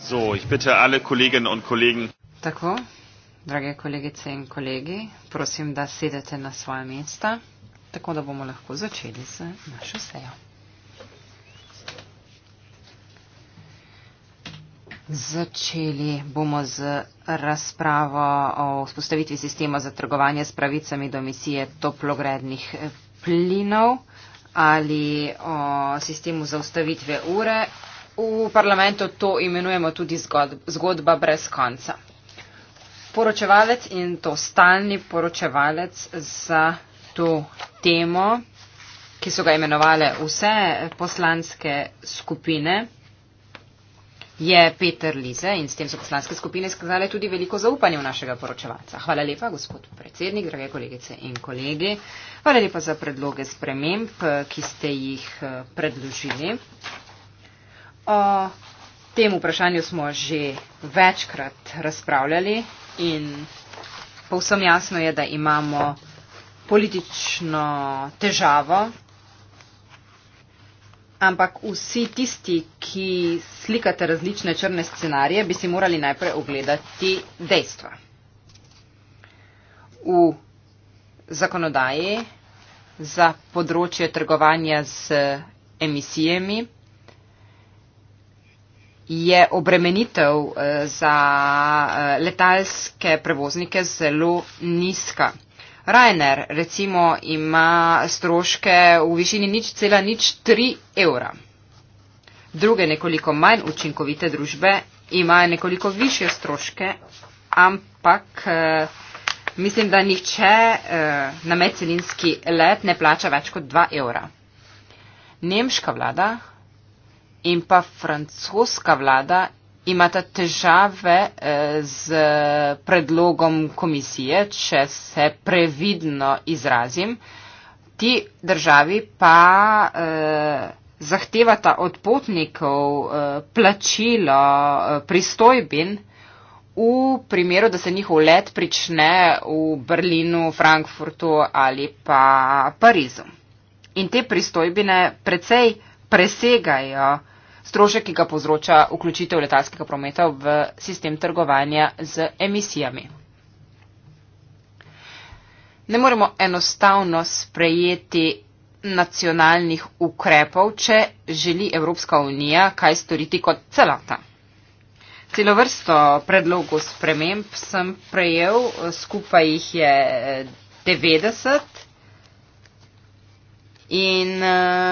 So, ich bitte alle Kolleginnen und Kollegen. Tako, drage kolegice in kolegi, prosim, da sedete na svoje mesta, tako da bomo lahko začeli z našo sejo. Začeli bomo z razpravo o vzpostavitvi sistema za trgovanje s pravicami do emisije toplogrednih plinov ali o sistemu zaustavitve ure V parlamentu to imenujemo tudi zgodba, zgodba brez konca. Poročevalec in to stalni poročevalec za to temo, ki so ga imenovali vse poslanske skupine, je Peter Lize in s tem so poslanske skupine skazale tudi veliko zaupanje v našega poročevalca. Hvala lepa, gospod predsednik, drage kolegice in kolegi. Hvala lepa za predloge sprememb, ki ste jih eh, predložili tem vprašanju smo že večkrat razpravljali in povsem jasno je, da imamo politično težavo, ampak vsi tisti, ki slikate različne črne scenarije, bi si morali najprej ogledati dejstva. V zakonodaji za področje trgovanja z emisijami je obremenitev eh, za eh, letalske prevoznike zelo nizka. Rainer recimo ima stroške v višini nič cela nič 3 evra. Druge nekoliko manj učinkovite družbe imajo nekoliko više stroške, ampak eh, mislim, da nihče na medcelinski let ne plača več kot 2 evra. Nemška vlada in pa francoska vlada imata težave eh, z predlogom komisije, če se previdno izrazim. Ti državi pa eh, zahtevata od potnikov eh, plačilo eh, pristojbin v primeru, da se njihov let prične v Berlinu, Frankfurtu ali pa Parizu. In te pristojbine precej presegajo strošek, ki ga povzroča vključitev letalskega prometa v sistem trgovanja z emisijami. Ne moremo enostavno sprejeti nacionalnih ukrepov, če želi Evropska unija kaj storiti kot celota. Celo vrsto predlogov sprememb sem prejel, skupaj jih je 90 in eh,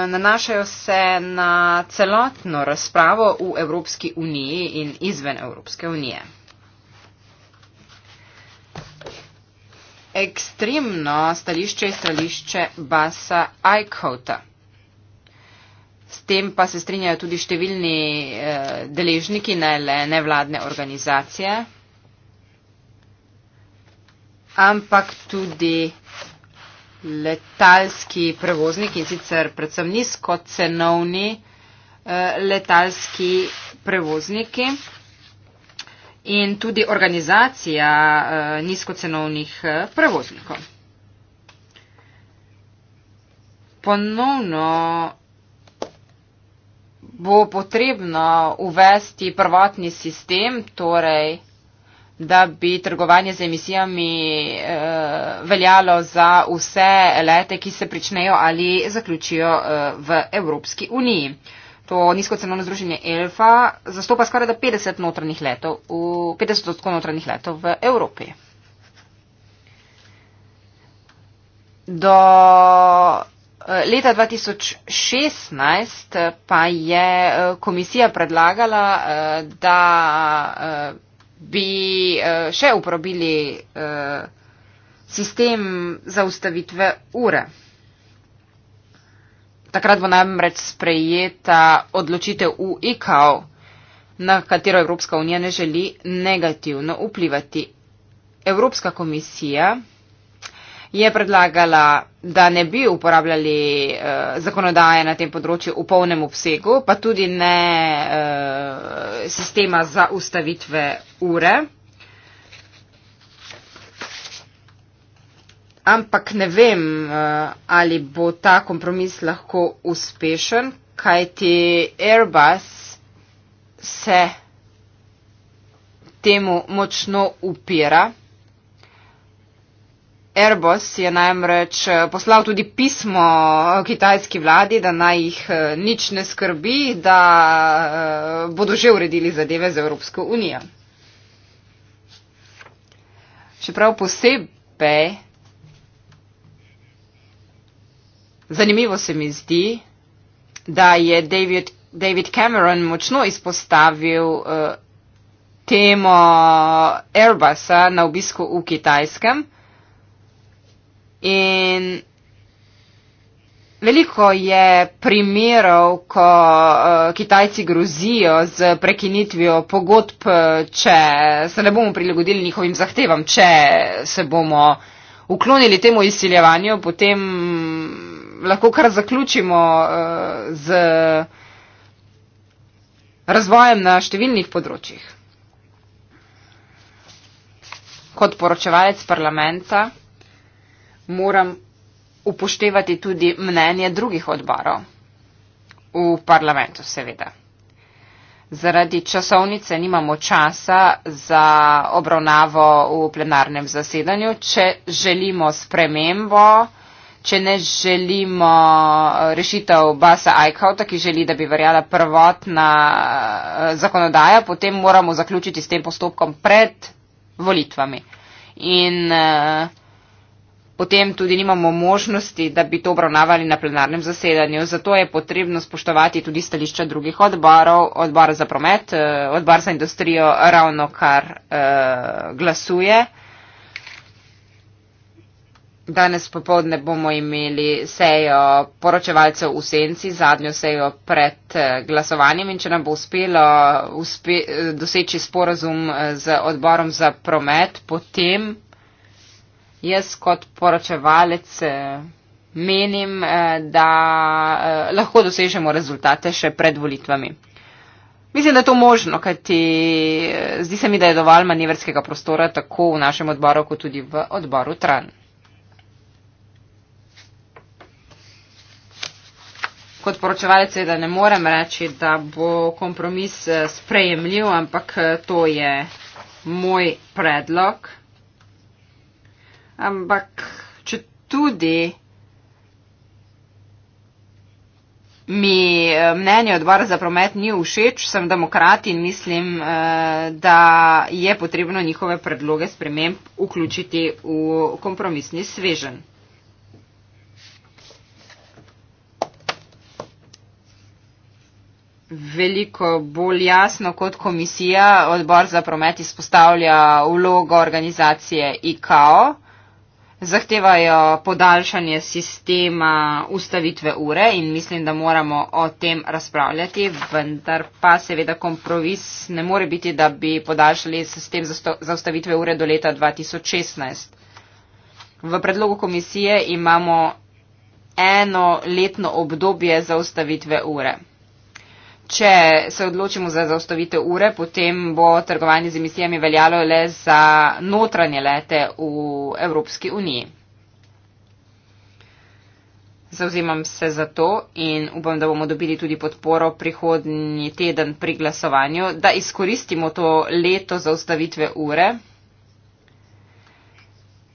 nanašajo se na celotno razpravo v Evropski uniji in izven Evropske unije. Ekstremno stališče je stališče Basa Aikota. S tem pa se strinjajo tudi številni e, deležniki, ne le nevladne organizacije, ampak tudi letalski prevoznik in sicer predvsem nizkocenovni eh, letalski prevozniki in tudi organizacija eh, nizkocenovnih eh, prevoznikov. Ponovno bo potrebno uvesti prvotni sistem, torej da bi trgovanje z emisijami e, veljalo za vse lete, ki se pričnejo ali zaključijo e, v Evropski uniji. To nizkocenovno združenje Elfa zastopa skoraj 50 notranjih letov, v, 50 notranjih letov v Evropi. Do eh, leta 2016 pa je komisija predlagala, da bi uh, še uporabili uh, sistem zaustavitve ure. Takrat bo namreč sprejeta odločitev UIKAO, na katero Evropska unija ne želi negativno vplivati. Evropska komisija je predlagala, da ne bi uporabljali uh, zakonodaje na tem področju v polnem obsegu, pa tudi ne uh, sistema za ustavitve ure. Ampak ne vem, uh, ali bo ta kompromis lahko uspešen, kajti Airbus se temu močno upira. Airbus je namreč eh, poslal tudi pismo eh, kitajski vladi, da naj jih eh, nič ne skrbi, da bodo že uredili zadeve z Evropsko unijo. Čeprav posebej zanimivo se mi zdi, da je David, David Cameron močno izpostavil uh, temo Airbusa na obisku v Kitajskem. In veliko je primerov, ko uh, Kitajci grozijo z prekinitvijo pogodb, eh, če se ne bomo prilagodili njihovim zahtevam, če se bomo uklonili temu izsiljevanju, potem lahko kar zaključimo uh, z razvojem na številnih področjih. Kot poročevalec parlamenta moram upoštevati tudi mnenje drugih odborov v parlamentu, seveda. Zaradi časovnice nimamo časa za obravnavo v plenarnem zasedanju, če želimo spremembo, če ne želimo eh, rešitev Basa Eichhauta, ki želi, da bi verjala prvotna eh, zakonodaja, potem moramo zaključiti s tem postopkom pred volitvami. In uh, potem tudi nimamo možnosti, da bi to obravnavali na plenarnem zasedanju. Zato je potrebno spoštovati tudi stališča drugih odborov, odbor za promet, eh, odbor za industrijo ravno kar eh, glasuje. Danes popovdne bomo imeli sejo poročevalcev v senci, zadnjo sejo pred eh, glasovanjem in če nam bo uspelo uspe, eh, doseči sporazum z odborom za promet, potem jaz kot poročevalec eh, menim, eh, da eh, lahko dosežemo rezultate še pred volitvami. Mislim, da je to možno, kajti zdi se mi, da je dovolj manevrskega prostora tako v našem odboru, kot tudi v odboru Tran. Kot poročevalec je, da ne morem reči, da bo kompromis sprejemljiv, ampak to je moj predlog ampak če tudi mi eh, mnenje odbora za promet ni všeč, sem demokrat in mislim, eh, da je potrebno njihove predloge sprememb vključiti v kompromisni svežen. Veliko bolj jasno kot komisija odbor za promet izpostavlja vlogo organizacije ICAO zahtevajo podaljšanje sistema ustavitve ure in mislim, da moramo o tem razpravljati, vendar pa seveda kompromis ne more biti, da bi podaljšali sistem za ustavitve ure do leta 2016. V predlogu komisije imamo eno letno obdobje za ustavitve ure. Če se odločimo za zaustavitev ure, potem bo trgovanje z emisijami veljalo le za notranje lete v Evropski uniji. Zauzimam se za to in upam, da bomo dobili tudi podporo prihodnji teden pri glasovanju, da izkoristimo to leto zaustavitve ure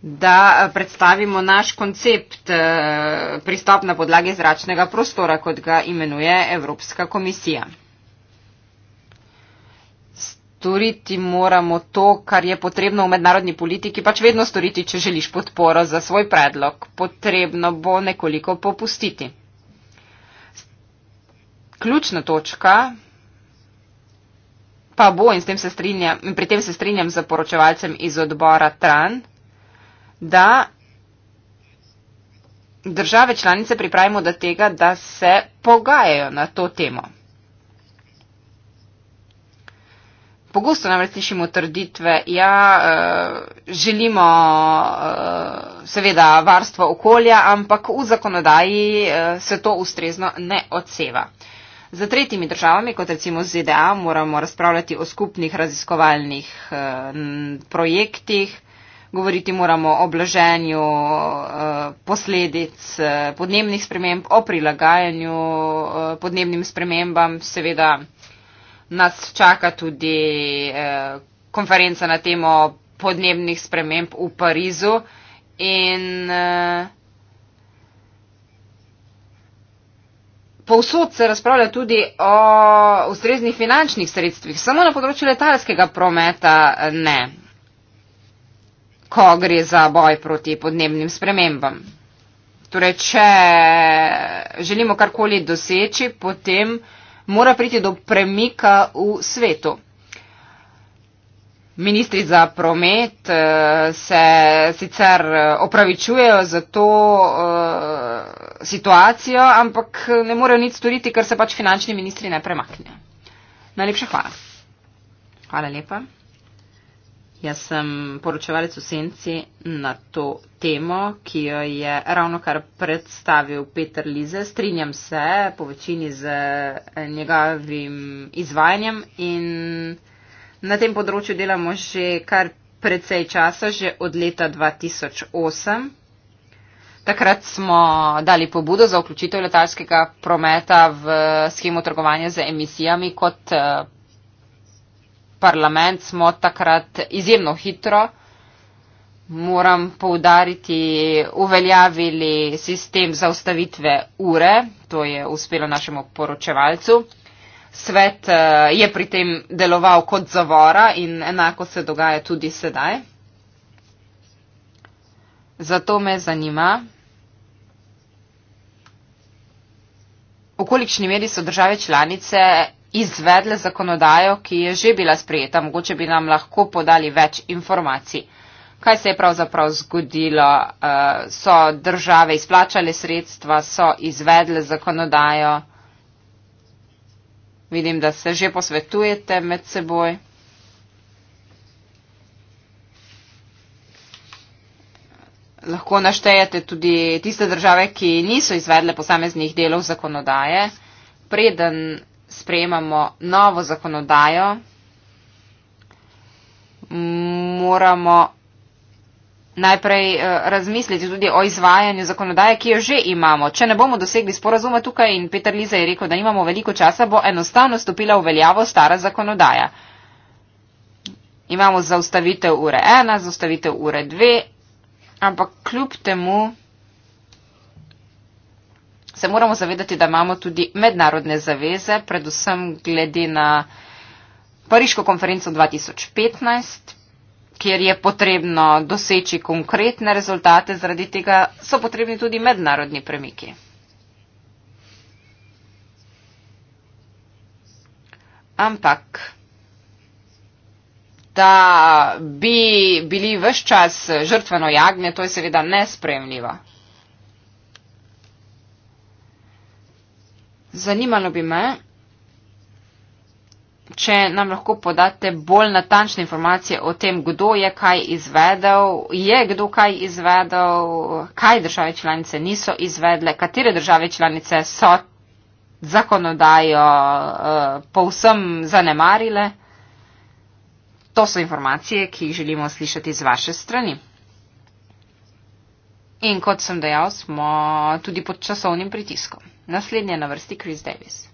da eh, predstavimo naš koncept eh, pristop na podlagi zračnega prostora, kot ga imenuje Evropska komisija. Storiti moramo to, kar je potrebno v mednarodni politiki, pač vedno storiti, če želiš podporo za svoj predlog. Potrebno bo nekoliko popustiti. Ključna točka pa bo, in, s tem se strinjam, in pri tem se strinjam z poročevalcem iz odbora Tran, da države članice pripravimo do tega, da se pogajajo na to temo. Pogosto nam slišimo trditve, ja, eh, želimo eh, seveda varstvo okolja, ampak v zakonodaji eh, se to ustrezno ne odseva. Za tretjimi državami, kot recimo ZDA, moramo razpravljati o skupnih raziskovalnih projektih, Govoriti moramo o blaženju eh, posledic eh, podnebnih sprememb, o prilagajanju eh, podnebnim spremembam. Seveda nas čaka tudi konferenca na temo podnebnih sprememb v Parizu in Povsod se razpravlja tudi o ustreznih finančnih sredstvih, samo na področju letalskega prometa ne ko gre za boj proti podnebnim spremembam. Torej, če želimo karkoli doseči, potem mora priti do premika v svetu. Ministri za promet eh, se sicer opravičujejo za to eh, situacijo, ampak ne morejo nič storiti, ker se pač finančni ministri ne premaknejo. Najlepša hvala. Hvala lepa. Jaz sem poročevalec v senci na to temo, ki jo je ravno kar predstavil Peter Lize. Strinjam se po večini z eh, njegovim izvajanjem in na tem področju delamo že kar precej časa, že od leta 2008. Takrat smo dali pobudo za vključitev letalskega prometa v schemo trgovanja z emisijami kot eh, parlament smo takrat izjemno hitro, moram poudariti, uveljavili sistem zaustavitve ure, to je uspelo našemu poročevalcu. Svet eh, je pri tem deloval kot zavora in enako se dogaja tudi sedaj. Zato me zanima, v kolikšni meri so države članice izvedle zakonodajo, ki je že bila sprejeta, mogoče bi nam lahko podali več informacij. Kaj se je pravzaprav zgodilo? Eh, so države izplačale sredstva, so izvedle zakonodajo? Vidim, da se že posvetujete med seboj. Lahko naštejete tudi tiste države, ki niso izvedle posameznih delov zakonodaje. Preden sprejemamo novo zakonodajo, moramo najprej eh, razmisliti tudi o izvajanju zakonodaje, ki jo že imamo. Če ne bomo dosegli sporazuma tukaj in Peter Liza je rekel, da nimamo veliko časa, bo enostavno stopila v veljavo stara zakonodaja. Imamo zaustavitev ure 1, zaustavitev ure 2, ampak kljub temu se moramo zavedati, da imamo tudi mednarodne zaveze, predvsem glede na Pariško konferenco 2015, kjer je potrebno doseči konkretne rezultate, zaradi tega so potrebni tudi mednarodni premiki. Ampak, da bi bili vse čas žrtveno jagnje, to je seveda nespremljivo. Zanimalo bi me, če nam lahko podate bolj natančne informacije o tem, kdo je kaj izvedel, je kdo kaj izvedel, kaj države članice niso izvedle, katere države članice so zakonodajo uh, povsem zanemarile. To so informacije, ki jih želimo slišati z vaše strani. In kot sem dejal, smo tudi pod časovnim pritiskom. Naslednje na vrsti Chris Davis.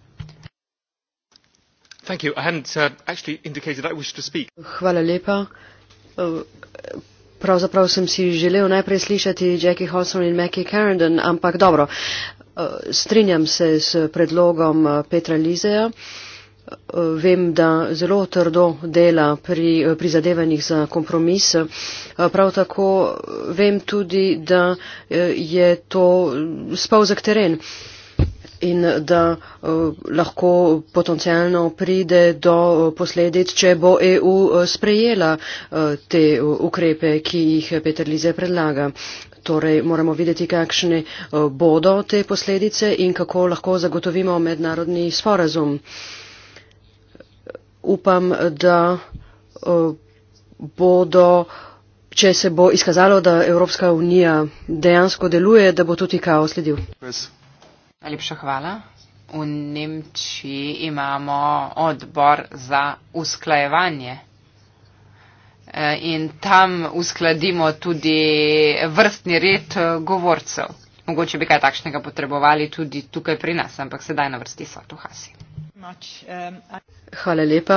Uh, Hvala lepa. Uh, pravzaprav sem si želel najprej slišati Jackie Hawthorne in Mackie Carrington, ampak dobro, uh, strinjam se s predlogom Petra Lizeja vem, da zelo trdo dela pri prizadevanjih za kompromis. Prav tako vem tudi, da je to spavzak teren in da lahko potencijalno pride do posledic, če bo EU sprejela te ukrepe, ki jih Peter Lize predlaga. Torej moramo videti, kakšne bodo te posledice in kako lahko zagotovimo mednarodni sporazum upam, da eh, bodo, če se bo izkazalo, da Evropska unija dejansko deluje, da bo tudi kaos sledil. Najlepša hvala. V Nemčiji imamo odbor za usklajevanje. Eh, in tam uskladimo tudi vrstni red eh, govorcev. Mogoče bi kaj takšnega potrebovali tudi tukaj pri nas, ampak sedaj na vrsti so tuhasi. Um, Hvala lepa.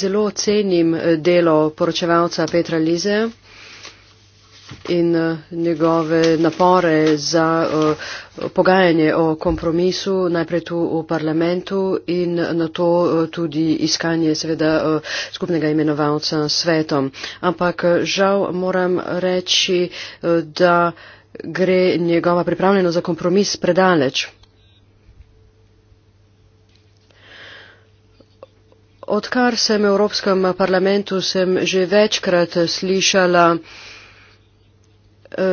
Zelo cenim delo poročevalca Petra Lize in uh, njegove napore za uh, pogajanje o kompromisu najprej tu v parlamentu in na to uh, tudi iskanje seveda skupnega imenovalca svetom. Ampak žal moram reči, da gre njegova pripravljenost za kompromis predaleč. Odkar sem v Evropskem parlamentu, sem že večkrat slišala, eh,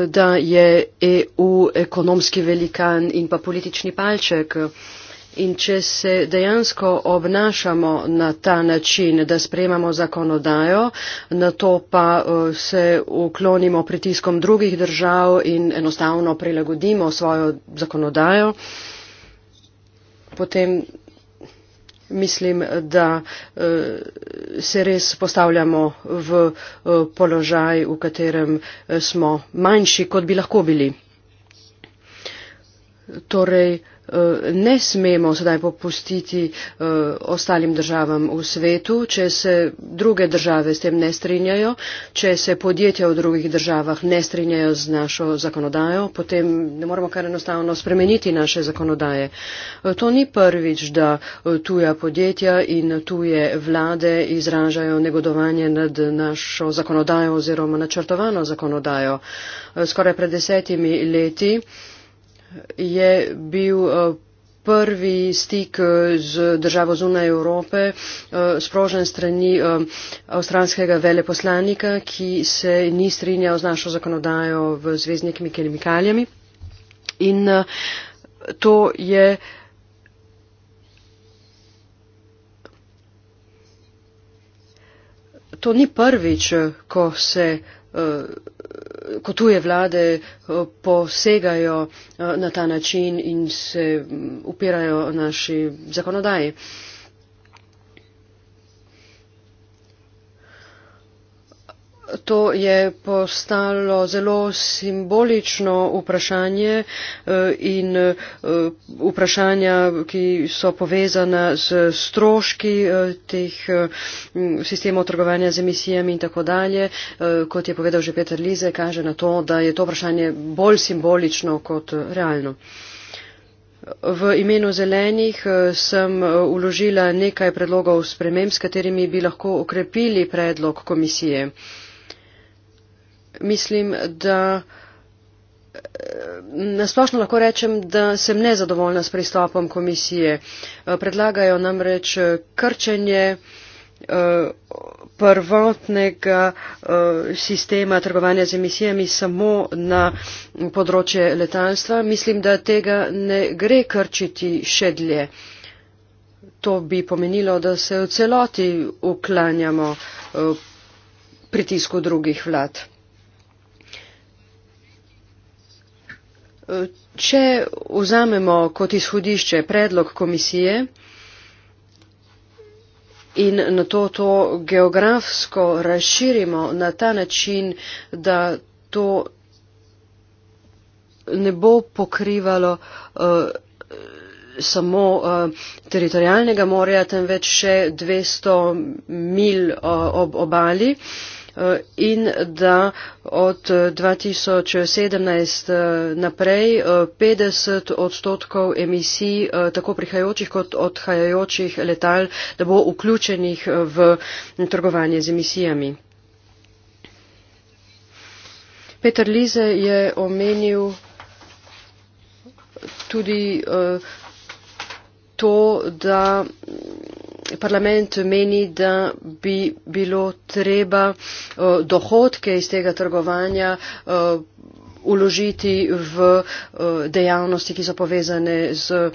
da je EU ekonomski velikan in pa politični palček. In če se dejansko obnašamo na ta način, da sprejemamo zakonodajo, na to pa eh, se uklonimo pritiskom drugih držav in enostavno prilagodimo svojo zakonodajo, potem mislim, da eh, se res postavljamo v eh, položaj, v katerem eh, smo manjši, kot bi lahko bili. Torej, Eh, ne smemo sedaj popustiti eh, ostalim državam v svetu, če se druge države s tem ne strinjajo, če se podjetja v drugih državah ne strinjajo z našo zakonodajo, potem ne moremo kar enostavno spremeniti naše zakonodaje. Eh, to ni prvič, da tuja podjetja in tuje vlade izražajo negodovanje nad našo zakonodajo oziroma načrtovano zakonodajo. Skoraj pred desetimi leti je bil eh, prvi stik eh, z državo zunaj Evrope, eh, sprožen strani avstralskega veleposlanika, ki se ni strinjal z našo zakonodajo v zvezi z nekimi kemikalijami. In to je. To ni prvič, ko se uh, ko tuje vlade eh, posegajo eh, na ta način in se mm, upirajo naši zakonodaji. to je postalo zelo simbolično vprašanje eh, in eh, vprašanja, ki so povezana z stroški eh, teh mm, sistemov trgovanja z emisijami in tako dalje. Kot je povedal že Peter Lize, kaže na to, da je to vprašanje bolj simbolično kot realno. V imenu zelenih sem uložila nekaj predlogov sprememb, s katerimi bi lahko okrepili predlog komisije mislim, da eh, nasplošno lahko rečem, da sem nezadovoljna s pristopom komisije. Eh, predlagajo namreč eh, krčenje prvotnega sistema trgovanja z emisijami samo na področje letalstva. Mislim, da tega ne gre krčiti še dlje. To bi pomenilo, da se v celoti uklanjamo pritisku drugih vlad. Če vzamemo kot izhodišče predlog komisije in na to to geografsko razširimo na ta način, da to ne bo pokrivalo uh, samo uh, eh, teritorijalnega morja, temveč še 200 mil uh, ob obali. Uh, Eh, in da od 2017 eh, eh, naprej 50 odstotkov emisij tako prihajajočih kot odhajajočih letal, da bo vključenih v trgovanje z emisijami. Peter Lize je omenil tudi to, da parlament meni, da bi bilo treba eh, dohodke iz tega trgovanja eh, uložiti v eh, dejavnosti, ki so povezane z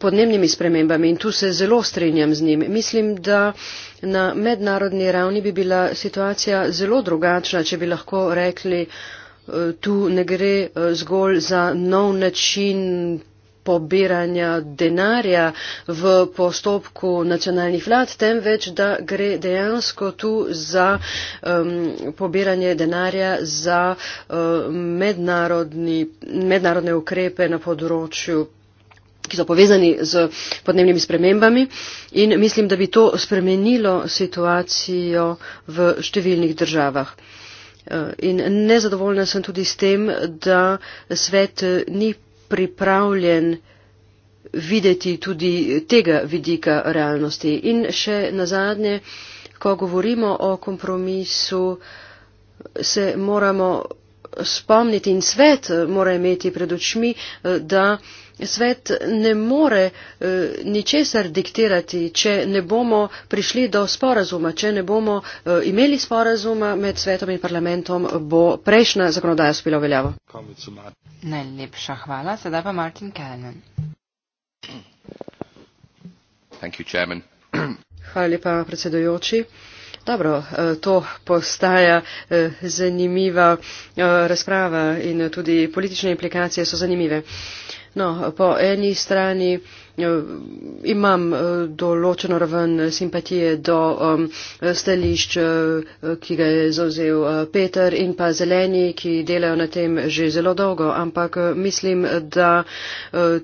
podnebnimi spremembami. In tu se zelo strinjam z njim. Mislim, da na mednarodni ravni bi bila situacija zelo drugačna, če bi lahko rekli, tu ne gre zgolj za nov način pobiranja denarja v postopku nacionalnih vlad, temveč da gre dejansko tu za um, pobiranje denarja za um, mednarodne ukrepe na področju ki so povezani z podnebnimi spremembami in mislim, da bi to spremenilo situacijo v številnih državah. Uh, in nezadovoljna sem tudi s tem, da svet ni pripravljen videti tudi tega vidika realnosti. In še na zadnje, ko govorimo o kompromisu, se moramo spomniti in svet mora imeti pred očmi, eh, da Svet ne more e, ničesar diktirati, če ne bomo prišli do sporazuma, če ne bomo e, imeli sporazuma med svetom in parlamentom, bo prejšnja zakonodaja spila veljavo. Najlepša hvala. Sedaj pa Martin Kellen. Hvala lepa, predsedojoči. Dobro, eh, to postaja zanimiva razprava in tudi politične implikacije so zanimive. No, po eni strani eh, imam eh, določeno raven simpatije do um, stališč, eh, ki ga je zauzel Peter in pa zeleni, ki delajo na tem že zelo dolgo, ampak mislim, da uh,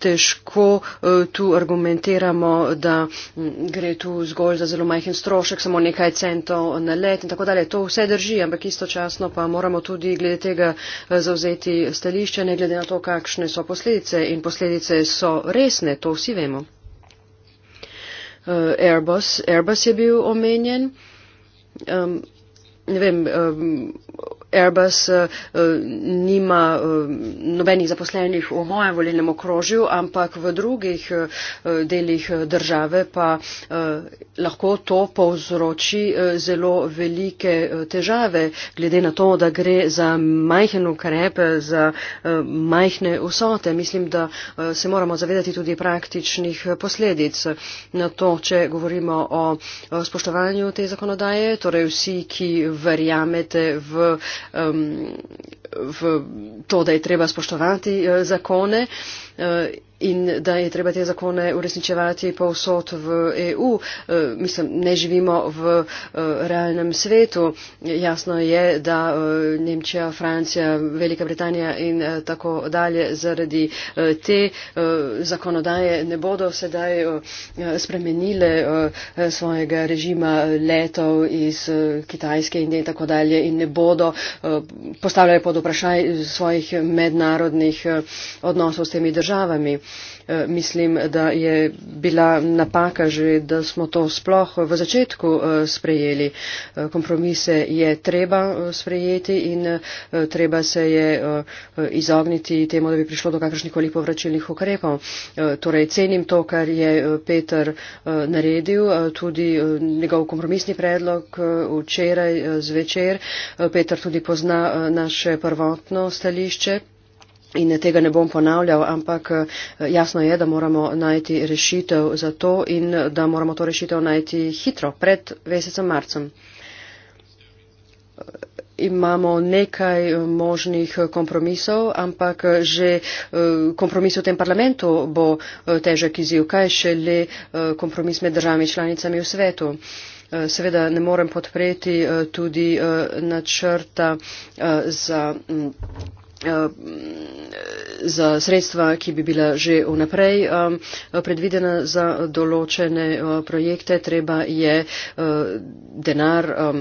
težko eh, tu argumentiramo, da mm, gre tu zgolj za zelo majhen strošek, samo nekaj centov na let in tako dalje. To vse drži, ampak istočasno pa moramo tudi glede tega eh, zauzeti stališče, ne glede na to, kakšne so posledice. In posledice so resne, to vsi vemo. Eh, Airbus, Airbus je bil omenjen. Um, ne vem. Um, Airbus uh, nima uh, nobenih zaposlenih v mojem volilnem okrožju, ampak v drugih uh, delih države pa uh, lahko to povzroči uh, zelo velike uh, težave, glede na to, da gre za majhen ukrep, za uh, majhne vsote. Mislim, da uh, se moramo zavedati tudi praktičnih posledic na to, če govorimo o, o spoštovanju te zakonodaje, torej vsi, ki verjamete v uh, um, v to, da je treba spoštovati eh, zakone eh, in da je treba te zakone uresničevati povsod v EU. Eh, mislim, ne živimo v realnem svetu. Jasno je, da Nemčija, Francija, Velika Britanija in tako dalje zaradi te zakonodaje ne bodo sedaj spremenile svojega režima letov iz Kitajske in tako dalje in ne bodo postavljali pod vprašaj svojih mednarodnih eh, odnosov s temi državami. Eh, mislim, da je bila napaka že, da smo to sploh v začetku eh, sprejeli. Eh, kompromise je treba sprejeti in treba se je izogniti temu, da bi prišlo do kakršnih koli povračilnih ukrepov. Torej, cenim to, kar je Peter naredil, tudi njegov kompromisni predlog včeraj zvečer. Peter tudi pozna naše prvotno stališče. In tega ne bom ponavljal, ampak eh, jasno je, da moramo najti rešitev za to in eh, da moramo to rešitev najti hitro, pred mesecem marcem. Eh, imamo nekaj možnih kompromisov, ampak že kompromis v tem parlamentu bo težek izziv, kaj šele kompromis med državami članicami v svetu. Seveda ne morem podpreti tudi načrta za mm, Eh, za sredstva, ki bi bila že vnaprej um, predvidena za določene uh, projekte. Treba je uh, denar um,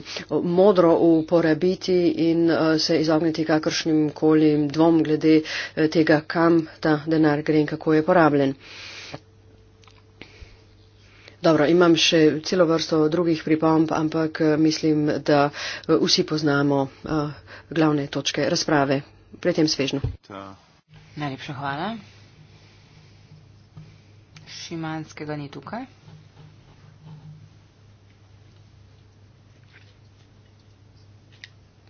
modro uporabiti in uh, se izogniti kakršnim koli dvom glede uh, tega, kam ta denar gre in kako je porabljen. Dobro, imam še celo vrsto drugih pripomb, ampak uh, mislim, da uh, vsi poznamo uh, glavne točke razprave pri tem svežnju. Najlepša hvala. Šimanskega ni tukaj.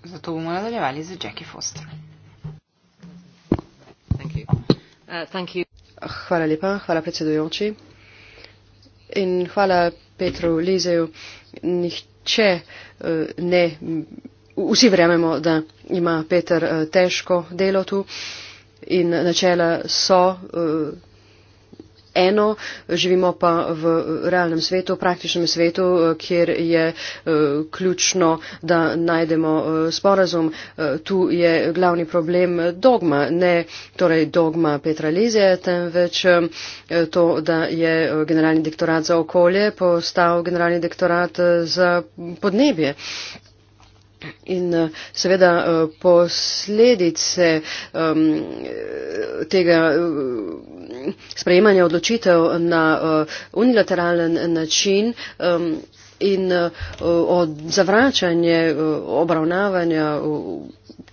Zato bomo nadaljevali z Jackie Foster. Thank you. Uh, thank you. Hvala lepa, hvala predsedujoči. In hvala Petru Lizeju. Nihče uh, ne vsi verjamemo, da ima Peter eh, težko delo tu in načela so eh, eno, živimo pa v eh, realnem svetu, praktičnem svetu, kjer je ključno, da najdemo sporazum. Tu je glavni problem dogma, ne torej dogma Petra Lizija, temveč to, da je generalni dektorat za okolje postal generalni dektorat za podnebje. In eh, seveda eh, posledice um, tega eh, sprejemanja odločitev na uh, unilateralen način um, in uh, zavračanje uh, obravnavanja. Uh,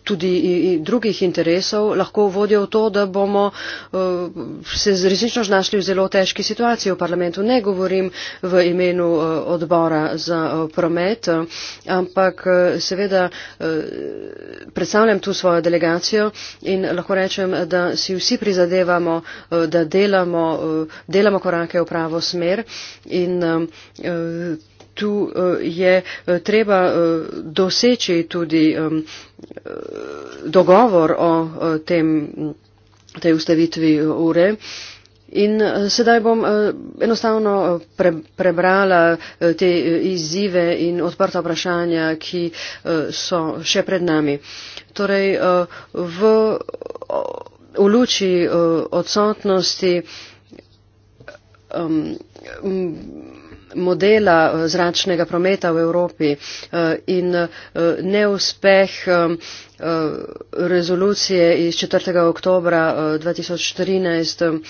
tudi drugih interesov lahko vodijo v to, da bomo eh, se resnično znašli v zelo težki situaciji v parlamentu. Ne govorim v imenu eh, odbora za eh, promet, ampak seveda predstavljam tu svojo delegacijo in lahko rečem, da si vsi prizadevamo, da delamo, delamo korake v pravo smer in tu eh, je eh, treba eh, doseči tudi dogovor o tem, tej ustavitvi ure. In sedaj bom enostavno prebrala te izzive in odprta vprašanja, ki so še pred nami. Torej, v, v luči odsotnosti modela eh, zračnega prometa v Evropi eh, in eh, neuspeh rezolucije iz 4. oktobra 2014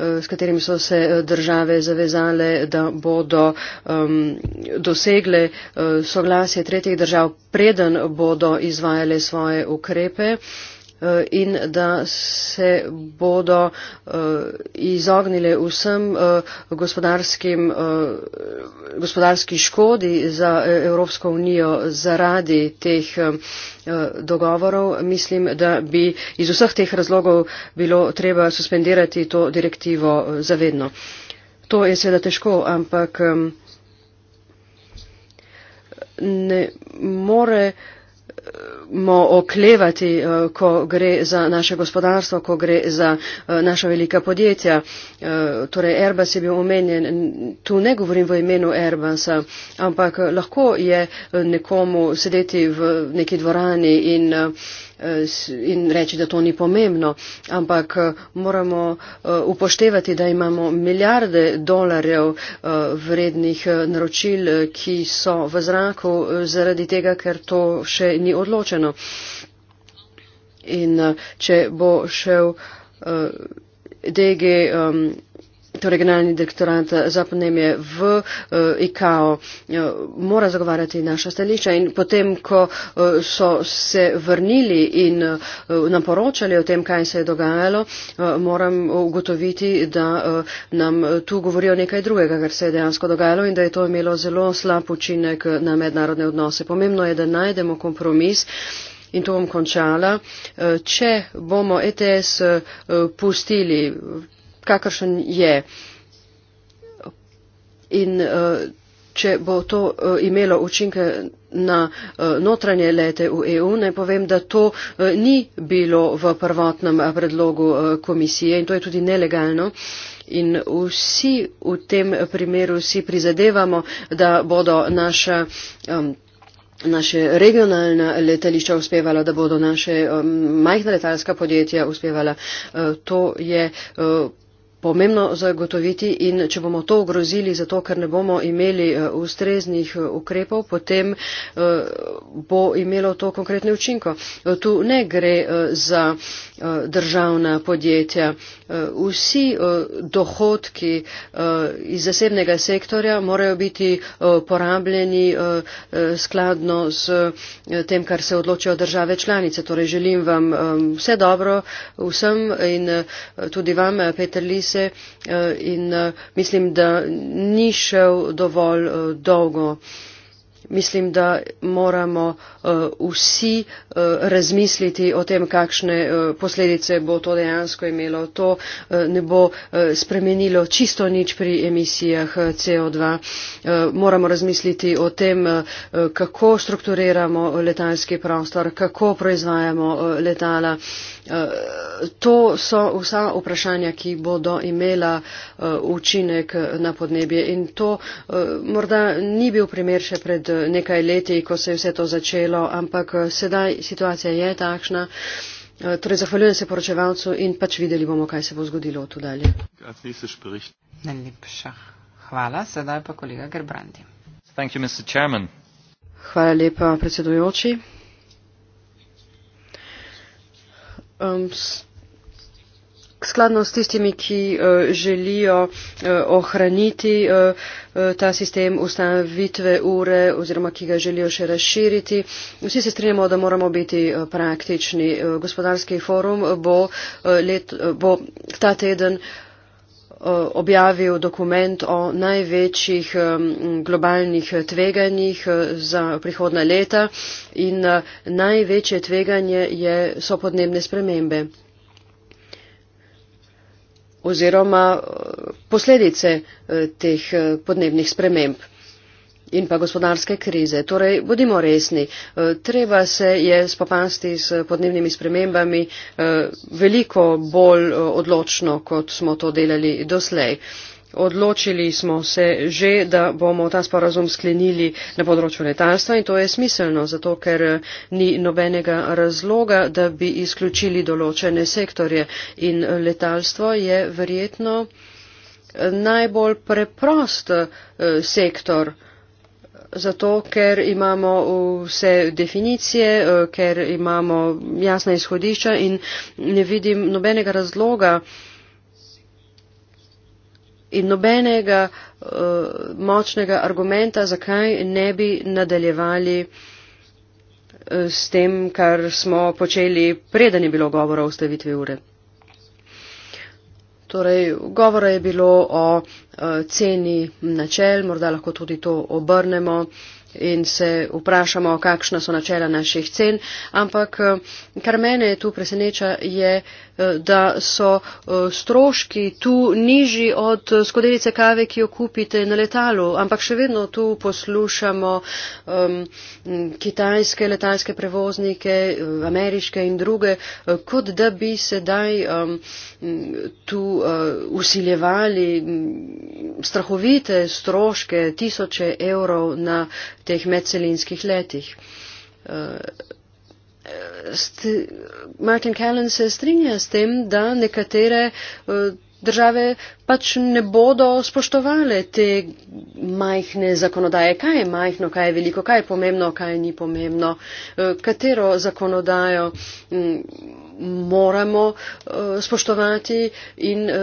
s katerim so se države zavezale, da bodo um, dosegle uh, soglasje tretjih držav, preden bodo izvajale svoje ukrepe. Uh, Eh, in da se bodo eh, izognile vsem eh, gospodarskim, gospodarski škodi za Evropsko unijo zaradi teh dogovorov. Mislim, da bi iz vseh teh razlogov bilo treba suspendirati to direktivo zavedno. To je seveda težko, ampak ne more moramo oklevati, eh, ko gre za naše gospodarstvo, ko gre za eh, naša velika podjetja. Eh, torej, Airbus je bil omenjen, tu ne govorim v imenu Airbusa, ampak lahko je nekomu sedeti v neki dvorani in, in reči, da to ni pomembno, ampak moramo upoštevati, da imamo milijarde dolarjev vrednih naročil, ki so v zraku zaradi tega, ker to še ni odločeno povedano. In eh, če bo šel eh, DG torej generalni direktorat eh, za podnebje v eh, IKO eh, mora zagovarjati naša stališča in potem, ko so se vrnili in nam poročali o tem, kaj se je dogajalo, moram ugotoviti, da nam tu govorijo nekaj drugega, kar se je dejansko dogajalo in da je to imelo zelo slab učinek na mednarodne odnose. Pomembno je, da najdemo kompromis. In to bom končala. Če bomo ETS pustili kakršen je. In eh, če bo to eh, imelo učinke na eh, notranje lete v EU, ne povem, da to ni bilo v prvotnem predlogu komisije in to je tudi nelegalno. In vsi v tem primeru si prizadevamo, da bodo naša, um, naše regionalna letališča uspevala, da bodo naše um, majhna letalska podjetja uspevala. Uh, to je uh, pomembno zagotoviti in če bomo to ogrozili zato, ker ne bomo imeli eh, ustreznih eh, ukrepov, potem eh, bo imelo to konkretne učinko. Tu ne gre za Eh, državna podjetja. Eh, vsi eh, dohodki iz zasebnega sektorja morajo biti porabljeni skladno z tem, kar se odločijo države članice. Torej želim vam vse dobro vsem in tudi vam, Peter Lise, in mislim, da ni šel dovolj dolgo mislim, da moramo uh, vsi uh, razmisliti o tem, kakšne uh, posledice bo to dejansko imelo. To uh, ne bo uh, spremenilo čisto nič pri emisijah CO2. Uh, moramo razmisliti o tem, uh, kako strukturiramo letalski prostor, kako proizvajamo uh, letala. Uh, To so vsa vprašanja, ki bodo imela eh, učinek na podnebje in to eh, morda ni bil primer še pred nekaj leti, ko se je vse to začelo, ampak eh, sedaj situacija je takšna. Torej, zahvaljujem se poročevalcu in pač videli bomo, kaj se bo zgodilo tu dalje. Najlepša hvala, sedaj pa kolega Gerbrandi. Hvala lepa, predsedujoči. Um, skladno s tistimi, ki uh, želijo uh, ohraniti uh, ta sistem ustanovitve ure oziroma ki ga želijo še razširiti. Vsi se strinjamo, da moramo biti praktični. Gospodarski forum bo, let, bo ta teden. Eh, objavil dokument o največjih eh, globalnih tveganjih eh, za prihodna leta in največje tveganje je, so podnebne spremembe oziroma posledice teh podnebnih sprememb in pa gospodarske krize. Torej, bodimo resni. Eh, treba se je spopasti s podnebnimi spremembami eh, veliko bolj eh, odločno, kot smo to delali doslej. Odločili smo se že, da bomo ta sporazum sklenili na področju letalstva in to je smiselno, zato ker ni nobenega razloga, da bi izključili določene sektorje in letalstvo je verjetno najbolj preprost sektor zato, ker imamo vse definicije, eh, ker imamo jasna izhodišča in ne vidim nobenega razloga in nobenega uh, močnega argumenta, zakaj ne bi nadaljevali eh, s tem, kar smo počeli, preden je bilo govora o ustavitvi ure. Torej, govora je bilo o Eh, ceni načel, morda lahko tudi to obrnemo in se vprašamo, kakšna so načela naših cen, ampak eh, kar mene tu preseneča je, da so eh, stroški tu nižji od eh, skodelice kave, ki jo kupite na letalu, ampak še vedno tu poslušamo um, kitajske letalske prevoznike, eh, ameriške in druge, kot da bi sedaj um, tu uh, usiljevali strahovite stroške tisoče evrov na teh medcelinskih letih. Uh, Martin Callen se strinja s tem, da nekatere eh, države pač ne bodo spoštovale te majhne zakonodaje. Kaj je majhno, kaj je veliko, kaj je pomembno, kaj ni pomembno, eh, katero zakonodajo. Mm, moramo uh, spoštovati in uh,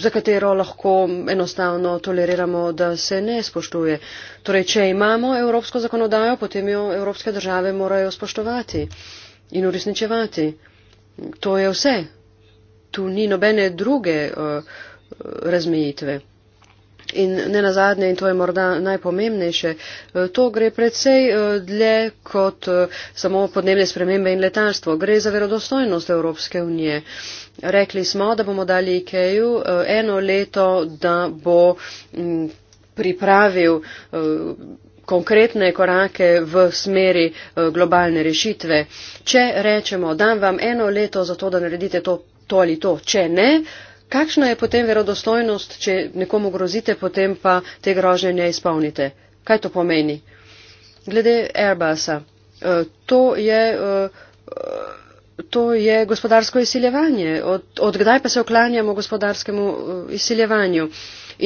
za katero lahko enostavno toleriramo, da se ne spoštuje. Torej, če imamo evropsko zakonodajo, potem jo evropske države morajo spoštovati in uresničevati. To je vse. Tu ni nobene druge uh, razmejitve. In ne nazadnje, in to je morda najpomembnejše, eh, to gre predvsej eh, dlje kot eh, samo podnebne spremembe in letalstvo. Gre za verodostojnost Evropske unije. Rekli smo, da bomo dali IKEJ-u eno leto, da bo mm, pripravil konkretne korake v smeri globalne rešitve. Če rečemo, dam vam eno leto za to, da naredite to, to ali to, če ne, Kakšna je potem verodostojnost, če nekomu grozite, potem pa te grožnje ne izpolnite? Kaj to pomeni? Glede Airbusa, eh, to je, eh, to je gospodarsko izsiljevanje. Od, od kdaj pa se oklanjamo gospodarskemu eh, izsiljevanju?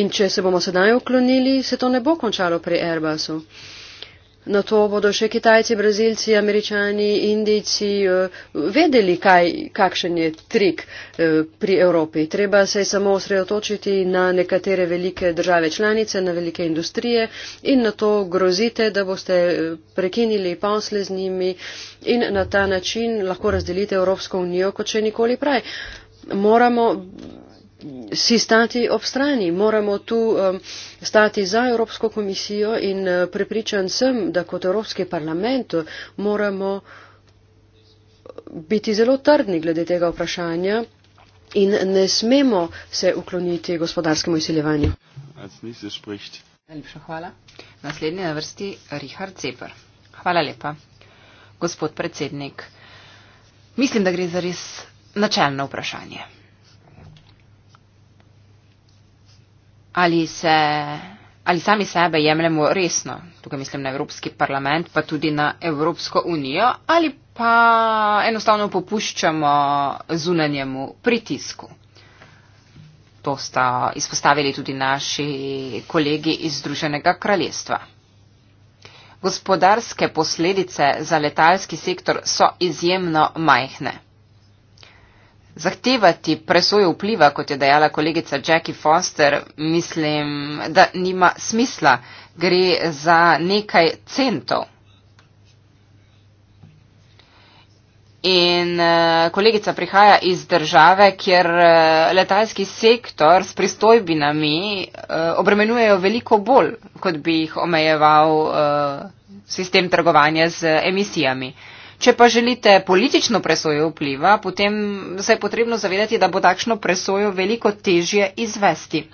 In če se bomo sedaj oklonili, se to ne bo končalo pri Airbusu na to bodo še Kitajci, Brazilci, Američani, Indijci eh, vedeli, kaj, kakšen je trik eh, pri Evropi. Treba se samo osredotočiti na nekatere velike države članice, na velike industrije in na to grozite, da boste eh, prekinili posle z njimi in na ta način lahko razdelite Evropsko unijo, kot še nikoli prej. Moramo si stati ob strani. Moramo tu um, stati za Evropsko komisijo in uh, prepričan sem, da kot Evropski parlament moramo biti zelo trdni glede tega vprašanja in ne smemo se ukloniti gospodarskemu izsiljevanju. Najlepša hvala. Naslednji na vrsti Richard Zeper. Hvala lepa. Gospod predsednik, mislim, da gre za res načelno vprašanje. ali se. Ali sami sebe jemljemo resno, tukaj mislim na Evropski parlament, pa tudi na Evropsko unijo, ali pa enostavno popuščamo zunanjemu pritisku. To sta izpostavili tudi naši kolegi iz Združenega kraljestva. Gospodarske posledice za letalski sektor so izjemno majhne zahtevati presojo vpliva, kot je dejala kolegica Jackie Foster, mislim, da nima smisla. Gre za nekaj centov. In eh, kolegica prihaja iz države, kjer eh, letalski sektor s pristojbinami eh, obremenjujejo veliko bolj, kot bi jih omejeval sistem trgovanja z emisijami. Če pa želite politično presojo vpliva, potem se je potrebno zavedati, da bo takšno presojo veliko težje izvesti.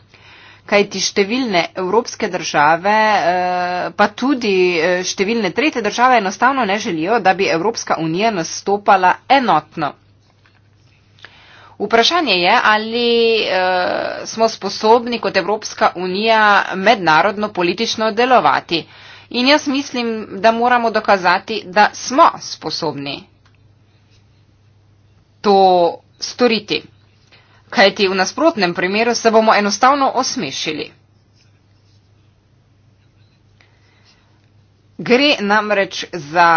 Kajti številne evropske države, eh, pa tudi eh, številne tretje države enostavno ne želijo, da bi Evropska unija nastopala enotno. Vprašanje je, ali eh, smo sposobni kot Evropska unija mednarodno politično delovati. In jaz mislim, da moramo dokazati, da smo sposobni to storiti. Kajti v nasprotnem primeru se bomo enostavno osmešili. Gre namreč za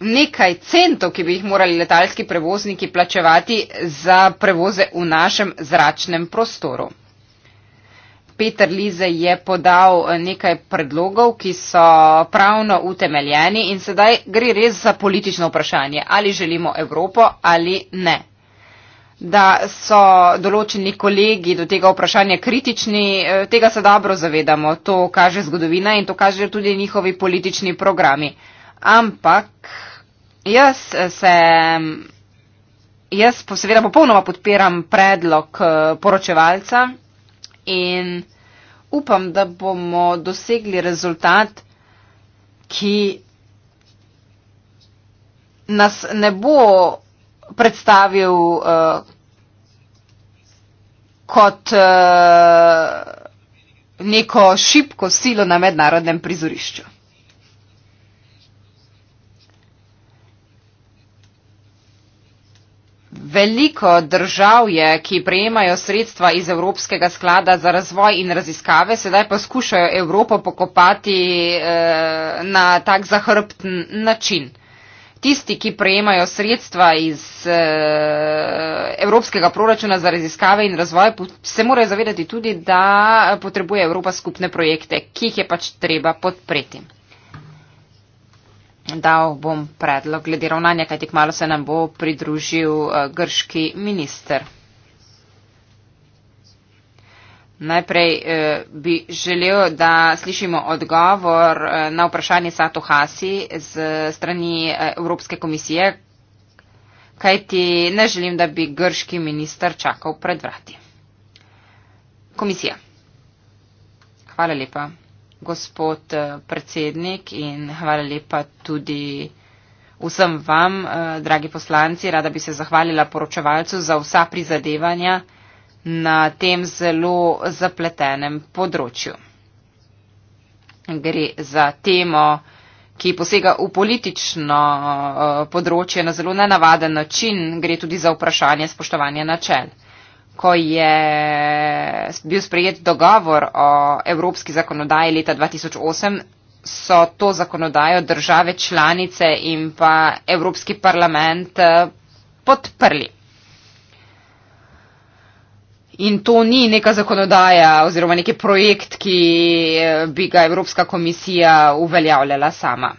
nekaj centov, ki bi jih morali letalski prevozniki plačevati za prevoze v našem zračnem prostoru. Peter Lize je podal eh, nekaj predlogov, ki so pravno utemeljeni in sedaj gre res za politično vprašanje, ali želimo Evropo ali ne. Da so določeni kolegi do tega vprašanja kritični, eh, tega se dobro zavedamo, to kaže zgodovina in to kaže tudi njihovi politični programi. Ampak jaz eh, se. Jaz po seveda popolnoma podpiram predlog poročevalca, in upam, da bomo dosegli rezultat, ki nas ne bo predstavil uh, kot uh, neko šibko silo na mednarodnem prizorišču. Veliko držav je, ki prejemajo sredstva iz Evropskega sklada za razvoj in raziskave, sedaj pa skušajo Evropo pokopati eh, na tak zahrbten način. Tisti, ki prejemajo sredstva iz eh, Evropskega proračuna za raziskave in razvoj, se morajo zavedati tudi, da potrebuje Evropa skupne projekte, ki jih je pač treba podpreti dal bom predlog glede ravnanja, kaj tik malo se nam bo pridružil eh, grški minister. Najprej eh, bi želel, da slišimo odgovor eh, na vprašanje Sato Hasi z strani eh, Evropske komisije, kaj ti ne želim, da bi grški minister čakal pred vrati. Komisija. Hvala lepa gospod eh, predsednik in hvala lepa tudi vsem vam, eh, dragi poslanci. Rada bi se zahvalila poročevalcu za vsa prizadevanja na tem zelo zapletenem področju. Gre za temo, ki posega v politično eh, področje na zelo nenavaden način, gre tudi za vprašanje spoštovanja načel ko je bil sprejet dogovor o evropski zakonodaji leta 2008, so to zakonodajo države članice in pa Evropski parlament eh, podprli. In to ni neka zakonodaja oziroma neki projekt, ki eh, bi ga Evropska komisija uveljavljala sama.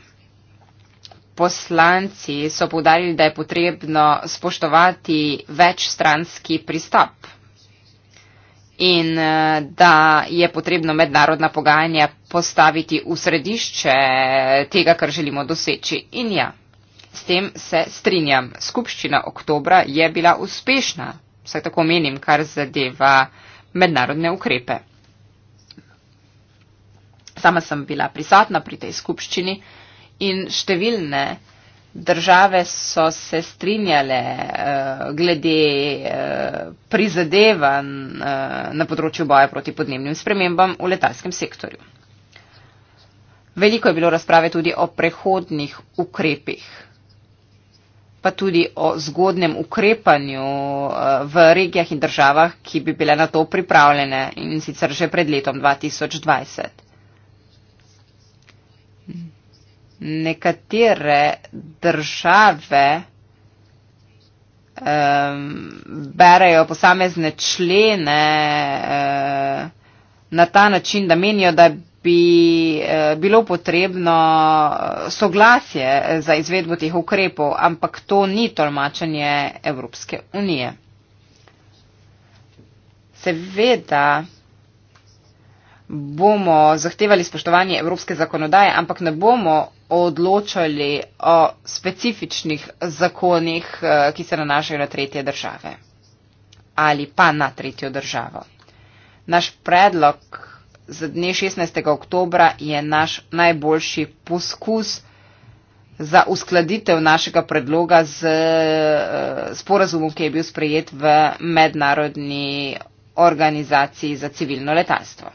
Poslanci so povdarjali, da je potrebno spoštovati večstranski pristop in eh, da je potrebno mednarodna pogajanja postaviti v središče eh, tega, kar želimo doseči. In ja, s tem se strinjam. Skupščina oktobra je bila uspešna, vsaj tako menim, kar zadeva mednarodne ukrepe. Sama sem bila prisotna pri tej skupščini in številne države so se strinjale eh, glede eh, prizadevanj eh, na področju boja proti podnebnim spremembam v letalskem sektorju. Veliko je bilo razprave tudi o prehodnih ukrepih, pa tudi o zgodnem ukrepanju v regijah in državah, ki bi bile na to pripravljene in sicer že pred letom 2020. nekatere države um, berejo posamezne člene uh, na ta način, da menijo, da bi uh, bilo potrebno eh, soglasje za izvedbo teh ukrepov, ampak to ni tolmačenje Evropske unije. Seveda, bomo zahtevali spoštovanje evropske zakonodaje, ampak ne bomo odločali o specifičnih zakonih, eh, ki se nanašajo na tretje države ali pa na tretjo državo. Naš predlog za dne 16. oktobra je naš najboljši poskus za uskladitev našega predloga z eh, sporazumom, ki je bil sprejet v mednarodni organizaciji za civilno letalstvo.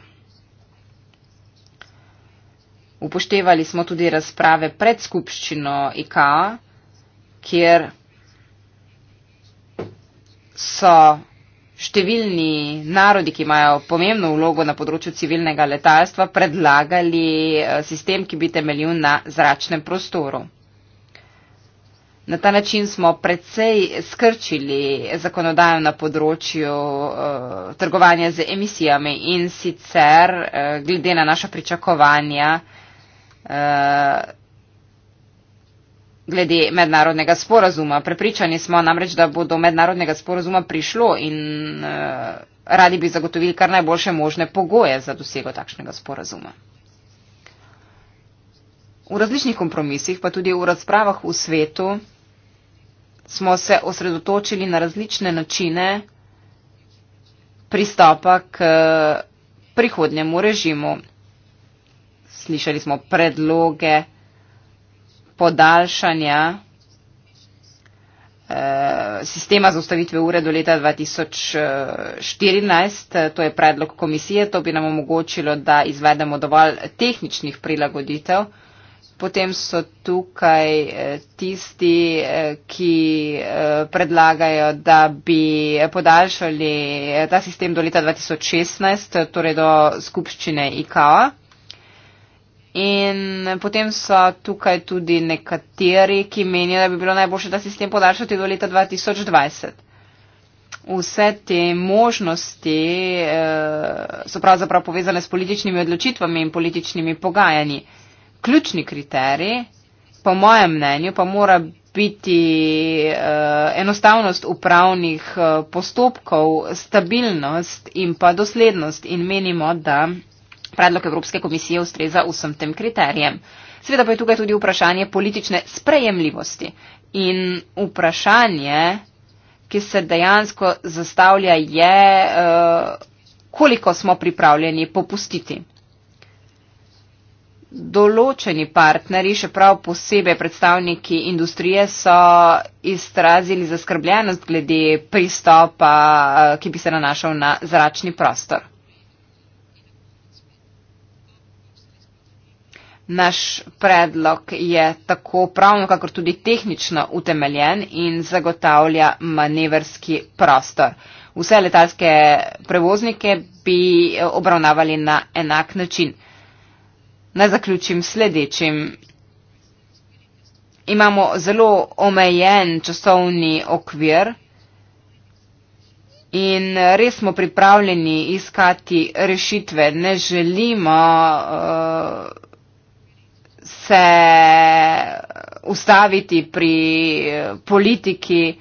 Upoštevali smo tudi razprave pred skupščino IKA, kjer so številni narodi, ki imajo pomembno vlogo na področju civilnega letalstva, predlagali eh, sistem, ki bi temeljil na zračnem prostoru. Na ta način smo predvsej skrčili zakonodajo na področju uh, trgovanja z emisijami in sicer uh, glede na naša pričakovanja uh, Eh, glede mednarodnega sporazuma. Prepričani smo namreč, da bo do mednarodnega sporazuma prišlo in eh, radi bi zagotovili kar najboljše možne pogoje za dosego takšnega sporazuma. V različnih kompromisih, pa tudi v razpravah v svetu, smo se osredotočili na različne načine pristopa k eh, prihodnjemu režimu slišali smo predloge podaljšanja eh, sistema za ustavitve ure do leta 2014. Eh, to je predlog komisije, to bi nam omogočilo, da izvedemo dovolj tehničnih prilagoditev. Potem so tukaj eh, tisti, ki predlagajo, da bi podaljšali ta sistem do leta 2016, torej do skupščine IKO. In potem so tukaj tudi nekateri, ki menijo, da bi bilo najboljše, da sistem podaljšati do leta 2020. Vse te možnosti eh, so pravzaprav povezane s političnimi odločitvami in političnimi pogajanji. Ključni kriterij, po mojem mnenju, pa mora biti eh, enostavnost upravnih eh, postopkov, stabilnost in pa doslednost. In menimo, da Predlog Evropske komisije ustreza vsem tem kriterijem. Sveda pa je tukaj tudi vprašanje politične sprejemljivosti in vprašanje, ki se dejansko zastavlja, je, eh, koliko smo pripravljeni popustiti. Določeni partneri, še prav posebej predstavniki industrije, so izrazili zaskrbljenost glede pristopa, eh, ki bi se nanašal na zračni prostor. Naš predlog je tako pravno, kakor tudi tehnično utemeljen in zagotavlja manevrski prostor. Vse letalske prevoznike bi obravnavali na enak način. Naj zaključim sledečim. Imamo zelo omejen časovni okvir in res smo pripravljeni iskati rešitve. Ne želimo. Uh, se ustaviti pri eh, politiki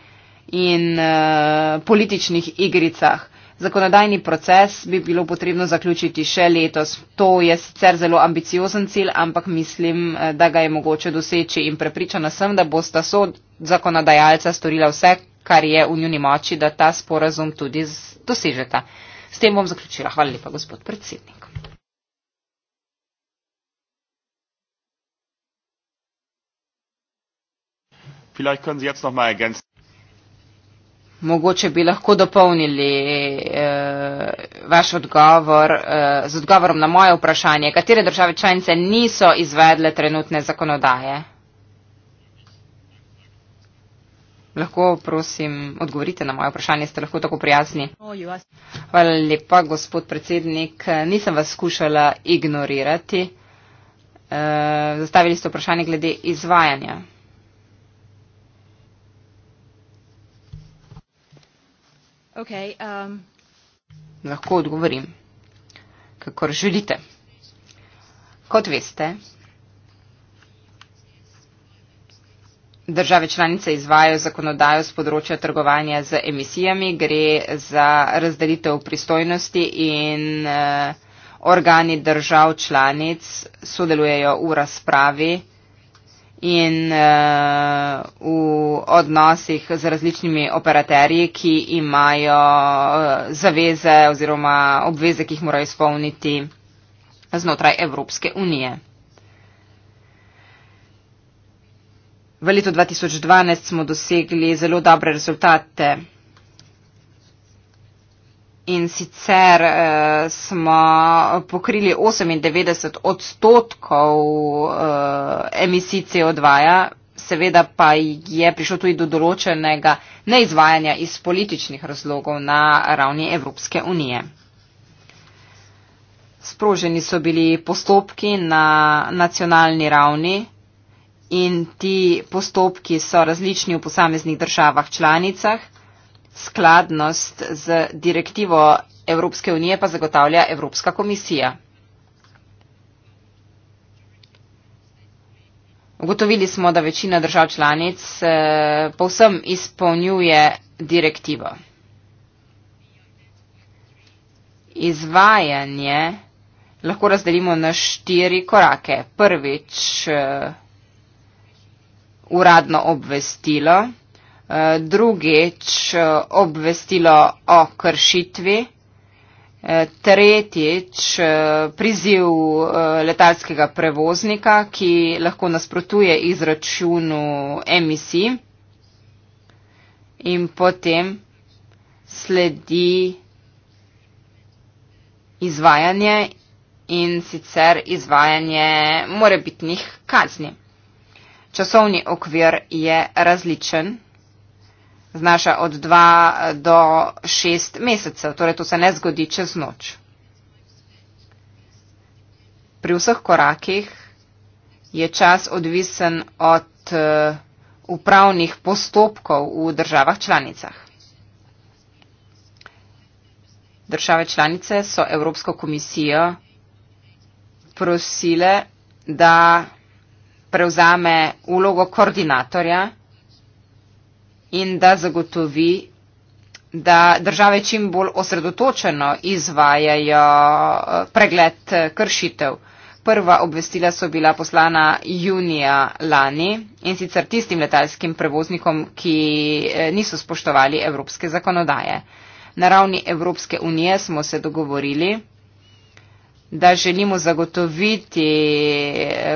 in eh, političnih igricah. Zakonodajni proces bi bilo potrebno zaključiti še letos. To je sicer zelo ambiciozen cilj, ampak mislim, eh, da ga je mogoče doseči in prepričana sem, da bosta sod zakonodajalca storila vse, kar je v njuni moči, da ta sporazum tudi dosežeta. S tem bom zaključila. Hvala lepa, gospod predsednik. Vielleicht können Sie jetzt noch mal ergänzen. Mogoče bi lahko dopolnili eh, vaš odgovor eh, z odgovorom na moje vprašanje, katere države članice niso izvedle trenutne zakonodaje. Lahko, prosim, odgovorite na moje vprašanje, ste lahko tako prijazni. Hvala lepa, gospod predsednik. Nisem vas skušala ignorirati. Eh, zastavili ste vprašanje glede izvajanja. Okay, um... Lahko odgovorim, kakor želite. Kot veste, države članice izvajo zakonodajo z področja trgovanja z emisijami, gre za razdelitev pristojnosti in eh, organi držav članic sodelujejo v razpravi in uh, v odnosih z različnimi operaterji, ki imajo uh, zaveze oziroma obveze, ki jih morajo izpolniti znotraj Evropske unije. V letu 2012 smo dosegli zelo dobre rezultate in sicer eh, smo pokrili 98 odstotkov eh, emisij CO2, -ja, seveda pa je prišlo tudi do določenega neizvajanja iz političnih razlogov na ravni Evropske unije. Sproženi so bili postopki na nacionalni ravni in ti postopki so različni v posameznih državah članicah skladnost z direktivo Evropske unije pa zagotavlja Evropska komisija. Ugotovili smo, da večina držav članic eh, povsem izpolnjuje direktivo. Izvajanje lahko razdelimo na štiri korake. Prvič eh, uradno obvestilo drugič obvestilo o kršitvi, tretjič priziv eh, letalskega prevoznika, ki lahko nasprotuje izračunu emisij in potem sledi izvajanje in sicer izvajanje morebitnih kazni. Časovni okvir je različen znaša od 2 do 6 mesecev, torej to se ne zgodi čez noč. Pri vseh korakih je čas odvisen od eh, upravnih postopkov v državah članicah. Države članice so Evropsko komisijo prosile, da prevzame ulogo koordinatorja, in da zagotovi, da države čim bolj osredotočeno izvajajo eh, pregled eh, kršitev. Prva obvestila so bila poslana junija lani in sicer tistim letalskim prevoznikom, ki eh, niso spoštovali evropske zakonodaje. Na ravni Evropske unije smo se dogovorili, da želimo zagotoviti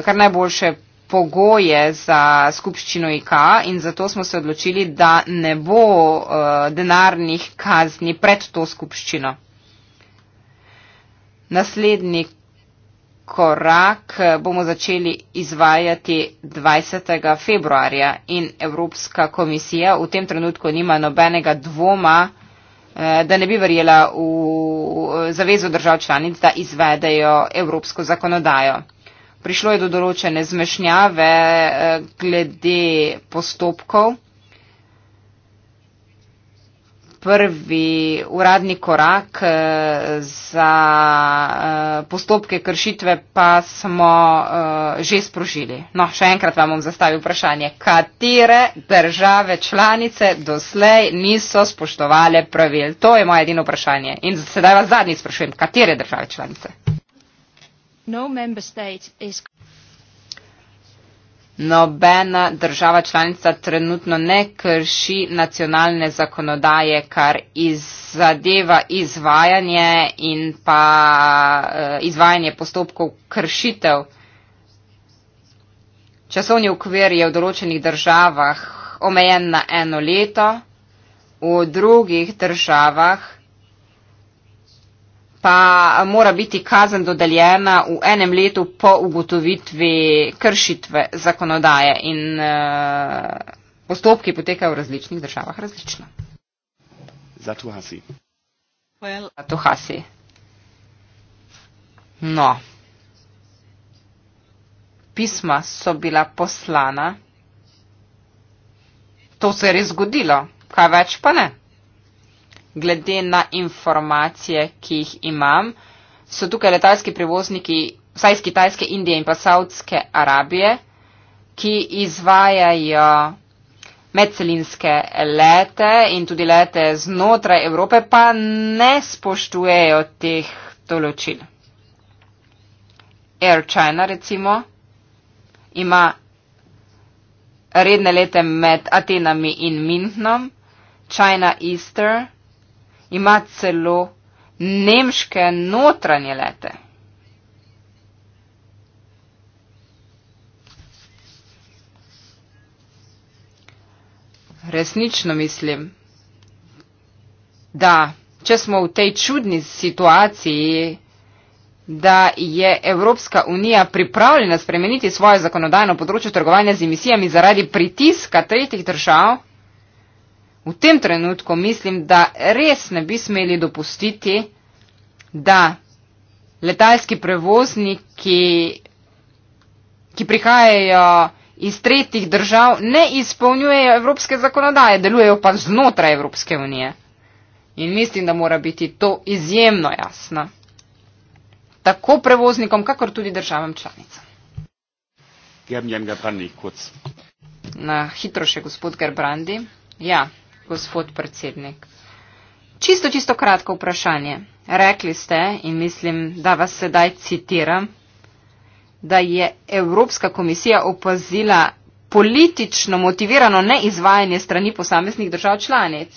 kar najboljše pogoje za skupščino IK in zato smo se odločili, da ne bo uh, denarnih kazni pred to skupščino. Naslednji korak eh, bomo začeli izvajati 20. februarja in Evropska komisija v tem trenutku nima nobenega dvoma, eh, da ne bi verjela v zavezo držav članic, da izvedejo evropsko zakonodajo prišlo je do določene zmešnjave eh, glede postopkov. Prvi uradni korak eh, za eh, postopke kršitve pa smo že sprožili. No, še enkrat vam bom zastavil vprašanje, katere države članice doslej niso spoštovale pravil? To je moje edino vprašanje. In sedaj vas zadnji sprašujem, katere države članice? No Nobena država članica trenutno ne krši nacionalne zakonodaje, kar zadeva izvajanje in pa eh, izvajanje postopkov kršitev. Časovni okvir je v določenih državah omejen na eno leto, v drugih državah pa mora biti kazen dodeljena v enem letu po ugotovitvi kršitve zakonodaje in uh, postopki potekajo v različnih državah različno. Za Tuhasi. Well. Za Tuhasi. No. Pisma so bila poslana. To se je res zgodilo, kaj več pa ne glede na informacije, ki jih imam, so tukaj letalski prevozniki, vsaj iz Kitajske, Indije in pa Saudske Arabije, ki izvajajo medcelinske lete in tudi lete znotraj Evrope, pa ne spoštujejo teh določil. Air China recimo ima redne lete med Atenami in Mintnom, China Easter ima celo nemške notranje lete. Resnično mislim, da če smo v tej čudni situaciji, da je Evropska unija pripravljena spremeniti svojo zakonodajno področje trgovanja z emisijami zaradi pritiska tretjih držav, V tem trenutku mislim, da res ne bi smeli dopustiti, da letalski prevozniki, ki prihajajo iz tretjih držav, ne izpolnjujejo evropske zakonodaje, delujejo pa znotraj Evropske unije. In mislim, da mora biti to izjemno jasno. Tako prevoznikom, kakor tudi državam članicam. Na hitro še gospod Gerbrandi. Ja gospod predsednik. Čisto, čisto kratko vprašanje. Rekli ste in mislim, da vas sedaj citiram, da je Evropska komisija opazila politično motivirano neizvajanje strani posameznih držav članic.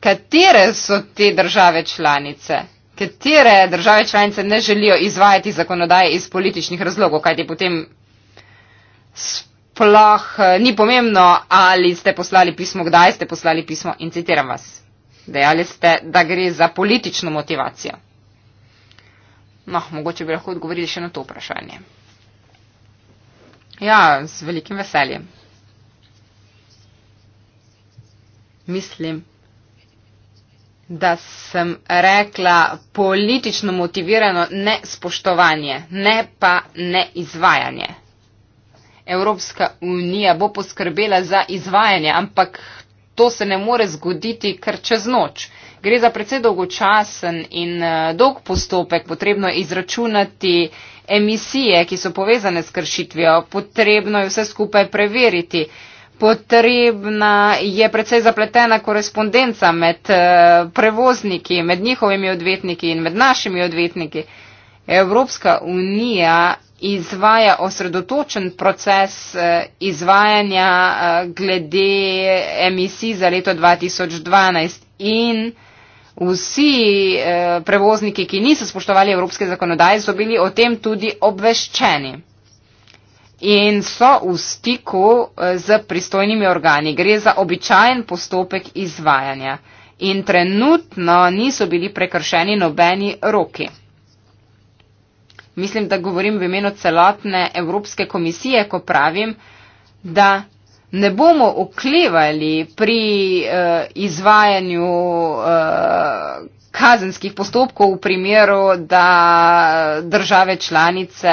Katere so te države članice? Katere države članice ne želijo izvajati zakonodaje iz političnih razlogov, kajti potem sploh, eh, ni pomembno, ali ste poslali pismo, kdaj ste poslali pismo in citiram vas. Dejali ste, da gre za politično motivacijo. No, mogoče bi lahko odgovorili še na to vprašanje. Ja, z velikim veseljem. Mislim, da sem rekla politično motivirano nespoštovanje, ne pa neizvajanje. Evropska unija bo poskrbela za izvajanje, ampak to se ne more zgoditi kar čez noč. Gre za precej dolgočasen in eh, dolg postopek, potrebno je izračunati emisije, ki so povezane s kršitvijo, potrebno je vse skupaj preveriti. Potrebna je precej zapletena korespondenca med eh, prevozniki, med njihovimi odvetniki in med našimi odvetniki. Evropska unija izvaja osredotočen proces eh, izvajanja eh, glede emisij za leto 2012 in vsi eh, prevozniki, ki niso spoštovali evropske zakonodaje, so bili o tem tudi obveščeni in so v stiku z pristojnimi organi. Gre za običajen postopek izvajanja in trenutno niso bili prekršeni nobeni roki mislim, da govorim v imenu celotne Evropske komisije, ko pravim, da ne bomo oklevali pri uh, izvajanju uh, kazenskih postopkov v primeru, da države članice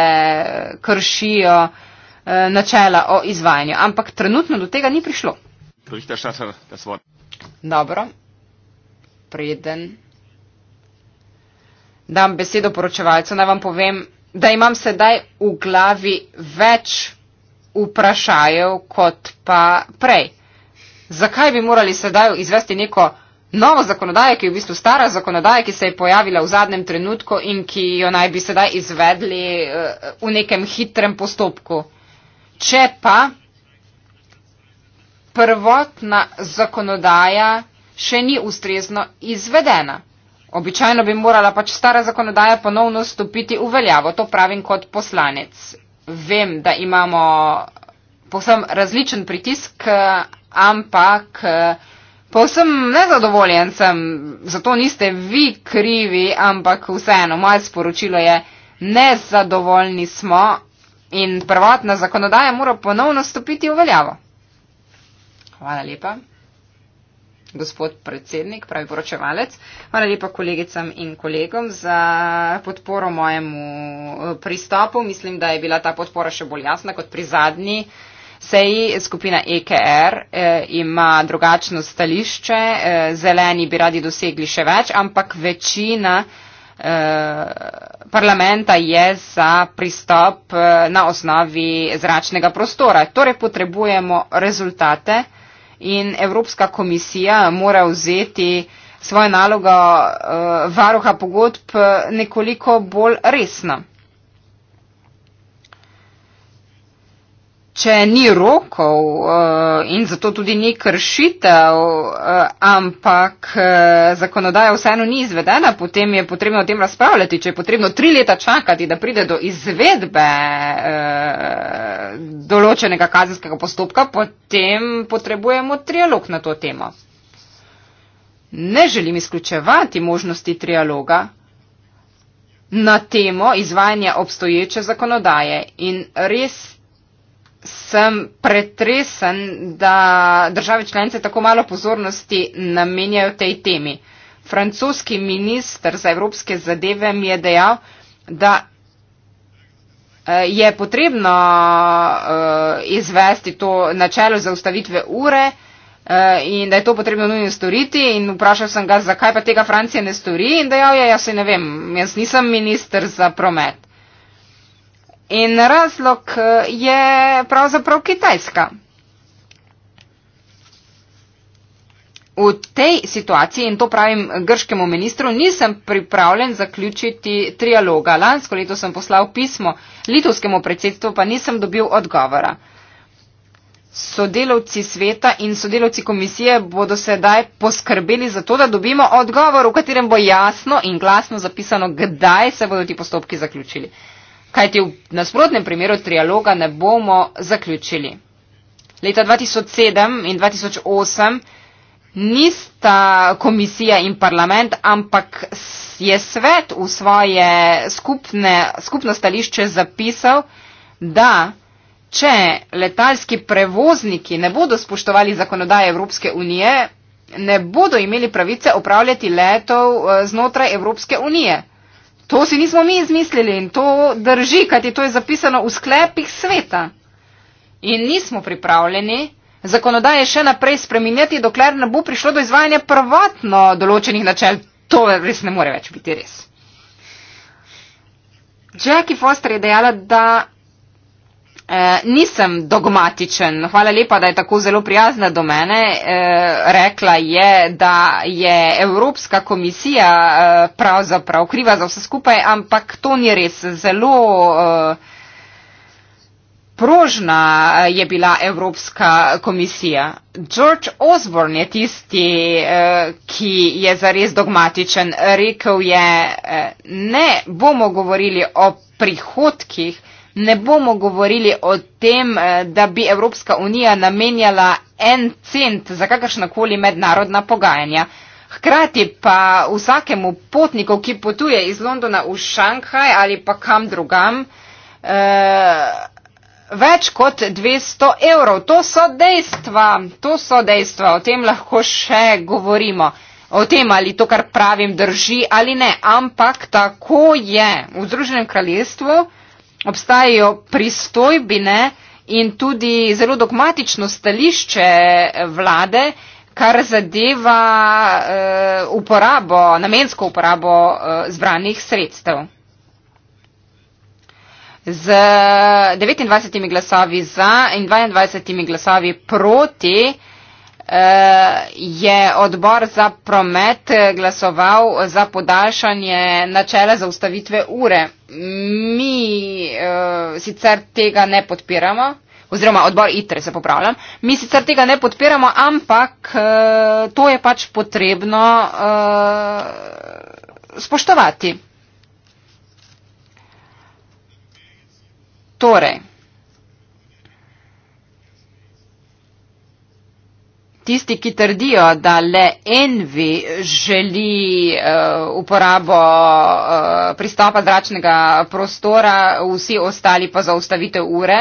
kršijo uh, načela o izvajanju. Ampak trenutno do tega ni prišlo. Dobro. Preden dam besedo poročevalcu, naj vam povem, da imam sedaj v glavi več vprašajev kot pa prej. Zakaj bi morali sedaj izvesti neko novo zakonodajo, ki je v bistvu stara zakonodaja, ki se je pojavila v zadnjem trenutku in ki jo naj bi sedaj izvedli eh, v nekem hitrem postopku? Če pa prvotna zakonodaja še ni ustrezno izvedena. Običajno bi morala pač stara zakonodaja ponovno stopiti v veljavo, to pravim kot poslanec. Vem, da imamo povsem različen pritisk, ampak povsem nezadovoljen sem, zato niste vi krivi, ampak vseeno moje sporočilo je, nezadovoljni smo in prvotna zakonodaja mora ponovno stopiti v veljavo. Hvala lepa gospod predsednik, pravi poročevalec. Hvala lepa kolegicam in kolegom za podporo mojemu eh, pristopu. Mislim, da je bila ta podpora še bolj jasna kot pri zadnji seji. Skupina EKR eh, ima drugačno stališče. Eh, zeleni bi radi dosegli še več, ampak večina eh, parlamenta je za pristop eh, na osnovi zračnega prostora. Torej potrebujemo rezultate in Evropska komisija mora vzeti svojo nalogo eh, varuha pogodb eh, nekoliko bolj resno. če ni rokov eh, in zato tudi ni kršitev, eh, ampak eh, zakonodaja vseeno ni izvedena, potem je potrebno o tem razpravljati. Če je potrebno tri leta čakati, da pride do izvedbe določenega kazenskega postopka, potem potrebujemo trialog na to temo. Ne želim izključevati možnosti trialoga na temo izvajanja obstoječe zakonodaje in res sem pretresen, da države članice tako malo pozornosti namenjajo tej temi. Francoski minister za evropske zadeve mi je dejal, da eh, je potrebno eh, izvesti to načelo zaustavitve ure eh, in da je to potrebno nujno storiti in vprašal sem ga, zakaj pa tega Francija ne stori in dejal je, jaz se ne vem, jaz nisem minister za promet. In razlog eh, je pravzaprav Kitajska. V tej situaciji, in to pravim grškemu ministru, nisem pripravljen zaključiti trialoga. Lansko leto sem poslal pismo litovskemu predsedstvu, pa nisem dobil odgovora. Sodelovci sveta in sodelovci komisije bodo sedaj poskrbeli za to, da dobimo odgovor, v katerem bo jasno in glasno zapisano, kdaj se bodo ti postopki zaključili kajti v nasprotnem primeru trialoga ne bomo zaključili. Leta 2007 in 2008 nista komisija in parlament, ampak je svet v svoje skupne, skupno stališče zapisal, da če letalski prevozniki ne bodo spoštovali zakonodaje Evropske unije, ne bodo imeli pravice upravljati letov eh, znotraj Evropske unije. To si nismo mi izmislili in to drži, kajti to je zapisano v sklepih sveta. In nismo pripravljeni zakonodaje še naprej spreminjati, dokler ne bo prišlo do izvajanja prvotno določenih načel. To res ne more več biti res. Jackie Foster je dejala, da Eh, nisem dogmatičen. Hvala lepa, da je tako zelo prijazna do mene. E, rekla je, da je Evropska komisija e, pravzaprav kriva za vse skupaj, ampak to ni res. Zelo e, prožna je bila Evropska komisija. George Osborne je tisti, e, ki je zares dogmatičen. Rekl je, e, ne bomo govorili o prihodkih, ne bomo govorili o tem, eh, da bi Evropska unija namenjala en cent za kakršnakoli mednarodna pogajanja. Hkrati pa vsakemu potniku, ki potuje iz Londona v Šanghaj ali pa kam drugam, eh, več kot 200 evrov. To so dejstva, to so dejstva, o tem lahko še govorimo. O tem, ali to, kar pravim, drži ali ne, ampak tako je v Združenem kraljestvu. Uh, obstajajo pristojbine in tudi zelo dogmatično stališče vlade, kar zadeva eh, uporabo, namensko uporabo eh, zbranih sredstev. Z 29 glasovi za in 22 glasovi proti Eh, je odbor za promet eh, glasoval za podaljšanje načela za ustavitve ure. Mi uh, sicer tega ne podpiramo, oziroma odbor ITRE se popravljam, mi sicer tega ne podpiramo, ampak uh, to je pač potrebno uh, spoštovati. Torej. Tisti, ki trdijo, da le Envi želi uh, uporabo uh, pristopa dračnega prostora, vsi ostali pa zaustavitev ure,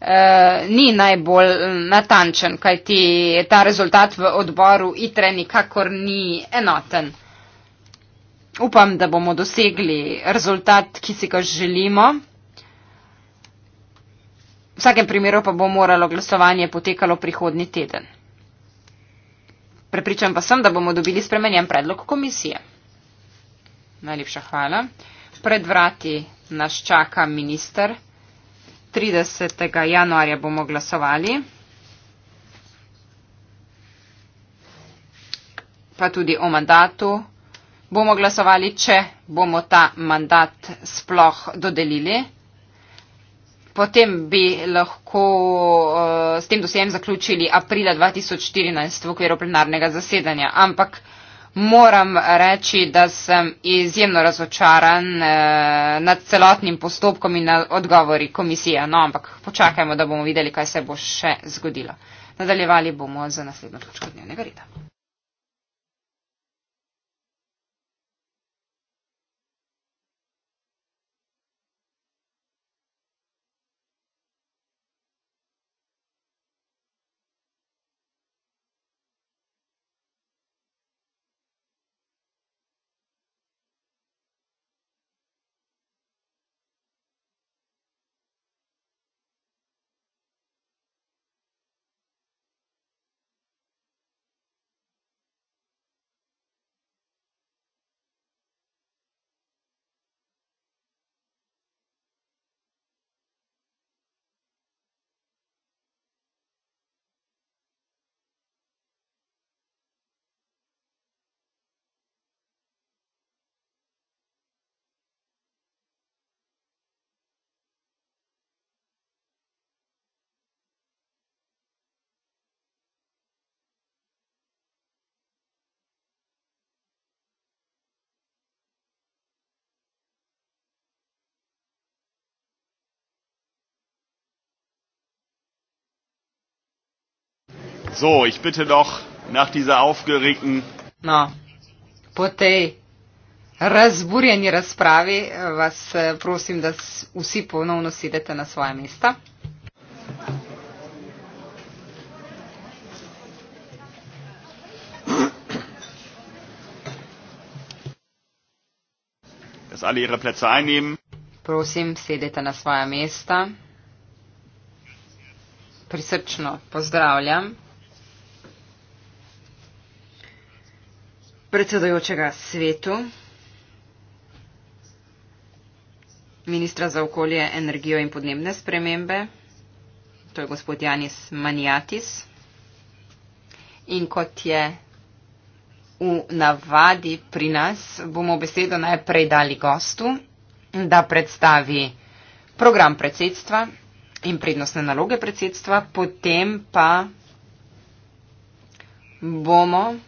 uh, ni najbolj natančen, kajti ta rezultat v odboru ITRE nikakor ni enoten. Upam, da bomo dosegli rezultat, ki si ga želimo. V vsakem primeru pa bo moralo glasovanje potekalo prihodni teden. Prepričan pa sem, da bomo dobili spremenjen predlog komisije. Najlepša hvala. Pred vrati nas čaka minister. 30. januarja bomo glasovali. Pa tudi o mandatu. Bomo glasovali, če bomo ta mandat sploh dodelili potem bi lahko uh, s tem dosjem zaključili aprila 2014 v okviru plenarnega zasedanja. Ampak moram reči, da sem izjemno razočaran uh, nad celotnim postopkom in nad odgovori komisije. No, ampak počakajmo, da bomo videli, kaj se bo še zgodilo. Nadaljevali bomo z naslednjo točko dnevnega reda. So, ich bitte doch nach dieser aufgeregten. No. Po tej razburjeni razpravi eh, vas eh, prosim, da vsi ponovno sedete na svoje mesta. Prosim, sedete na svoje mesta. Prisrčno pozdravljam. predsedujočega svetu, ministra za okolje, energijo in podnebne spremembe, to je gospod Janis Manjatis. In kot je v navadi pri nas, bomo besedo najprej dali gostu, da predstavi program predsedstva in prednostne naloge predsedstva, potem pa bomo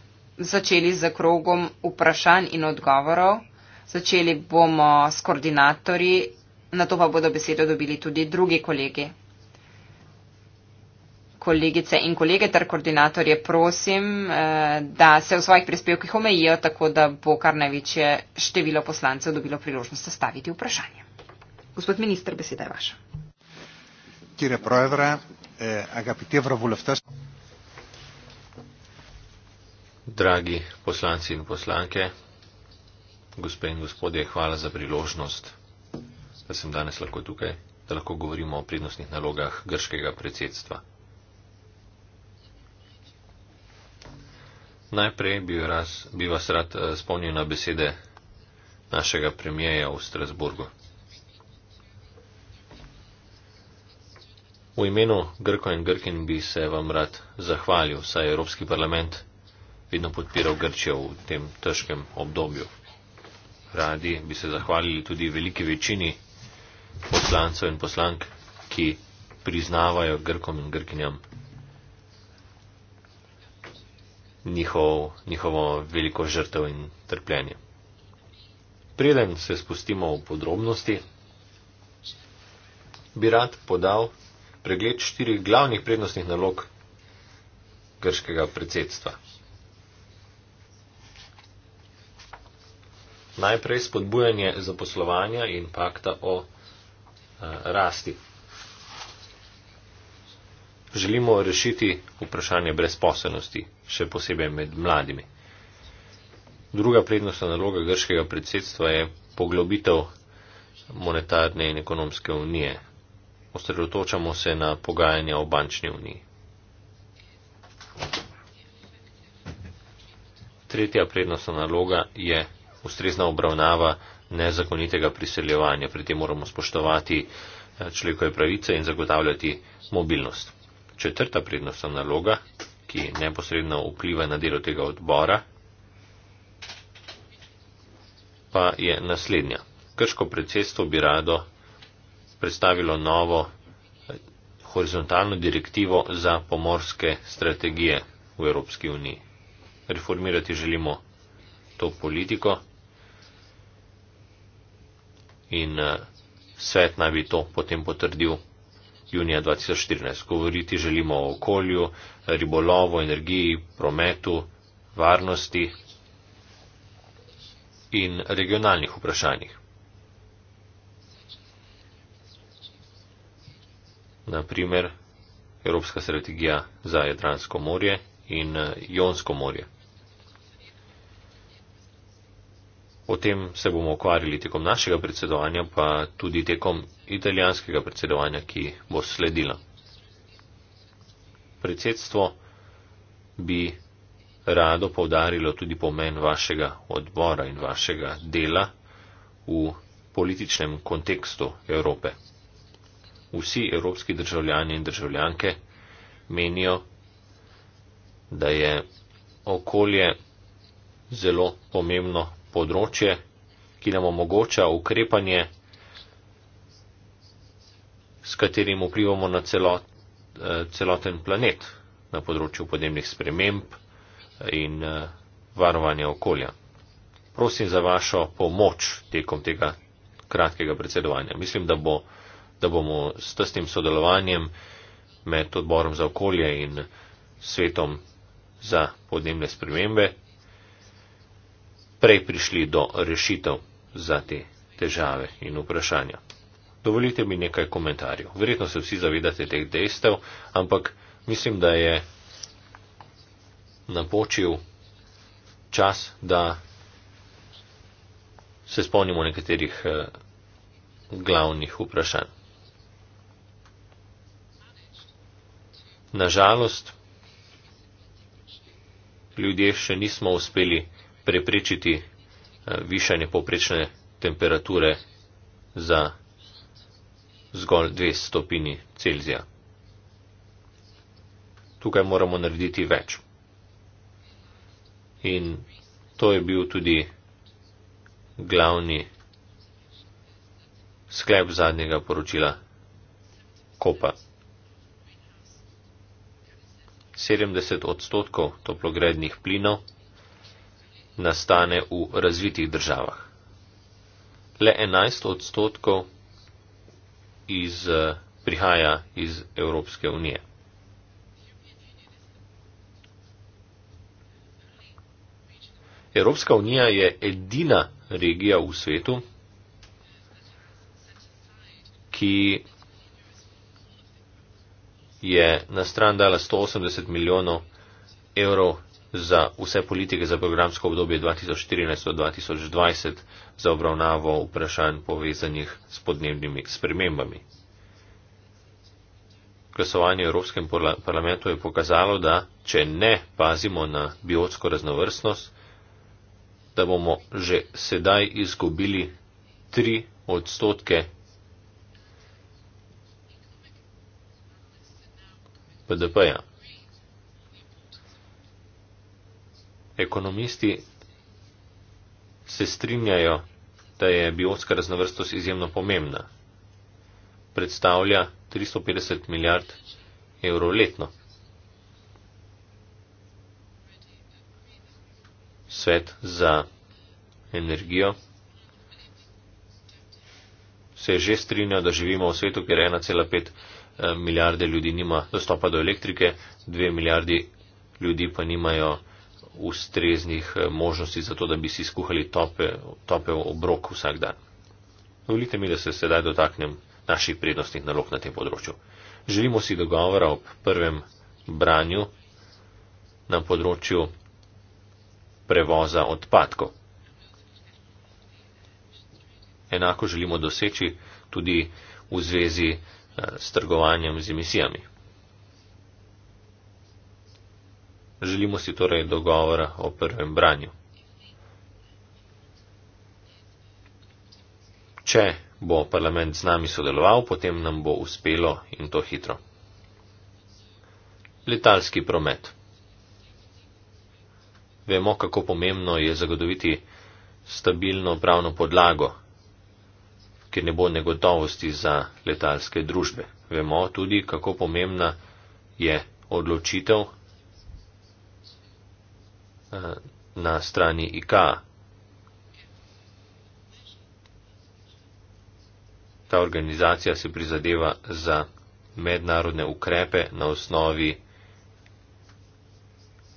začeli z krogom vprašanj in odgovorov. Začeli bomo s koordinatorji, na to pa bodo besedo dobili tudi drugi kolegi. Kolegice in kolege ter koordinatorje prosim, eh, da se v svojih prispevkih omejijo, tako da bo kar največje število poslancev dobilo priložnost staviti vprašanje. Gospod minister, beseda je vaša. Kire Projevre, eh, Agapitevra Vulevtes. Dragi poslanci in poslanke, gospe in gospodje, hvala za priložnost, da sem danes lahko tukaj, da lahko govorimo o prednostnih nalogah grškega predsedstva. Najprej bi, raz, bi vas rad eh, spomnil na besede našega premijeja v Strasburgu. V imenu Grko in Grkin bi se vam rad zahvalil, saj Evropski parlament vedno podpiral Grčijo v tem težkem obdobju. Radi bi se zahvalili tudi veliki večini poslancev in poslank, ki priznavajo Grkom in Grkinjam njihov, njihovo veliko žrtev in trpljenje. Preden se spustimo v podrobnosti, bi rad podal pregled štirih glavnih prednostnih nalog grškega predsedstva. najprej spodbujanje zaposlovanja in pakta o eh, rasti. Želimo rešiti vprašanje brezposobnosti, še posebej med mladimi. Druga prednostna naloga grškega predsedstva je poglobitev monetarne in ekonomske unije. Osredotočamo se na pogajanja o bančni uniji. Tretja prednostna naloga je ustrezna obravnava nezakonitega priseljevanja. Pri tem moramo spoštovati eh, človekove pravice in zagotavljati mobilnost. Četrta prednostna naloga, ki neposredno vpliva na delo tega odbora, pa je naslednja. Krško predsedstvo bi rado predstavilo novo eh, horizontalno direktivo za pomorske strategije v Evropski uniji. Reformirati želimo to politiko in eh, svet naj bi to potem potrdil junija 2014. Govoriti želimo o okolju, ribolovu, energiji, prometu, varnosti in regionalnih vprašanjih. Naprimer, Evropska strategija za Jadransko morje in eh, Jonsko morje. O tem se bomo ukvarjali tekom našega predsedovanja, pa tudi tekom italijanskega predsedovanja, ki bo sledila. Predsedstvo bi rado povdarilo tudi pomen vašega odbora in vašega dela v političnem kontekstu Evrope. Vsi evropski državljani in državljanke menijo, da je okolje zelo pomembno področje, ki nam omogoča ukrepanje, s katerim vplivamo na celot, eh, celoten planet na področju podnebnih sprememb eh, in eh, varovanja okolja. Prosim za vašo pomoč tekom tega kratkega predsedovanja. Mislim, da, bo, da bomo s tistim sodelovanjem med odborom za okolje in svetom za podnebne spremembe prej prišli do rešitev za te težave in vprašanja. Dovolite mi nekaj komentarjev. Verjetno se vsi zavedate teh dejstev, ampak mislim, da je napočil čas, da se spomnimo nekaterih eh, glavnih vprašanj. Nažalost, ljudje še nismo uspeli preprečiti eh, višanje povprečne temperature za zgolj dve stopini Celzija. Tukaj moramo narediti več. In to je bil tudi glavni sklep zadnjega poročila Kopa. 70 odstotkov toplogrednih plinov nastane v razvitih državah. Le 11 odstotkov iz, eh, prihaja iz Evropske unije. Evropska unija je edina regija v svetu, ki je na stran dala 180 milijonov evrov za vse politike za programsko obdobje 2014-2020 za obravnavo vprašanj povezanih s podnebnimi spremembami. Glasovanje v Evropskem parlamentu je pokazalo, da če ne pazimo na biotsko raznovrstnost, da bomo že sedaj izgubili 3 odstotke BDP-ja. Ekonomisti se strinjajo, da je biotska raznovrstnost izjemno pomembna. Predstavlja 350 milijard evrov letno. Svet za energijo se je že strinjal, da živimo v svetu, kjer 1,5 eh, milijarde ljudi nima dostopa do elektrike, 2 milijardi ljudi pa nimajo ustreznih eh, možnosti za to, da bi si skuhali tope, tope obrok vsak dan. Dovolite mi, da se sedaj dotaknem naših prednostnih nalog na tem področju. Želimo si dogovora ob prvem branju na področju prevoza odpadkov. Enako želimo doseči tudi v zvezi eh, s trgovanjem z emisijami. Želimo si torej dogovora o prvem branju. Če bo parlament z nami sodeloval, potem nam bo uspelo in to hitro. Letalski promet. Vemo, kako pomembno je zagotoviti stabilno pravno podlago, ker ne bo negotovosti za letalske družbe. Vemo tudi, kako pomembna je odločitev na strani IK. Ta organizacija se prizadeva za mednarodne ukrepe na osnovi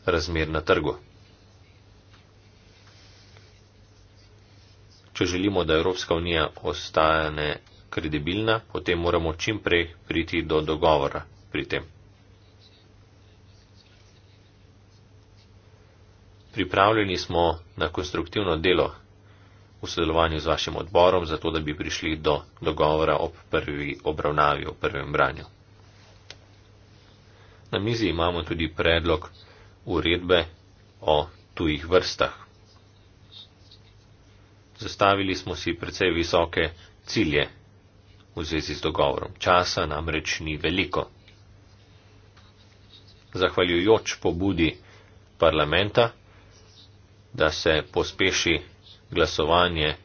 razmer na trgu. Če želimo, da Evropska unija ostane kredibilna, potem moramo čim prej priti do dogovora pri tem. pripravljeni smo na konstruktivno delo v sodelovanju z vašim odborom, zato da bi prišli do dogovora ob prvi obravnavi, ob prvem branju. Na mizi imamo tudi predlog uredbe o tujih vrstah. Zastavili smo si precej visoke cilje v zvezi z dogovorom. Časa namreč ni veliko. Zahvaljujoč pobudi parlamenta, da se pospeši glasovanje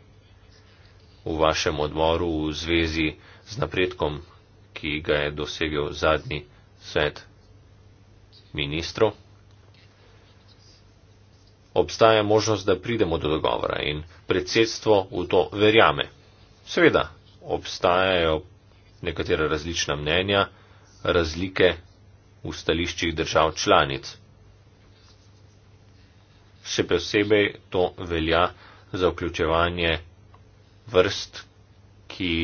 v vašem odboru v zvezi z napredkom, ki ga je dosegel zadnji svet ministrov. Obstaja možnost, da pridemo do dogovora in predsedstvo v to verjame. Seveda, obstajajo nekatera različna mnenja, razlike v stališčih držav članic še posebej to velja za vključevanje vrst, ki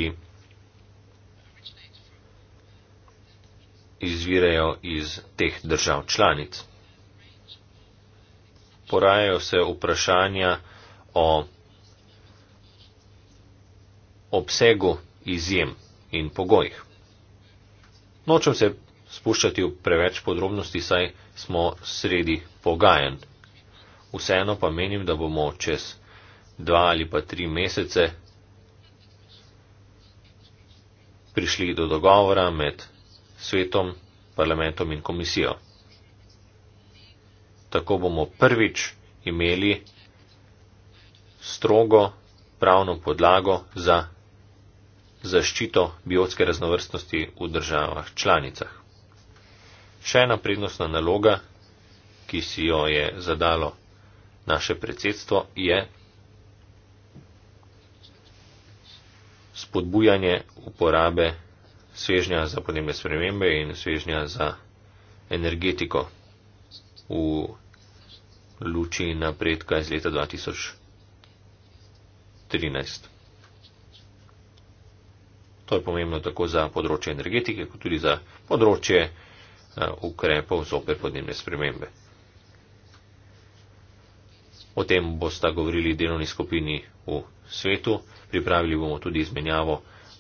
izvirajo iz teh držav članic. Porajajo se vprašanja o obsegu izjem in pogojih. Nočem se spuščati v preveč podrobnosti, saj smo sredi pogajanj vseeno pa menim, da bomo čez dva ali pa tri mesece prišli do dogovora med svetom, parlamentom in komisijo. Tako bomo prvič imeli strogo pravno podlago za zaščito biotske raznovrstnosti v državah članicah. Še ena prednostna naloga, ki si jo je zadalo naše predsedstvo je spodbujanje uporabe svežnja za podnebne spremembe in svežnja za energetiko v luči napredka iz leta 2013. To je pomembno tako za področje energetike, kot tudi za področje eh, ukrepov zoper podnebne spremembe. O tem bosta govorili delovni skupini v svetu. Pripravili bomo tudi izmenjavo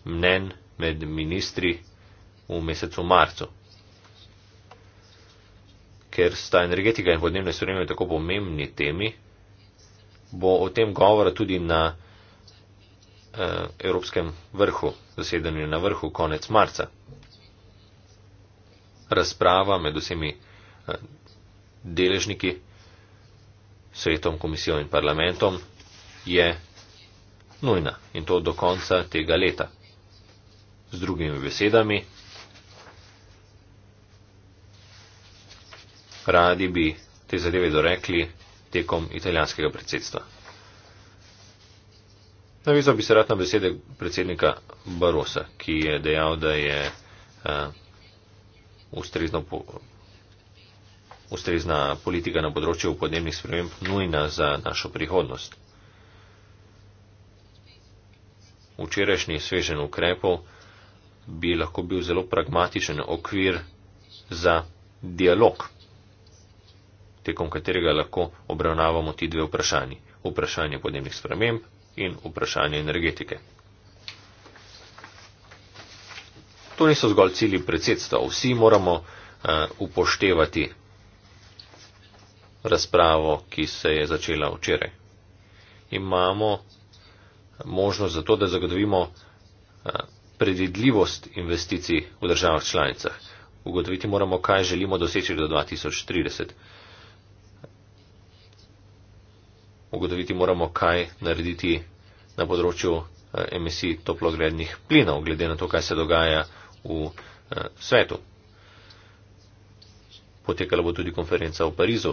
mnen med ministri v mesecu marcu. Ker sta energetika in podnebne spremembe tako pomembni temi, bo o tem govora tudi na eh, Evropskem vrhu, zasedanju na vrhu konec marca. Razprava med vsemi eh, deležniki svetom, komisijo in parlamentom je nujna in to do konca tega leta. Z drugimi besedami, radi bi te zadeve dorekli tekom italijanskega predsedstva. Navizal bi se rad na besede predsednika Barosa, ki je dejal, da je uh, ustrezno po, ustrezna politika na področju podnebnih sprememb nujna za našo prihodnost. Včerajšnji svežen ukrepov bi lahko bil zelo pragmatičen okvir za dialog, tekom katerega lahko obravnavamo ti dve vprašanji. Vprašanje podnebnih sprememb in vprašanje energetike. To niso zgolj cili predsedstva. Vsi moramo uh, upoštevati razpravo, ki se je začela včeraj. Imamo možnost za to, da zagotovimo eh, predvidljivost investicij v državah članicah. Ugotoviti moramo, kaj želimo doseči do 2030. Ugotoviti moramo, kaj narediti na področju eh, emisij toplogrednih plinov, glede na to, kaj se dogaja v eh, svetu. Potekala bo tudi konferenca v Parizu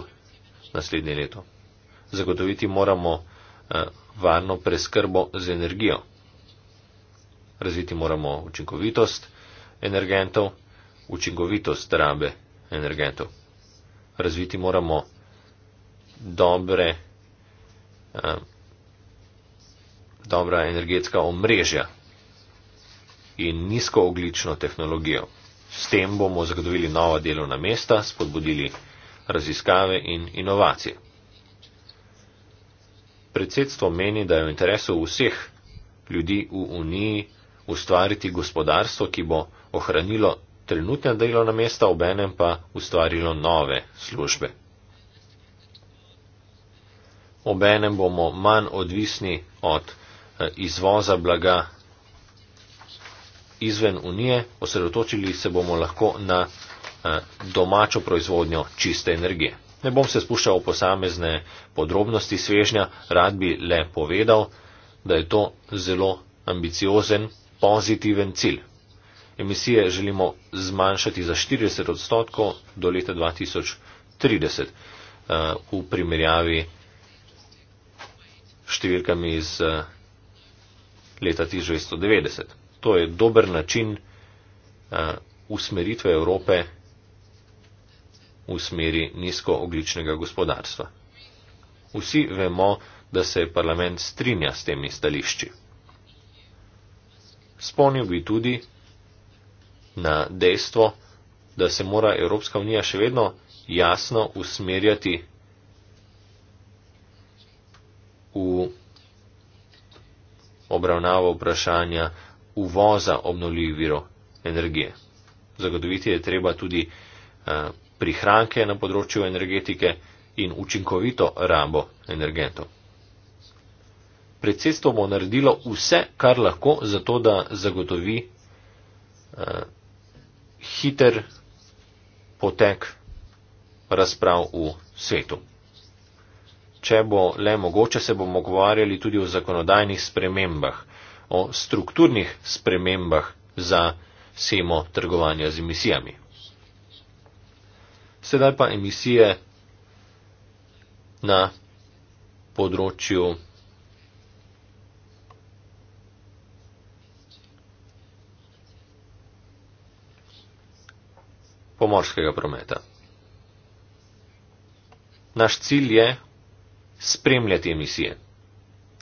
naslednje leto. Zagotoviti moramo eh, varno preskrbo z energijo. Razviti moramo učinkovitost energentov, učinkovitost rabe energentov. Razviti moramo dobre, eh, dobra energetska omrežja in nizkooglično tehnologijo. S tem bomo zagotovili nova delovna mesta, spodbudili raziskave in inovacije. Predsedstvo meni, da je v interesu vseh ljudi v Uniji ustvariti gospodarstvo, ki bo ohranilo trenutne delovna mesta, obenem pa ustvarilo nove službe. Obenem bomo manj odvisni od eh, izvoza blaga izven Unije, osredotočili se bomo lahko na Eh, domačo proizvodnjo čiste energije. Ne bom se spuščal v posamezne podrobnosti svežnja, rad bi le povedal, da je to zelo ambiciozen, pozitiven cilj. Emisije želimo zmanjšati za 40 odstotkov do leta 2030 eh, v primerjavi številkami iz eh, leta 1990. To je dober način usmeritve Evrope v smeri nizkoogličnega gospodarstva. Vsi vemo, da se parlament strinja s temi stališči. Spomnil bi tudi na dejstvo, da se mora Evropska unija še vedno jasno usmerjati v obravnavo vprašanja uvoza obnovljivih virov energije. Zagotoviti je treba tudi eh, prihranke na področju energetike in učinkovito rabo energentov. Predsedstvo bo naredilo vse, kar lahko, zato da zagotovi eh, hiter potek razprav v svetu. Če bo le mogoče, se bomo govarjali tudi o zakonodajnih spremembah, o strukturnih spremembah za semo trgovanja z emisijami sedaj pa emisije na področju pomorskega prometa. Naš cilj je spremljati emisije.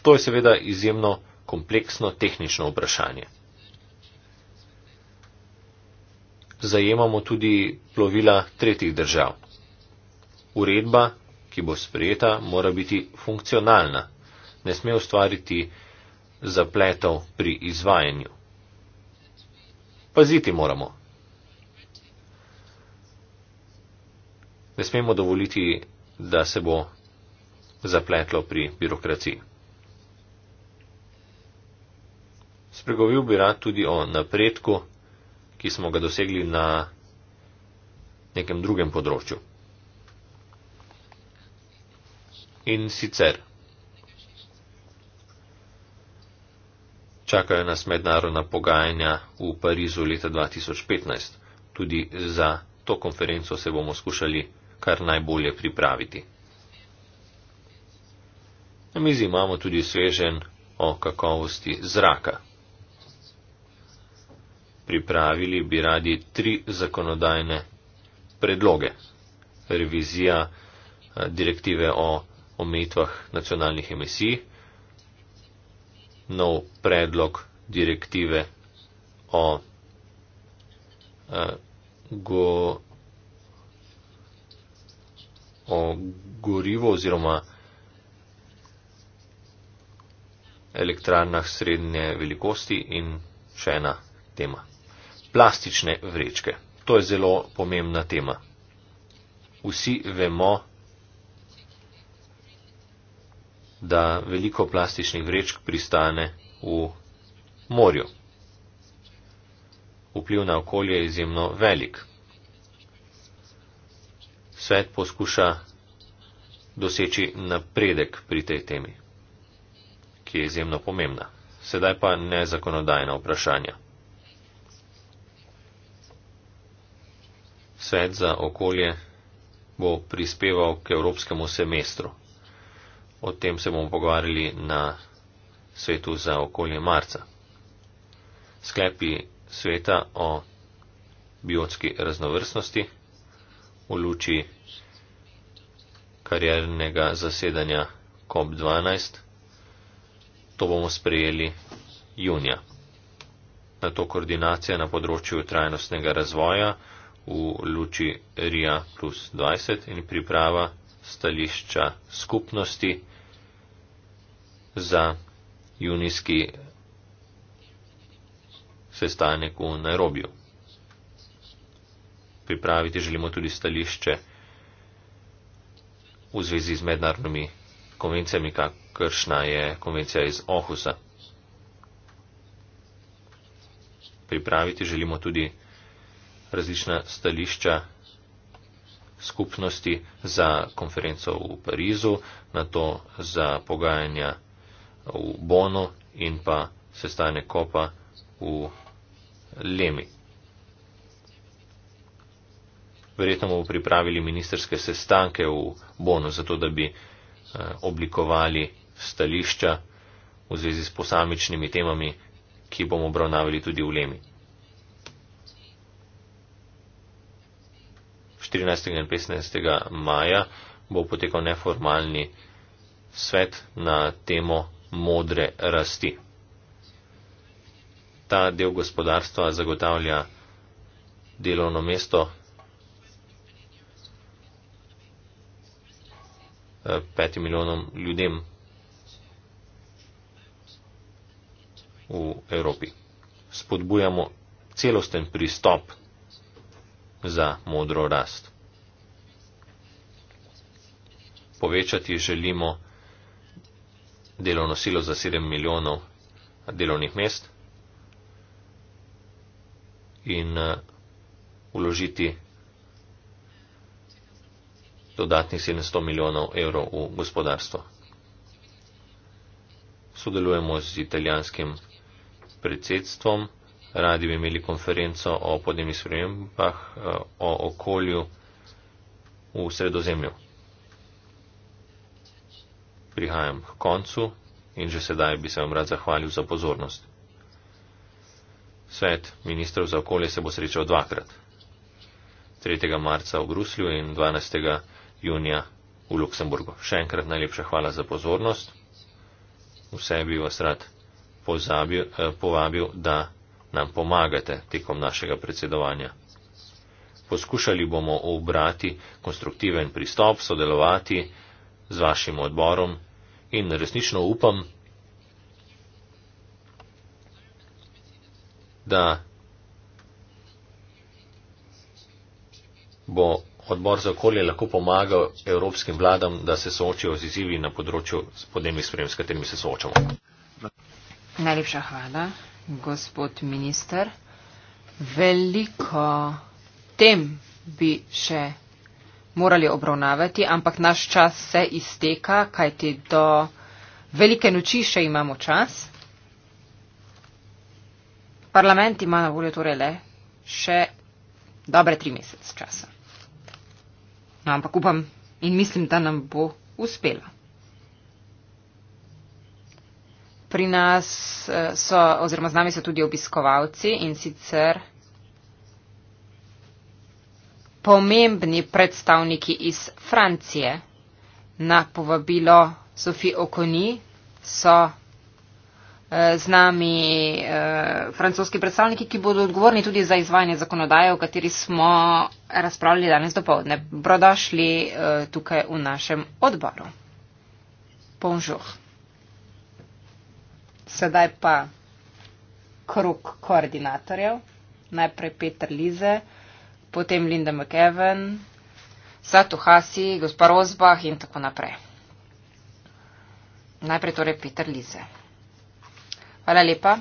To je seveda izjemno kompleksno tehnično vprašanje. zajemamo tudi plovila tretjih držav. Uredba, ki bo sprejeta, mora biti funkcionalna, ne sme ustvariti zapletov pri izvajanju. Paziti moramo. Ne smemo dovoliti, da se bo zapletlo pri birokraciji. Spregovil bi rad tudi o napredku ki smo ga dosegli na nekem drugem področju. In sicer čakajo nas mednarodna pogajanja v Parizu leta 2015. Tudi za to konferenco se bomo skušali kar najbolje pripraviti. Na mizi imamo tudi svežen o kakovosti zraka pripravili bi radi tri zakonodajne predloge. Revizija eh, direktive o omejitvah nacionalnih emisij, nov predlog direktive o eh, Go, o gorivo oziroma elektrarnah srednje velikosti in še ena tema plastične vrečke. To je zelo pomembna tema. Vsi vemo, da veliko plastičnih vrečk pristane v morju. Vpliv na okolje je izjemno velik. Svet poskuša doseči napredek pri tej temi, ki je izjemno pomembna. Sedaj pa ne zakonodajna vprašanja. Svet za okolje bo prispeval k evropskemu semestru. O tem se bomo pogovarjali na svetu za okolje marca. Sklepi sveta o biotski raznovrstnosti v luči kariernega zasedanja COP12. To bomo sprejeli junija. Na to koordinacija na področju trajnostnega razvoja v luči RIA plus 20 in priprava stališča skupnosti za junijski sestanek v Nairobiju. Pripraviti želimo tudi stališče v zvezi z mednarodnimi konvencijami, kakršna je konvencija iz Ohusa. Pripraviti želimo tudi stališče različna stališča skupnosti za konferenco v Parizu, na to za pogajanja v Bonu in pa sestanek kopa v Lemi. Verjetno bomo pripravili ministerske sestanke v Bonu, zato da bi eh, oblikovali stališča v zvezi s posamičnimi temami, ki bomo obravnavali tudi v Lemi. 14. in 15. maja bo potekal neformalni svet na temo modre rasti. Ta del gospodarstva zagotavlja delovno mesto eh, peti milijonom ljudem v Evropi. Spodbujamo celosten pristop za modro rast. Povečati želimo delovno silo za 7 milijonov delovnih mest in uložiti eh, dodatnih 700 milijonov evrov v gospodarstvo. Sodelujemo z italijanskim predsedstvom radi bi imeli konferenco o podnebnih spremembah, eh, o okolju v sredozemlju. Prihajam k koncu in že sedaj bi se vam rad zahvalil za pozornost. Svet ministrov za okolje se bo srečal dvakrat. 3. marca v Bruslju in 12. junija v Luksemburgu. Še enkrat najlepša hvala za pozornost. Vse bi vas rad pozabil, eh, povabil, da nam pomagate tekom našega predsedovanja. Poskušali bomo obrati konstruktiven pristop, sodelovati z vašim odborom in resnično upam, da bo odbor za okolje lahko pomagal evropskim vladam, da se soočijo z izzivi na področju podnebnih sprememb, s katerimi se soočamo. Najlepša hvala gospod minister. Veliko tem bi še morali obravnavati, ampak naš čas se izteka, kajti do velike noči še imamo čas. Parlament ima na voljo torej le še dobre tri mesece časa. No, ampak upam in mislim, da nam bo uspelo. pri nas eh, so, oziroma z nami so tudi obiskovalci in sicer pomembni predstavniki iz Francije na povabilo Sofie Okoni so eh, z nami eh, francoski predstavniki, ki bodo odgovorni tudi za izvajanje zakonodaje, o kateri smo razpravljali danes do povdne. Brodošli tukaj v našem odboru. Bonjour. Sedaj pa krug koordinatorjev, najprej Peter Lize, potem Linda McEwen, Satu Hasi, gospa Rozbah in tako naprej. Najprej torej Peter Lize. Hvala lepa,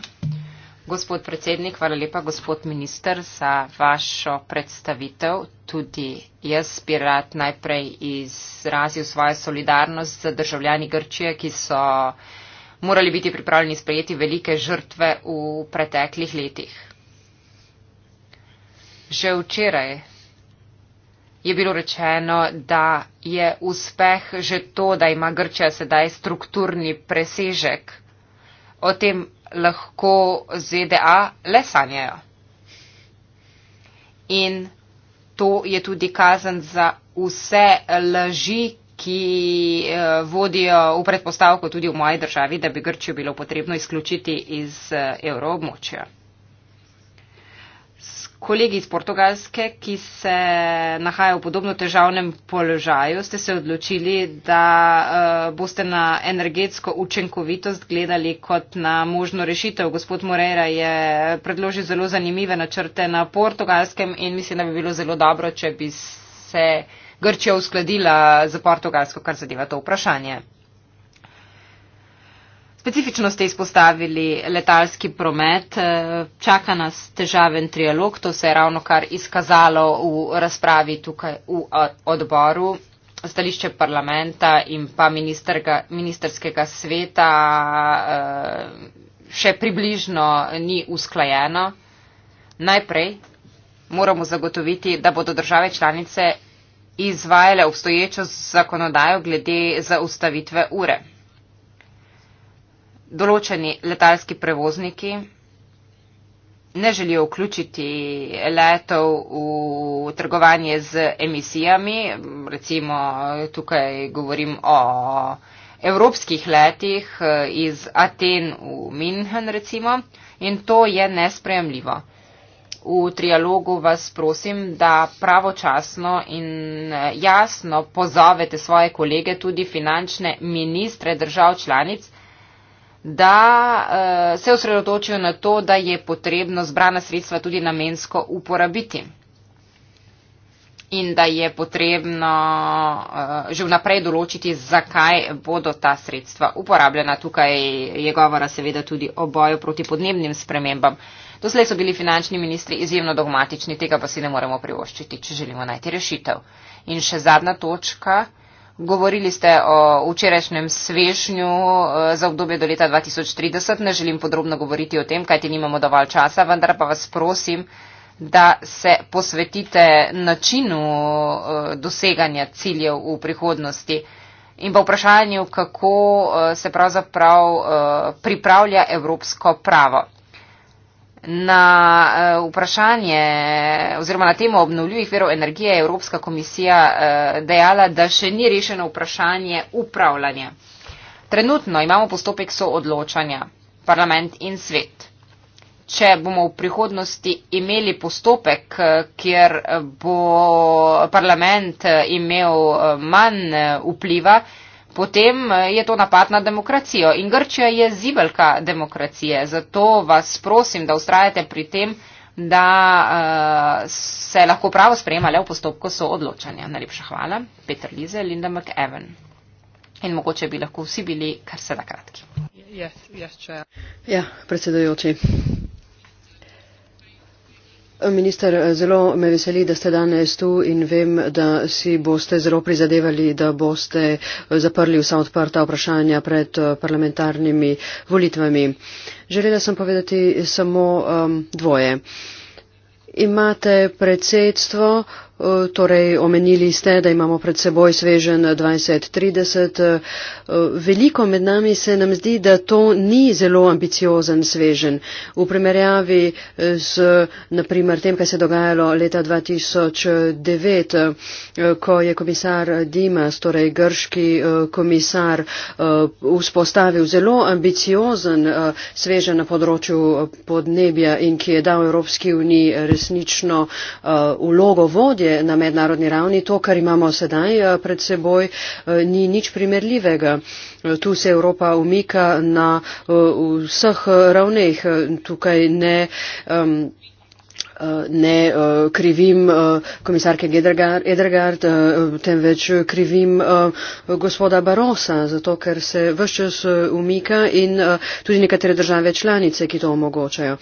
gospod predsednik, hvala lepa, gospod minister, za vašo predstavitev. Tudi jaz bi rad najprej izrazil svojo solidarnost z državljani Grčije, ki so morali biti pripravljeni sprejeti velike žrtve v preteklih letih. Že včeraj je bilo rečeno, da je uspeh že to, da ima Grčija sedaj strukturni presežek. O tem lahko ZDA le sanjajo. In to je tudi kazen za vse laži, ki eh, vodijo v predpostavko tudi v moji državi, da bi Grčijo bilo potrebno izključiti iz eh, evroobmočja. Kolegi iz Portugalske, ki se nahajajo v podobno težavnem položaju, ste se odločili, da eh, boste na energetsko učinkovitost gledali kot na možno rešitev. Gospod Moreira je predložil zelo zanimive načrte na portugalskem in mislim, da bi bilo zelo dobro, če bi se. Grčija uskladila z Portugalsko, kar zadeva to vprašanje. Specifično ste izpostavili letalski promet. Eh, čaka nas težaven trialog, to se je ravno kar izkazalo v razpravi tukaj v eh, odboru. Stališče parlamenta in pa ministerskega sveta eh, še približno ni usklajeno. Najprej moramo zagotoviti, da bodo države članice izvajale obstoječo zakonodajo glede zaustavitve ure. Določeni letalski prevozniki ne želijo vključiti letov v trgovanje z emisijami, recimo tukaj govorim o evropskih letih eh, iz Aten v München recimo in to je nesprejemljivo. V trialogu vas prosim, da pravočasno in eh, jasno pozovete svoje kolege, tudi finančne ministre držav članic, da eh, se osredotočijo na to, da je potrebno zbrana sredstva tudi namensko uporabiti in da je potrebno eh, že vnaprej določiti, zakaj bodo ta sredstva uporabljena. Tukaj je govora seveda tudi o boju proti podnebnim spremembam. Doslej so bili finančni ministri izjemno dogmatični, tega pa si ne moremo privoščiti, če želimo najti rešitev. In še zadnja točka. Govorili ste o včerajšnjem svežnju eh, za obdobje do leta 2030. Ne želim podrobno govoriti o tem, kajti nimamo dovolj časa, vendar pa vas prosim, da se posvetite načinu eh, doseganja ciljev v prihodnosti in pa vprašanju, kako eh, se pravzaprav pripravlja evropsko pravo. Na eh, vprašanje oziroma na temo obnovljivih verov energije je Evropska komisija eh, dejala, da še ni rešeno vprašanje upravljanja. Trenutno imamo postopek soodločanja, parlament in svet. Če bomo v prihodnosti imeli postopek, eh, kjer bo parlament imel manj vpliva, potem eh, je to napad na demokracijo. In Grčija je zibelka demokracije. Zato vas prosim, da ustrajate pri tem, da uh, se lahko pravo sprejema le v postopku soodločanja. Najlepša hvala. Peter Lize, Linda McEwen. In mogoče bi lahko vsi bili kar se da kratki. Ja, predsedujoči. Minister, zelo me veseli, da ste danes tu in vem, da si boste zelo prizadevali, da boste zaprli vsa odprta vprašanja pred eh, parlamentarnimi volitvami. Želela sem povedati samo um, dvoje. Imate predsedstvo, Eh, torej, omenili ste, da imamo pred seboj svežen 2030. Eh, veliko med nami se nam zdi, da to ni zelo ambiciozen svežen. V primerjavi eh, z, naprimer, tem, kaj se je dogajalo leta 2009, ko je komisar Dimas, torej grški komisar, vzpostavil zelo ambiciozen svežen na področju podnebja in ki je dal Evropski uniji resnično vlogo vodje nasilje na mednarodni ravni. To, kar imamo sedaj eh, pred seboj, eh, ni nič primerljivega. Eh, tu se Evropa umika na vseh ravneh. Tukaj ne. Um, ne eh, krivim eh, komisarke Edergard, eh, temveč krivim gospoda Barosa, zato ker se vse čas umika in tudi nekatere države članice, ki to omogočajo.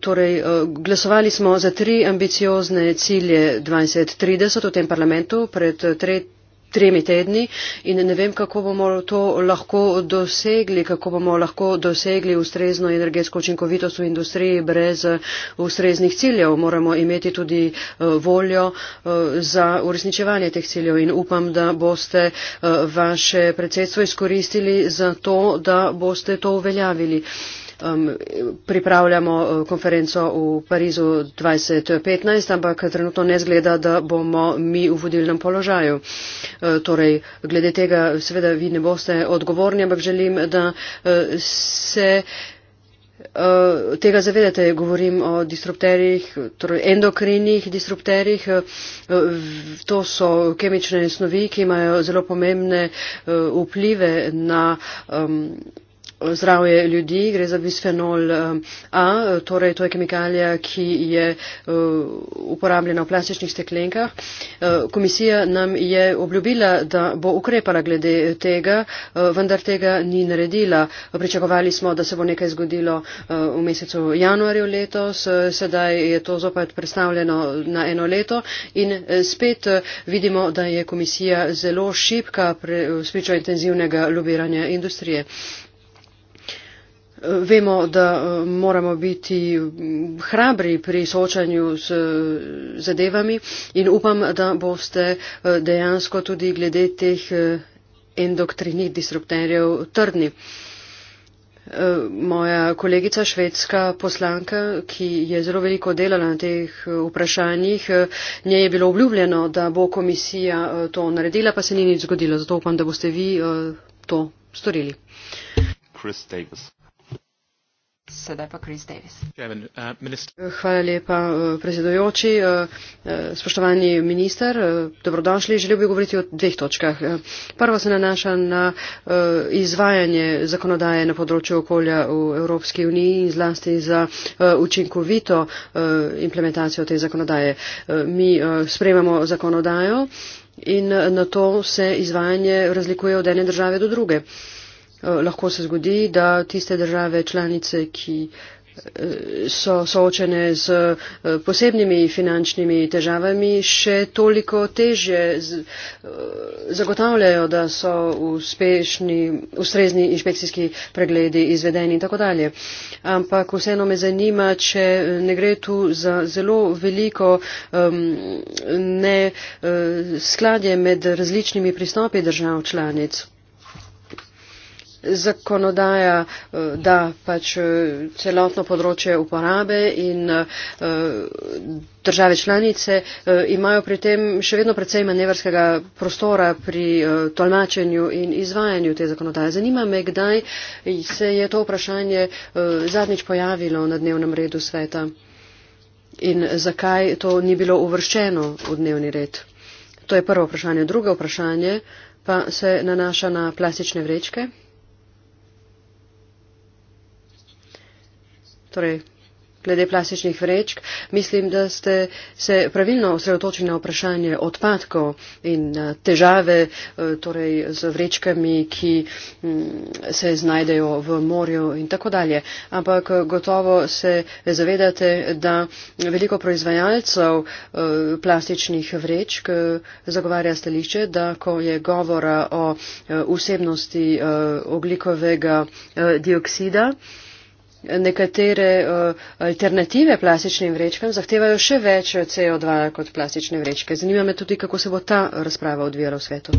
Torej, glasovali smo za tri ambiciozne cilje 2030 v tem parlamentu pred tretjim tremi tedni in ne vem, kako bomo to lahko dosegli, kako bomo lahko dosegli ustrezno energetsko učinkovitost v industriji brez eh, ustreznih ciljev. Moramo imeti tudi eh, voljo eh, za uresničevanje teh ciljev in upam, da boste vaše predsedstvo izkoristili za to, da boste to uveljavili um, pripravljamo eh, konferenco v Parizu 2015, ampak trenutno ne zgleda, da bomo mi v vodilnem položaju. E, torej, glede tega seveda vi ne boste odgovorni, ampak želim, da eh, se. Tega zavedate, govorim o disrupterjih, torej endokrinih disrupterjih. To so kemične snovi, ki imajo zelo pomembne vplive na. Um, zdravje ljudi, gre za bisfenol eh, A, torej to je kemikalija, ki je eh, uporabljena v plastičnih steklenkah. Eh, komisija nam je obljubila, da bo ukrepala glede tega, vendar tega ni naredila. Pričakovali smo, da se bo nekaj zgodilo v mesecu januarju letos, sedaj je to zopet predstavljeno na eno leto in spet vidimo, da je komisija zelo šipka spričo intenzivnega lobiranja industrije. Vemo, da eh, moramo biti mm, hrabri pri soočanju z eh, zadevami in upam, da boste eh, dejansko tudi glede teh endoktrinih disruptorjev trdni. Moja kolegica švedska poslanka, ki je zelo veliko delala na teh vprašanjih, nje je bilo obljubljeno, da bo komisija to naredila, pa se ni nič zgodilo. Zato upam, da boste vi to storili. Chris Davis. Sedaj pa Chris Davis. Uh, Hvala lepa, uh, predsedojoči. Uh, spoštovani minister, dobrodošli. Želel bi govoriti o dveh točkah. Prva se nanaša na izvajanje zakonodaje na področju okolja v Evropski uniji in zlasti za učinkovito implementacijo te zakonodaje. Mi sprejemamo zakonodajo in na to se izvajanje razlikuje od ene države do druge. Eh, lahko se zgodi, da tiste države članice, ki eh, so soočene z eh, posebnimi finančnimi težavami, še toliko težje zagotavljajo, da so uspešni, ustrezni inšpekcijski pregledi izvedeni in tako dalje. Ampak vseeno me zanima, če ne gre tu za zelo veliko um, ne, uh, skladje med različnimi pristopi držav članic zakonodaja eh, da pač eh, celotno področje uporabe in eh, države članice imajo pri tem še vedno precej manevrskega prostora pri tolmačenju in izvajanju te zakonodaje. Zanima me, kdaj se je to vprašanje zadnjič pojavilo na dnevnem redu sveta in zakaj to ni bilo uvrščeno v dnevni red. To je prvo vprašanje. Drugo vprašanje pa se nanaša na plastične vrečke. torej glede plastičnih vrečk, mislim, da ste se pravilno osredotočili na vprašanje odpadkov in eh, težave eh, torej, z vrečkami, ki mm, se znajdejo v morju in tako dalje. Ampak eh, gotovo se zavedate, da veliko proizvajalcev plastičnih vrečk zagovarja stališče, da ko je govora o vsebnosti oglikovega dioksida, nekatere uh, alternative plastičnim vrečkam zahtevajo še več CO2 kot plastične vrečke. Zanima me tudi, kako se bo ta razprava odvijala v svetu.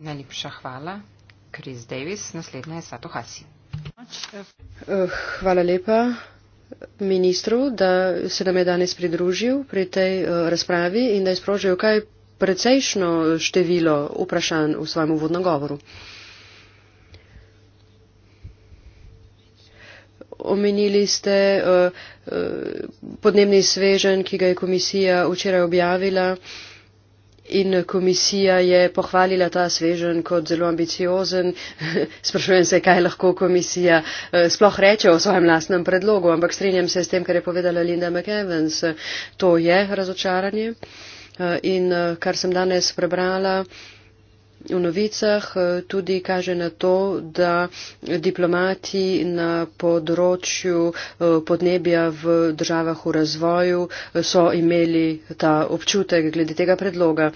Najlepša hvala. Chris Davis, naslednja je Sato Hasi. Eh, hvala lepa ministru, da se nam je danes pridružil pri tej uh, razpravi in da je sprožil kaj precejšno število vprašanj v svojem uvodnem govoru. omenili ste eh, eh, podnebni svežen, ki ga je komisija včeraj objavila in komisija je pohvalila ta svežen kot zelo ambiciozen. Sprašujem se, kaj lahko komisija eh, sploh reče o svojem lastnem predlogu, ampak strinjam se s tem, kar je povedala Linda McEvans. To je razočaranje in kar sem danes prebrala v novicah eh, tudi kaže na to, da diplomati na področju eh, podnebja v državah v razvoju eh, so imeli ta občutek glede tega predloga.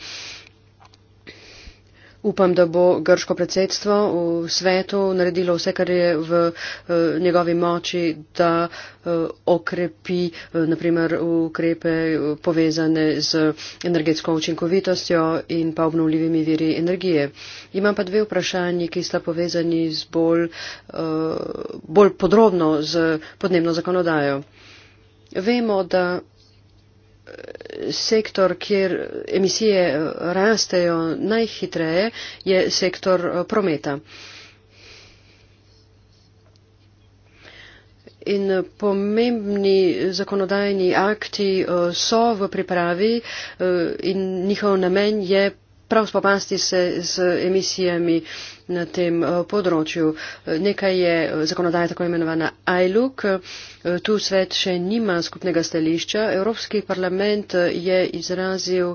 Upam, da bo grško predsedstvo v svetu naredilo vse, kar je v eh, njegovi moči, da eh, okrepi eh, naprimer ukrepe povezane z energetsko učinkovitostjo in pa obnovljivimi viri energije. Imam pa dve vprašanji, ki sta povezani z bolj, bolj podrobno z podnebno zakonodajo. Vemo, da sektor, kjer emisije rastejo najhitreje, je sektor eh, prometa. In eh, pomembni zakonodajni akti eh, so v pripravi in njihov namen je prav spopasti se z emisijami na tem eh, področju. Eh, nekaj je eh, zakonodaja tako imenovana ILUK. Tu svet še nima skupnega stališča. Evropski parlament je izrazil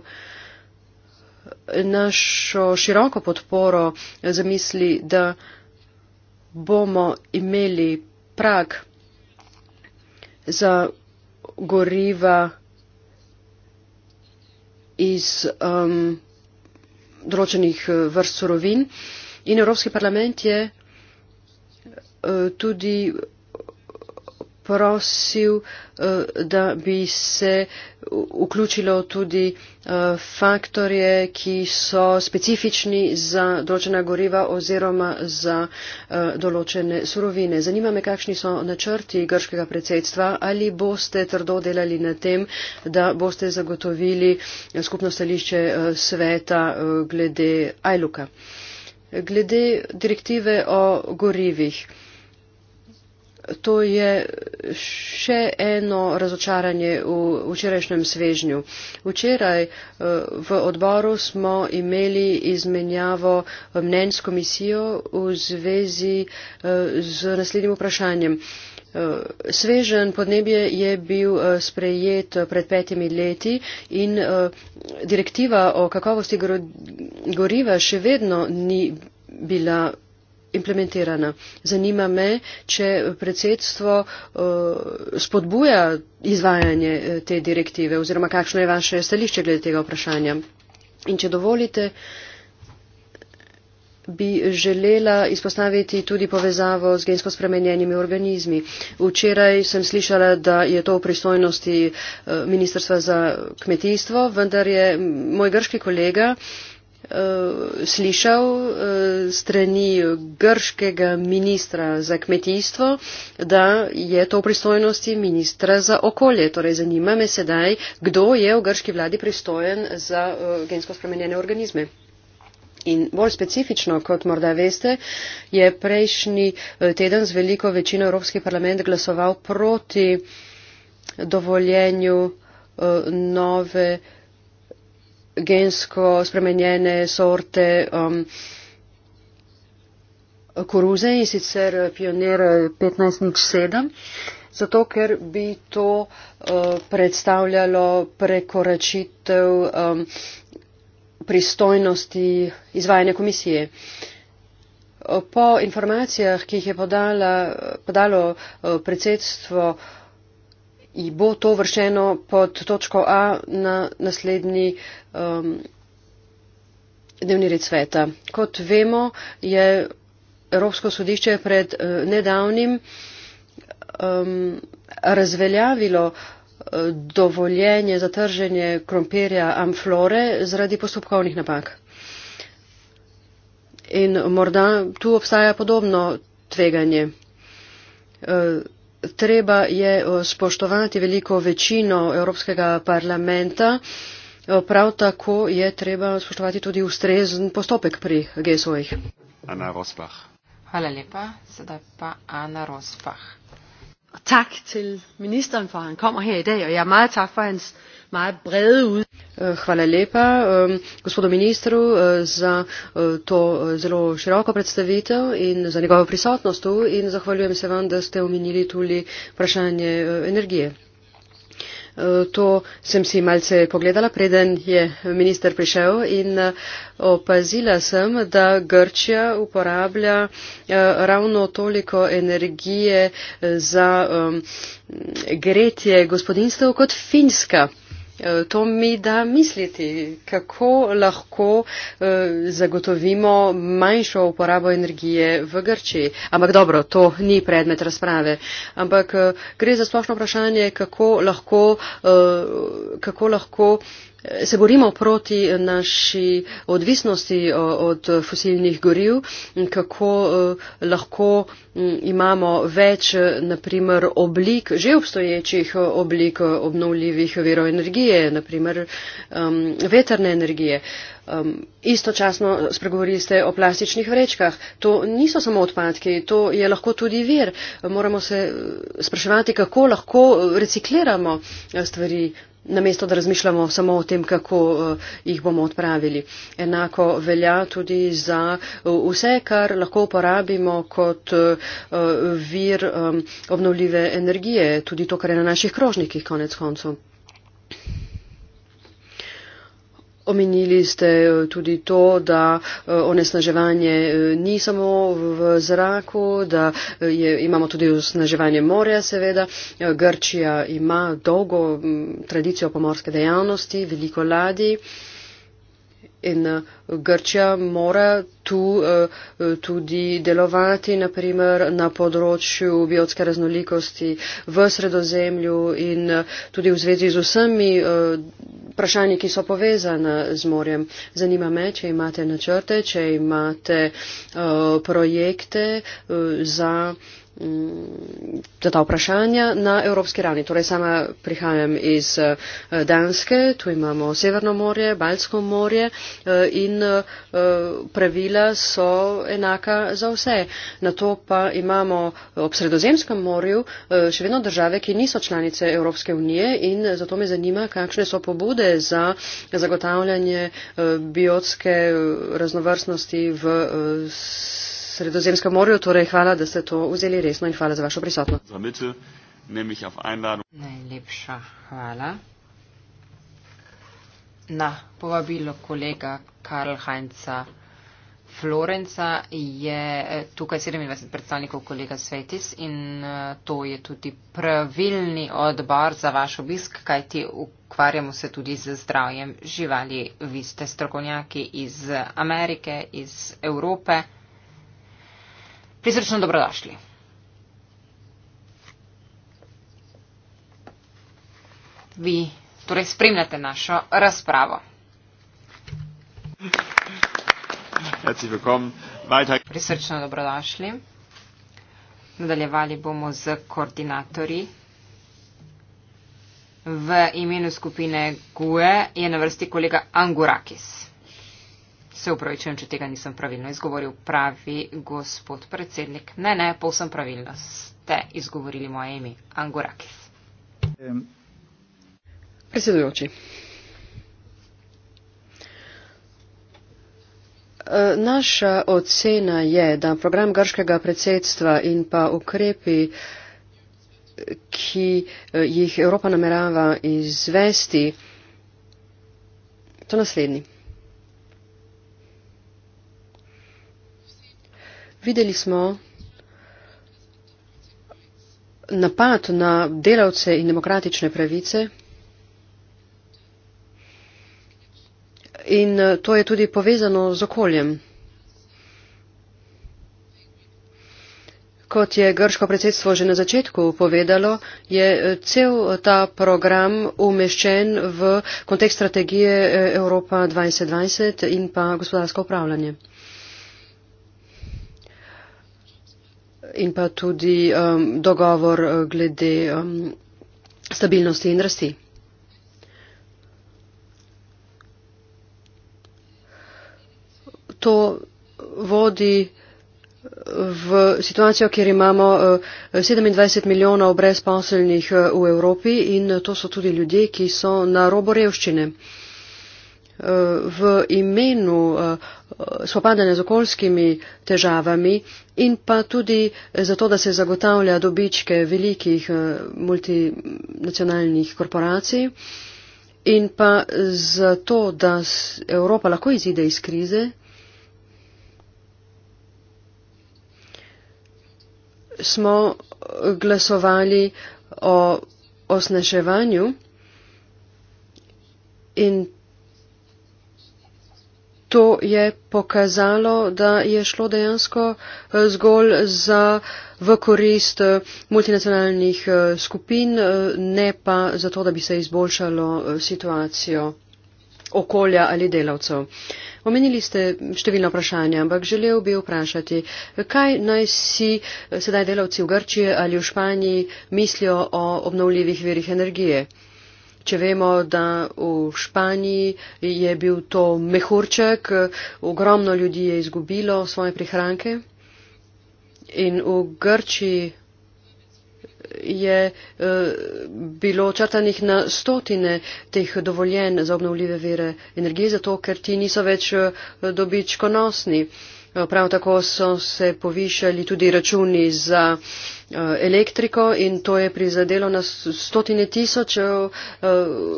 našo široko podporo za misli, da bomo imeli prag za goriva iz um, določenih eh, vrst surovin in Evropski parlament je eh, tudi prosil, eh, da bi se vključilo tudi eh, faktorje, ki so specifični za določena goriva oziroma za eh, določene surovine. Zanima me, kakšni so načrti grškega predsedstva, ali boste trdo delali na tem, da boste zagotovili skupno stališče sveta glede Ajluka. Glede direktive o gorivih to je še eno razočaranje v včerajšnjem svežnju. Včeraj eh, v odboru smo imeli izmenjavo eh, mnen s komisijo v zvezi eh, z naslednjim vprašanjem. Svežen podnebje je bil sprejet pred petimi leti in direktiva o kakovosti goriva še vedno ni bila implementirana. Zanima me, če predsedstvo eh, spodbuja izvajanje eh, te direktive oziroma kakšno je vaše stališče glede tega vprašanja. In če dovolite, bi želela izpostaviti tudi povezavo z gensko spremenjenimi organizmi. Včeraj sem slišala, da je to v pristojnosti eh, Ministrstva za kmetijstvo, vendar je moj grški kolega Eh, slišal eh, strani grškega ministra za kmetijstvo, da je to v pristojnosti ministra za okolje. Torej, zanima me sedaj, kdo je v grški vladi pristojen za eh, gensko spremenjene organizme. In bolj specifično, kot morda veste, je prejšnji teden z veliko večino Evropski parlament glasoval proti dovoljenju nove gensko spremenjene sorte um, koruze in sicer pionir 1507, zato ker bi to uh, predstavljalo prekoračitev um, pristojnosti izvajanja komisije. Po informacijah, ki jih je podala, podalo uh, predsedstvo, uh, jih bo to vršeno pod točko A na naslednji um, dnevni red sveta. Kot vemo, je Evropsko sodišče pred uh, nedavnim um, razveljavilo uh, dovoljenje za trženje krompirja Amflore zaradi postopkovnih napak. In morda tu obstaja podobno tveganje. Uh, treba je eh, spoštovati veliko večino Evropskega parlamenta. Eh, prav tako je treba spoštovati tudi ustrezen postopek pri GSO-jih. Ana Rosbach. Hvala lepa. Sedaj pa Ana Rosbach. Tak til ministrom, for han kommer her i dag, og jeg er meget tak for hans meget brede ud. Eh, hvala lepa eh, gospodu ministru eh, za to zelo široko predstavitev in za njegovo prisotnost tu in zahvaljujem se vam, da ste omenili tudi vprašanje energije. To sem si malce pogledala, preden je minister prišel in opazila sem, da Grčija uporablja ravno toliko energije za gretje gospodinstv kot Finska. Eh, to mi da misliti, kako lahko eh, zagotovimo manjšo uporabo energije v Grčiji. Ampak dobro, to ni predmet razprave. Ampak eh, gre za splošno vprašanje, kako lahko. Kako lahko se borimo proti naši odvisnosti eh, od fosilnih goriv, kako eh, lahko mm, imamo več, eh, naprimer, oblik, že obstoječih oblik obnovljivih veroenergije, naprimer, um, veterne energije. Um, istočasno spregovorili ste o plastičnih vrečkah. To niso samo odpadki, to je lahko tudi vir. Moramo se spraševati, kako lahko recikliramo stvari namesto da razmišljamo samo o tem, kako eh, jih bomo odpravili. Enako velja tudi za eh, vse, kar lahko uporabimo kot eh, vir obnovljive energije, tudi to, kar je na naših krožnikih konec koncov. Omenili ste eh, tudi to, da eh, onesnaževanje eh, ni samo v zraku, da je, imamo tudi onesnaževanje morja, seveda. Grčija ima dolgo mm, tradicijo pomorske dejavnosti, veliko ladij. In eh, Grčija mora tu eh, eh, tudi delovati, naprimer na področju biotske raznolikosti v sredozemlju in tudi v zvezi z vsemi vprašanji, ki so povezane z morjem. Zanima me, če imate načrte, če imate projekte za za mm, ta vprašanja na evropski ravni. Torej sama prihajam iz eh, Danske, tu imamo Severno morje, Balsko morje eh, in eh, pravila so enaka za vse. Na to pa imamo ob Sredozemskem morju še vedno države, ki niso članice Evropske unije in zato me zanima, kakšne so pobude za zagotavljanje biotske raznovrstnosti v Sredozemskem morju. Sredozemskem morju. Torej, hvala, da ste to vzeli resno in hvala za vašo prisotnost. Najlepša hvala. Na povabilo kolega Karl Heinza Florenca je eh, tukaj 27 predstavnikov kolega Svetis in eh, to je tudi pravilni odbor za vaš obisk, kajti ukvarjamo se tudi z zdravjem živali. Vi ste strokovnjaki iz Amerike, iz Evrope prisrčno dobrodošli. Vi torej spremljate našo razpravo. Prisrčno dobrodošli. Nadaljevali bomo z koordinatorji. V imenu skupine GUE je na vrsti kolega Angurakis. Se upravičujem, če tega nisem pravilno izgovoril, pravi gospod predsednik. Ne, ne, povsem pravilno ste izgovorili moje ime, Angorakis. Predsedujoči. E, naša ocena je, da program grškega predsedstva in pa ukrepi, ki e, jih Evropa namerava izvesti, to naslednji. videli smo napad na delavce in demokratične pravice. In eh, to je tudi povezano z okoljem. Kot je grško predsedstvo že na začetku povedalo, je eh, cel eh, ta program umeščen v kontekst strategije Evropa 2020 in pa gospodarsko upravljanje. in pa tudi um, dogovor uh, glede um, stabilnosti in rasti. To vodi v situacijo, kjer imamo 27 uh, milijonov brezposelnih uh, v Evropi in to so tudi ljudje, ki so na robo revščine. Eh, v imenu eh, spopadanja z okoljskimi težavami in pa tudi zato, da se zagotavlja dobičke velikih eh, multinacionalnih korporacij in pa zato, da Evropa lahko izide iz krize, smo glasovali o osneševanju. In to je pokazalo, da je šlo dejansko eh, zgolj za v korist eh, multinacionalnih eh, skupin, ne pa za to, da bi se izboljšalo situacijo okolja ali delavcev. Omenili ste številna vprašanja, ampak želel bi vprašati, kaj naj si sedaj delavci v Grčiji ali v Španiji mislijo o obnovljivih verih energije? če vemo, da v Španiji je bil to mehurček, ogromno ljudi je izgubilo svoje prihranke in v Grčiji je uh, bilo črtanih na stotine teh dovoljen za obnovljive vire energije, zato ker ti niso več uh, dobičkonosni. Uh, Prav tako so se povišali tudi računi za eh, elektriko in to je prizadelo na stotine tisočev eh,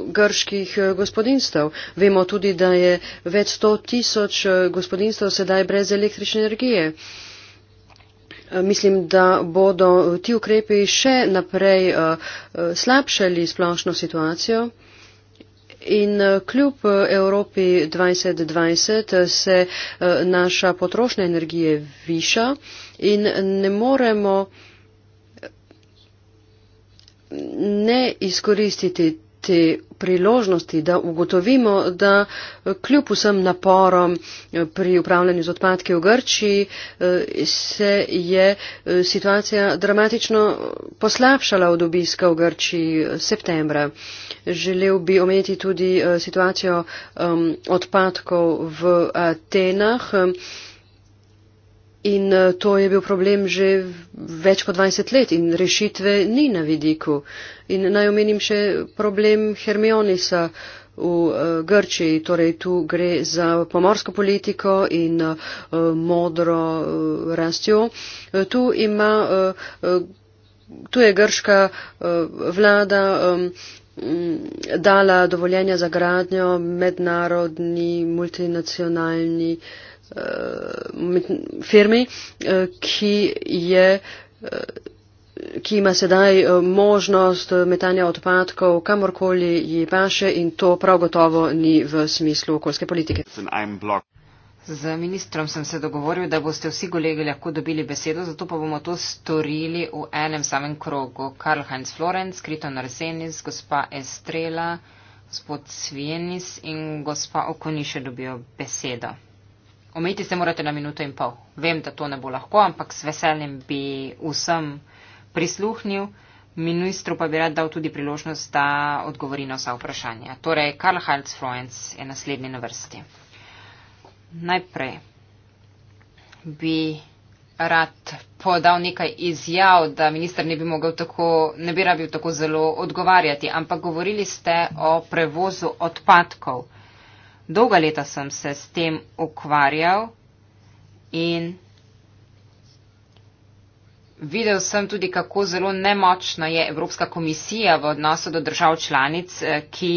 grških eh, gospodinstv. Vemo tudi, da je več sto tisoč gospodinstv sedaj brez električne energije. Mislim, da bodo ti ukrepi še naprej slabšali splošno situacijo. In eh, kljub eh, Evropi 2020 eh, se naša potrošnja energije viša in ne moremo ne izkoristiti te priložnosti, da ugotovimo, da eh, kljub vsem naporom eh, pri upravljanju z odpadki v Grčiji eh, se je situacija dramatično poslabšala od obiska v Grčiji septembra. Želel bi omeniti tudi situacijo odpadkov v Atenah. In eh, to je bil problem že več kot 20 let in rešitve ni na vidiku. In naj omenim še problem Hermionisa v eh, Grčiji, torej tu gre za pomorsko politiko in eh, modro rastjo. Tu ima, tu je grška vlada dala dovoljenja za gradnjo mednarodni, multinacionalni. Eh, firmi, eh, ki, je, eh, ki ima sedaj možnost metanja odpadkov kamorkoli ji paše in to prav gotovo ni v smislu okoljske politike. Z ministrom sem se dogovoril, da boste vsi kolegi lahko dobili besedo, zato pa bomo to storili v enem samem krogu. Karl Heinz Florenc, Kriton Arsenis, gospa Estrela, gospod Svienis in gospa Okoniše dobijo besedo. Omejiti se morate na minuto in pol. Vem, da to ne bo lahko, ampak s veseljem bi vsem prisluhnil. Ministru pa bi rad dal tudi priložnost, da odgovori na vsa vprašanja. Torej, Karl Heinz Freund je naslednji na vrsti. Najprej bi rad podal nekaj izjav, da minister ne bi, tako, ne bi rabil tako zelo odgovarjati, ampak govorili ste o prevozu odpadkov dolga leta sem se s tem ukvarjal in videl sem tudi, kako zelo nemočna je Evropska komisija v odnosu do držav članic, eh, ki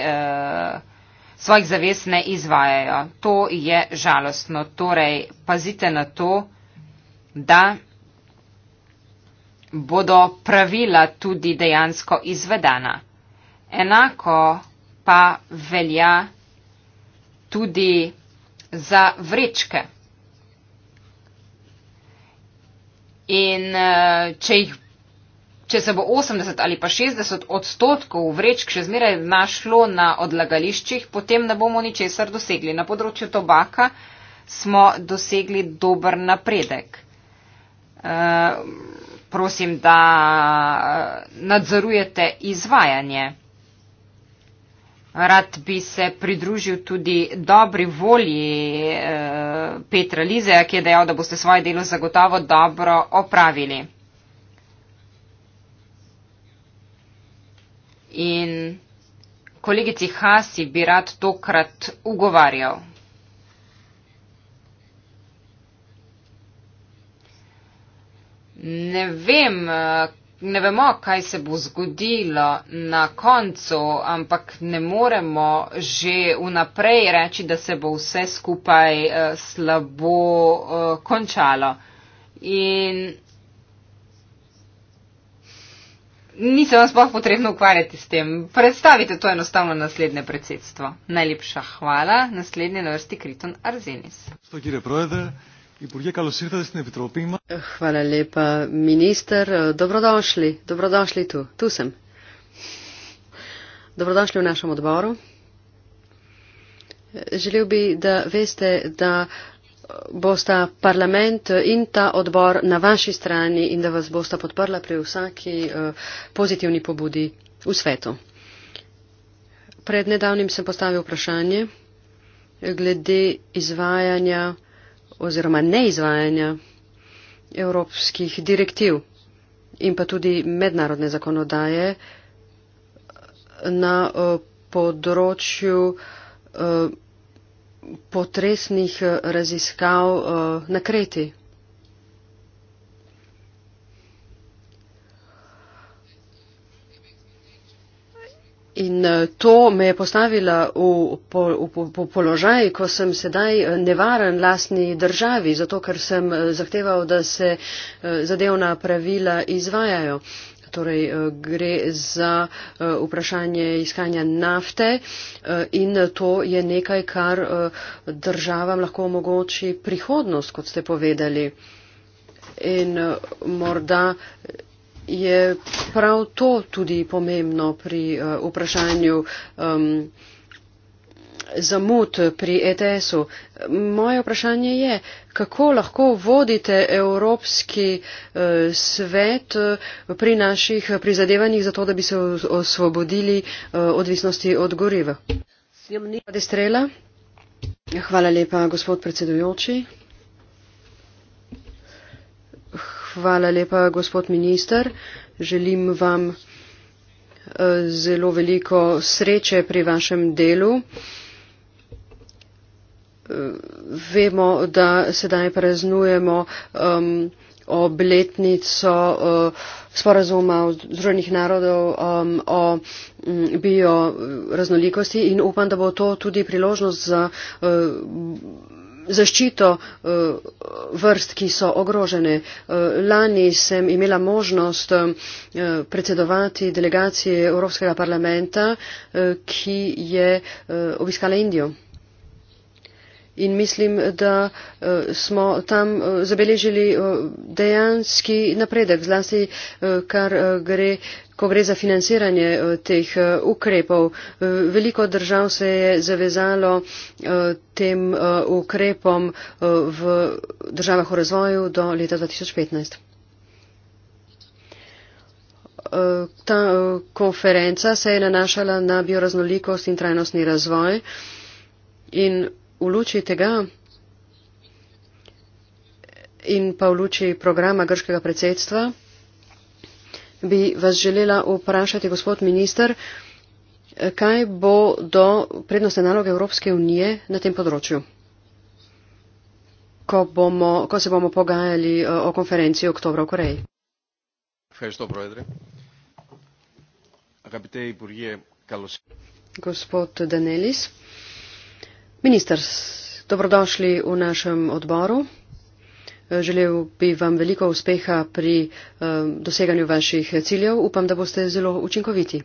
eh, svojih zavez ne izvajajo. To je žalostno. Torej, pazite na to, da bodo pravila tudi dejansko izvedena. Enako pa velja tudi za vrečke. In eh, če, jih, če se bo 80 ali pa 60 odstotkov vrečk še zmeraj našlo na odlagališčih, potem ne bomo ničesar dosegli. Na področju tobaka smo dosegli dober napredek. Eh, prosim, da eh, nadzorujete izvajanje. Rad bi se pridružil tudi dobri volji eh, Petra Lizeja, ki je dejal, da boste svoje delo zagotovo dobro opravili. In kolegici Hasi bi rad tokrat ugovarjal. Ne vem, ne vemo, kaj se bo zgodilo na koncu, ampak ne moremo že vnaprej reči, da se bo vse skupaj eh, slabo eh, končalo. In ni se vam sploh potrebno ukvarjati s tem. Predstavite to enostavno naslednje predsedstvo. Najlepša hvala. Naslednje na vrsti Kriton Arzenis. Stokire, Υπουργέ, καλώ ήρθατε στην Επιτροπή μα. Χαλά, λίπα. Μινίστερ, добροδόσλι. Добροδόσλι του. Τούσεμ. Добροδόσλι ο нашем отбору. Желил би да весте да боста парламент и та отбор на ваши страни и да вас боста подпърла при всяки позитивни побуди у свето. Пред недавним съм поставил прашание glede izvajanja oziroma neizvajanja evropskih direktiv in pa tudi mednarodne zakonodaje na eh, področju eh, potresnih eh, raziskav na kreti. In eh, to me je postavila v, v, v, v položaj, ko sem sedaj eh, nevaren lastni državi, zato ker sem eh, zahteval, da se zadevna pravila izvajajo. Torej gre za vprašanje iskanja nafte in to je nekaj, kar državam lahko omogoči prihodnost, kot ste povedali. In morda je prav to tudi pomembno pri uh, vprašanju um, zamud pri ETS-u. Moje vprašanje je, kako lahko vodite Evropski uh, svet uh, pri naših prizadevanjih za to, da bi se osvobodili uh, odvisnosti od goriva. Hvala lepa, gospod predsedujoči. Hvala lepa, gospod minister. Želim vam eh, zelo veliko sreče pri vašem delu. Eh, vemo, da sedaj praznujemo um, obletnico uh, sporazuma Združenih narodov um, o um, bioraznolikosti in upam, da bo to tudi priložnost za. Uh, zaščito eh, vrst, ki so ogrožene. Eh, lani sem imela možnost eh, predsedovati delegacije Evropskega parlamenta, ki je obiskala Indijo in mislim, da eh, smo tam eh, zabeležili eh, dejanski napredek, zlasti kar gre ko gre za financiranje teh ukrepov. Veliko držav se je zavezalo tem ukrepom v državah v razvoju do leta 2015. Ta konferenca se je nanašala na bioraznolikost in trajnostni razvoj in v luči tega in pa v luči programa grškega predsedstva bi vas želela vprašati, gospod minister, kaj bo do prednostne naloge Evropske unije na tem področju, ko, bomo, ko se bomo pogajali eh, o konferenciji oktobra v Koreji. Gospod Danelis. Minister, dobrodošli v našem odboru. Želel bi vam veliko uspeha pri eh, doseganju vaših ciljev. Upam, da boste zelo učinkoviti.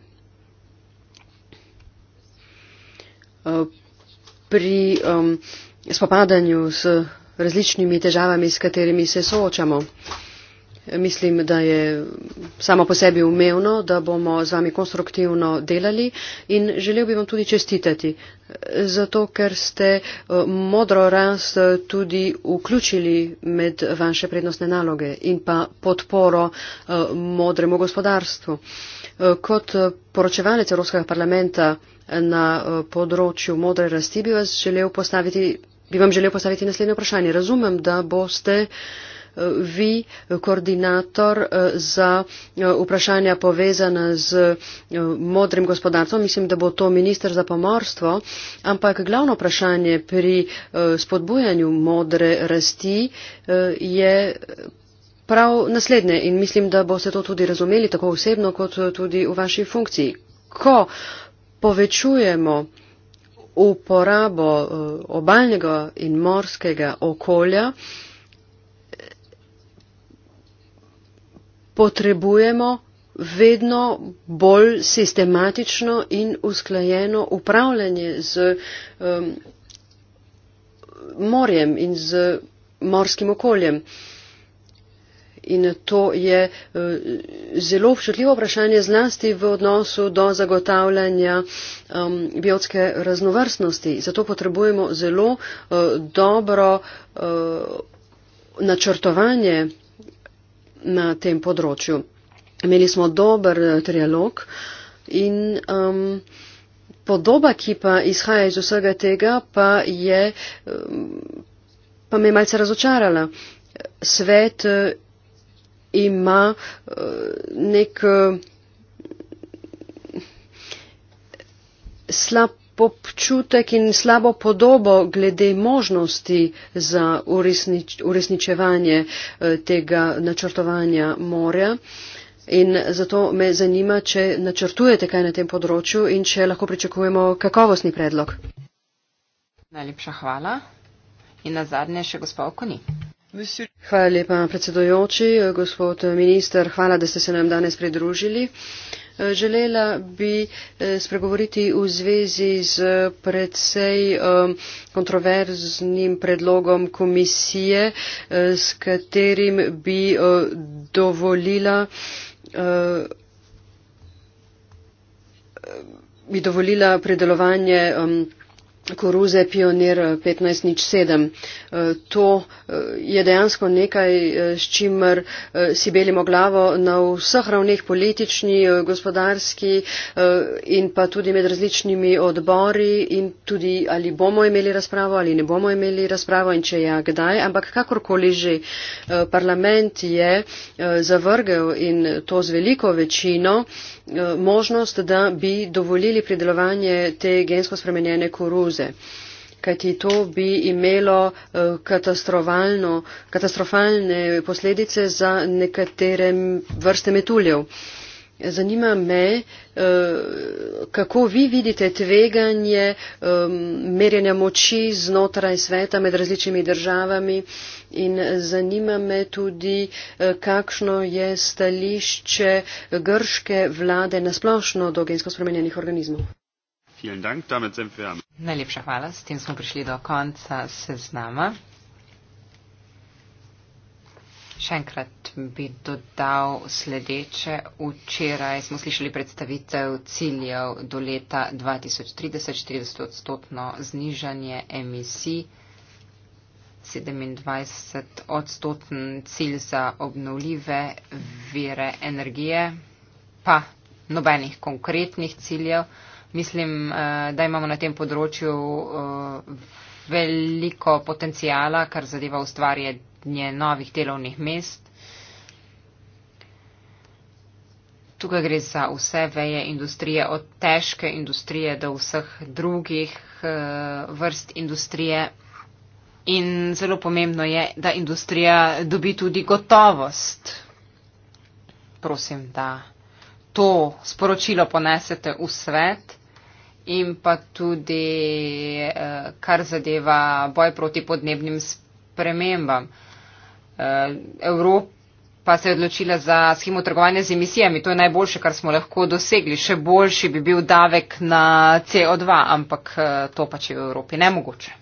Eh, pri spopadanju s različnimi težavami, s katerimi se soočamo. Mislim, da je samo po sebi umevno, da bomo z vami konstruktivno delali in želel bi vam tudi čestitati, zato ker ste eh, modro rast tudi vključili med vaše prednostne naloge in pa podporo eh, modremu gospodarstvu. Eh, kot poročevalec Evropskega parlamenta na področju modre rasti bi, želel postaviti, bi vam želel postaviti naslednje vprašanje. Razumem, da boste vi koordinator eh, za eh, vprašanja povezana z eh, modrim gospodarstvom. Mislim, da bo to minister za pomorstvo, ampak glavno vprašanje pri spodbujanju modre rasti je prav naslednje in mislim, da boste to tudi razumeli tako osebno kot tudi v vaši funkciji. Ko povečujemo uporabo obaljnega in morskega okolja, potrebujemo vedno bolj sistematično in usklajeno upravljanje z um, morjem in z morskim okoljem. In to je uh, zelo občutljivo vprašanje zlasti v odnosu do zagotavljanja um, biotske raznovrstnosti. Zato potrebujemo zelo uh, dobro uh, načrtovanje uh, na tem področju. Imeli smo dober eh, trialog in um, podoba, ki pa izhaja iz vsega tega, pa, je, um, pa me je malce razočarala. Svet eh, ima eh, nek slab občutek in slabo podobo glede možnosti za uresnič, uresničevanje eh, tega načrtovanja morja. In zato me zanima, če načrtujete kaj na tem področju in če lahko pričakujemo kakovostni predlog. Najlepša hvala. In na zadnje še gospod Okoni. Hvala lepa, predsedojoči, gospod minister, hvala, da ste se nam danes pridružili. Uh, Eh, želela bi eh, spregovoriti v zvezi z predvsej eh, kontroverznim predlogom komisije, s katerim bi dovolila bi dovolila predelovanje um, koruze Pionir 1507. Eh, eh, to eh, je dejansko nekaj, s čimer si belimo glavo na vseh ravneh politični, gospodarski in pa tudi med različnimi odbori in tudi ali bomo imeli razpravo ali ne bomo imeli razpravo in če ja, kdaj. Ampak kakorkoli že parlament je zavrgel in to z veliko večino Eh, možnost, da bi dovolili pridelovanje te gensko spremenjene koruze. Kajti to bi imelo eh, katastrofalne posledice za nekatere vrste metuljev. Zanima me, eh, kako vi vidite tveganje eh, merjenja moči znotraj sveta med različnimi državami in zanima me tudi, eh, kakšno je stališče grške vlade nasplošno do gensko spremenjenih organizmov. Najlepša hvala, s tem smo prišli do konca seznama. Še enkrat bi dodal sledeče. Včeraj smo slišali predstavitev ciljev do leta 2030, 40 odstotno znižanje emisij, 27 odstotn cilj za obnovljive vire energije, pa nobenih konkretnih ciljev. Mislim, eh, da imamo na tem področju eh, veliko potencijala, kar zadeva ustvarje ustvarjanje novih delovnih mest. Tukaj gre za vse veje industrije, od težke industrije do vseh drugih eh, vrst industrije. In zelo pomembno je, da industrija dobi tudi gotovost. Prosim, da to sporočilo ponesete v svet in pa tudi, eh, kar zadeva boj proti podnebnim spremembam. Eh, Evropa se je odločila za schemo trgovanja z emisijami. To je najboljše, kar smo lahko dosegli. Še boljši bi bil davek na CO2, ampak eh, to pač je v Evropi nemogoče.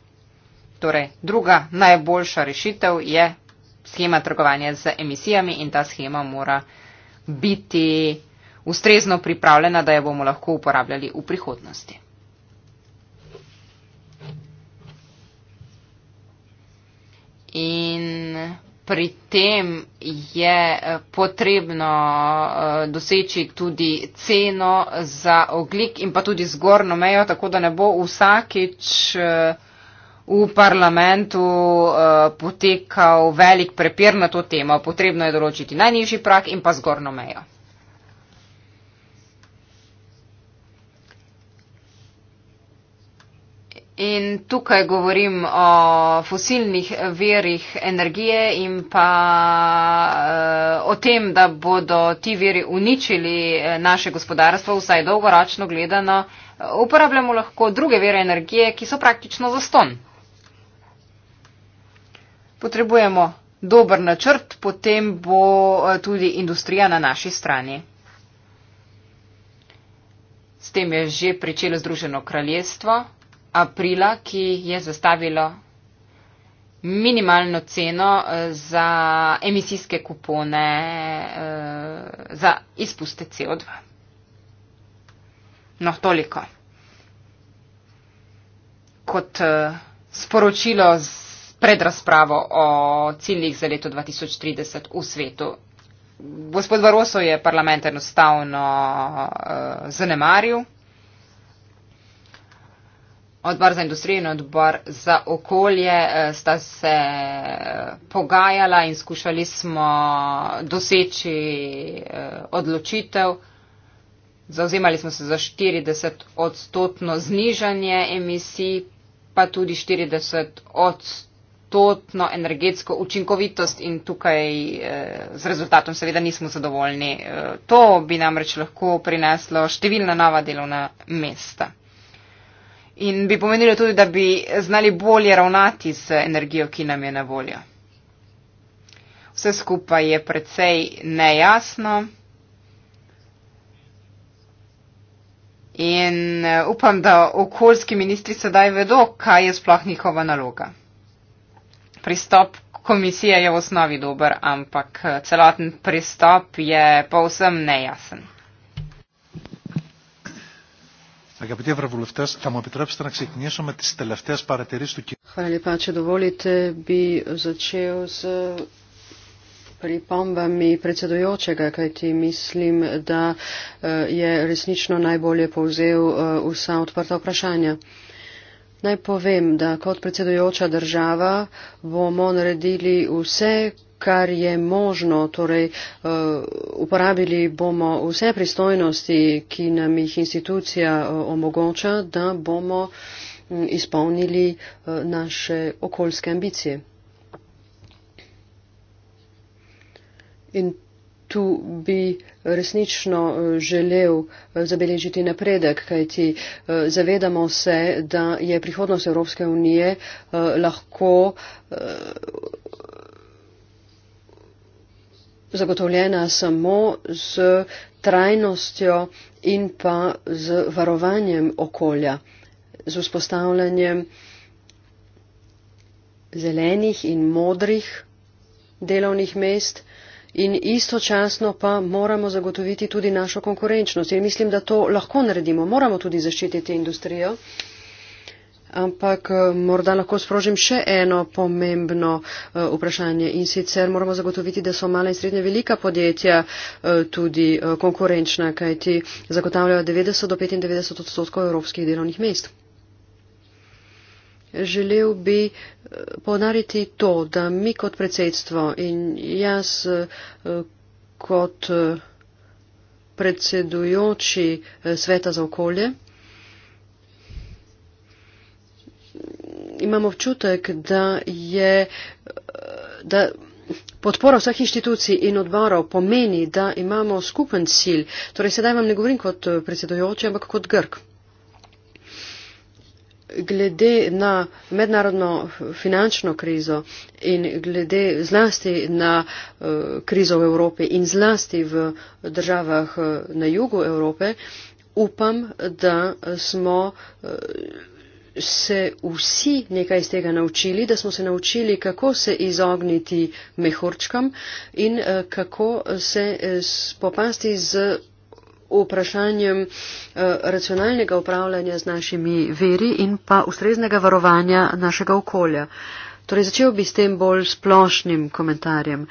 Torej, druga najboljša rešitev je schema trgovanja z emisijami in ta schema mora biti ustrezno pripravljena, da jo bomo lahko uporabljali v prihodnosti. In pri tem je eh, potrebno eh, doseči tudi ceno za oglik in pa tudi zgornjo mejo, tako da ne bo vsakič eh, v parlamentu potekal velik prepir na to temo. Potrebno je določiti najnižji prak in pa zgornjo mejo. In tukaj govorim o fosilnih verih energije in pa eh, o tem, da bodo ti veri uničili eh, naše gospodarstvo, vsaj dolgoročno gledano. Uporabljamo lahko druge vere energije, ki so praktično zaston. Potrebujemo dober načrt, potem bo eh, tudi industrija na naši strani. S tem je že pričelo Združeno kraljestvo aprila, ki je zastavilo minimalno ceno eh, za emisijske kupone eh, za izpuste CO2. No, toliko. Kot eh, sporočilo pred razpravo o ciljih za leto 2030 v svetu. Gospod Varoso je parlament enostavno uh, zanemaril odbor za industrijo in odbor za okolje eh, sta se eh, pogajala in skušali smo doseči eh, odločitev. Zauzemali smo se za 40 odstotno znižanje emisij, pa tudi 40 odstotno energetsko učinkovitost in tukaj z rezultatom seveda nismo zadovoljni. To bi namreč lahko prineslo številna nova delovna mesta. In bi pomenilo tudi, da bi znali bolje ravnati z energijo, ki nam je na voljo. Vse skupaj je precej nejasno. In eh, upam, da okoljski ministri sedaj vedo, kaj je sploh njihova naloga. Pristop komisije je v osnovi dober, ampak eh, celoten pristop je povsem nejasen. Αγαπητοί ευρωβουλευτέ, θα μου επιτρέψετε να ξεκινήσω με τι τελευταίε παρατηρήσει του κυρίου. Χαρά λοιπόν, αν δοβολείτε, μπει ζατσέω pripombami predsedujočega, kajti mislim, da eh, je resnično najbolje povzel eh, vsa odprta vprašanja. Naj povem, da kot predsedujoča država bomo naredili vse, kar je možno. Torej, eh, uporabili bomo vse pristojnosti, ki nam jih institucija eh, omogoča, da bomo mm, izpolnili eh, naše okoljske ambicije. In tu bi resnično želel zabeležiti napredek, kajti zavedamo se, da je prihodnost Evropske unije lahko zagotovljena samo z trajnostjo in pa z varovanjem okolja, z vzpostavljanjem zelenih in modrih delovnih mest in istočasno pa moramo zagotoviti tudi našo konkurenčnost. In mislim, da to lahko naredimo. Moramo tudi zaščititi industrijo ampak eh, morda lahko sprožim še eno pomembno eh, vprašanje. In sicer moramo zagotoviti, da so mala in srednje velika podjetja eh, tudi konkurenčna, kajti zagotavljajo 90 do 95 odstotkov evropskih delovnih mest. Želel bi ponariti to, da mi kot predsedstvo in jaz kot predsedujoči sveta za okolje, imam občutek, da je. Da Podpora vseh inštitucij in odborov pomeni, da imamo skupen cilj. Torej, sedaj vam ne govorim kot eh, predsedojoče, ampak kot Grk. Glede na mednarodno eh, finančno krizo in glede zlasti na eh, krizo v Evropi in zlasti v državah na jugu Evrope, upam, da smo se vsi nekaj iz tega naučili, da smo se naučili, kako se izogniti mehurčkam in eh, kako se eh, spopasti z vprašanjem eh, racionalnega upravljanja z našimi veri in pa ustreznega varovanja našega okolja. Torej, začel bi s tem bolj splošnim komentarjem.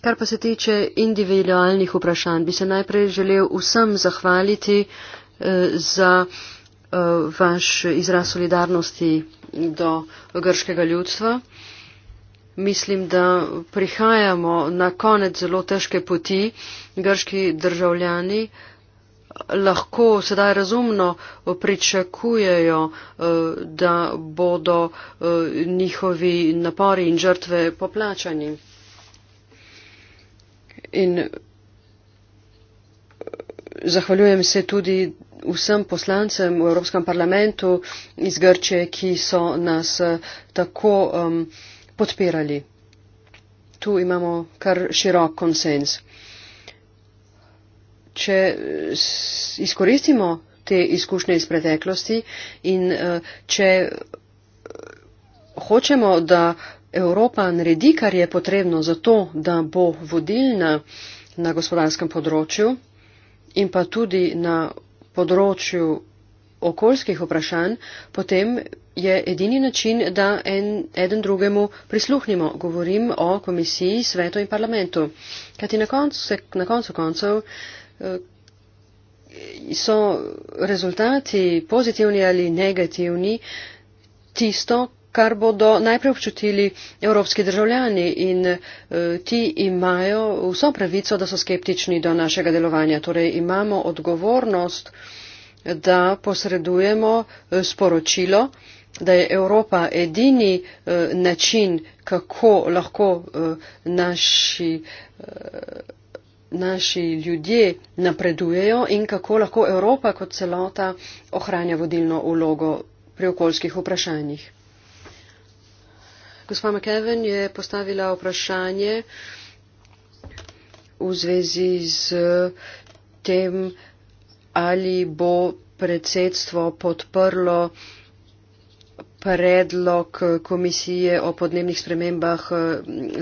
Kar pa se tiče individualnih vprašanj, bi se najprej želel vsem zahvaliti za Eh, vaš izraz solidarnosti do grškega ljudstva. Mislim, da prihajamo na konec zelo težke poti. Grški državljani lahko sedaj razumno pričakujejo, eh, da bodo eh, njihovi napori in žrtve poplačani. In zahvaljujem se tudi vsem poslancem v Evropskem parlamentu iz Grče, ki so nas eh, tako um, podpirali. Tu imamo kar širok konsens. Če izkoristimo te izkušnje iz preteklosti in eh, če hočemo, da Evropa naredi, kar je potrebno za to, da bo vodilna na gospodarskem področju in pa tudi na področju okoljskih vprašanj, potem je edini način, da en, eden drugemu prisluhnimo. Govorim o komisiji, svetu in parlamentu. Kajti na, na koncu koncev eh, so rezultati pozitivni ali negativni tisto, kar bodo najprej občutili evropski državljani in eh, ti imajo vso pravico, da so skeptični do našega delovanja. Torej imamo odgovornost, da posredujemo eh, sporočilo, da je Evropa edini eh, način, kako lahko naši, naši ljudje napredujejo in kako lahko Evropa kot celota ohranja vodilno ulogo pri okoljskih vprašanjih. Gospa McKeven je postavila vprašanje v zvezi z tem, ali bo predsedstvo podprlo predlog komisije o podnebnih spremembah eh,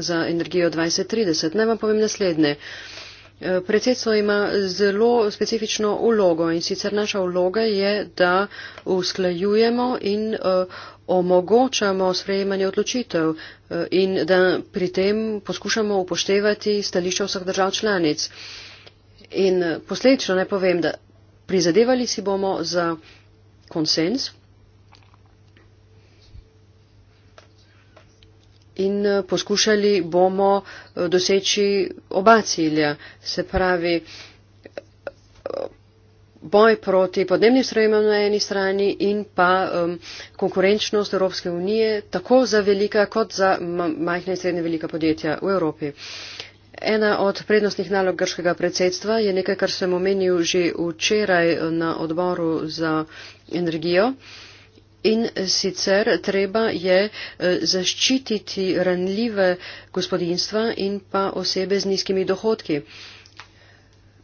za energijo 2030. Naj vam povem naslednje. Eh, predsedstvo ima zelo specifično ulogo in sicer naša uloga je, da usklajujemo in eh, omogočamo sprejemanje odločitev eh, in da pri tem poskušamo upoštevati stališča vseh držav članic. In eh, posledično naj povem, da prizadevali si bomo za konsens in eh, poskušali bomo doseči oba cilja, se pravi boj proti podnebnim spremembam na eni strani in pa um, konkurenčnost Evropske unije tako za velika kot za majhne in srednje velika podjetja v Evropi. Ena od prednostnih nalog grškega predsedstva je nekaj, kar sem omenil že včeraj na odboru za energijo. In sicer treba je eh, zaščititi ranljive gospodinstva in pa osebe z nizkimi dohodki.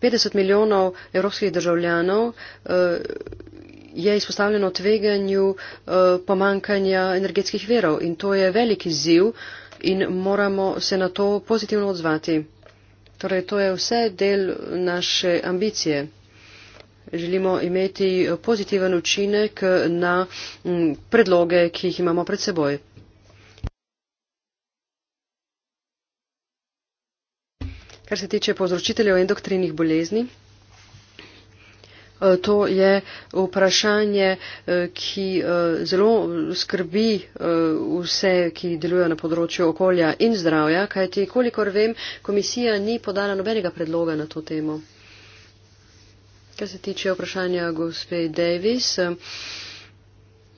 50 milijonov evropskih državljanov uh, je izpostavljeno tveganju uh, pomankanja energetskih verov in to je veliki ziv in moramo se na to pozitivno odzvati. Torej, to je vse del naše ambicije. Želimo imeti pozitiven učinek eh, na mm, predloge, ki jih imamo pred seboj. kar se tiče povzročiteljev endokrinih bolezni. Eh, to je vprašanje, eh, ki eh, zelo skrbi vse, ki delujejo na področju okolja in zdravja, kajti kolikor vem, komisija ni podala nobenega predloga na to temo. Kar se tiče vprašanja gospe Davis.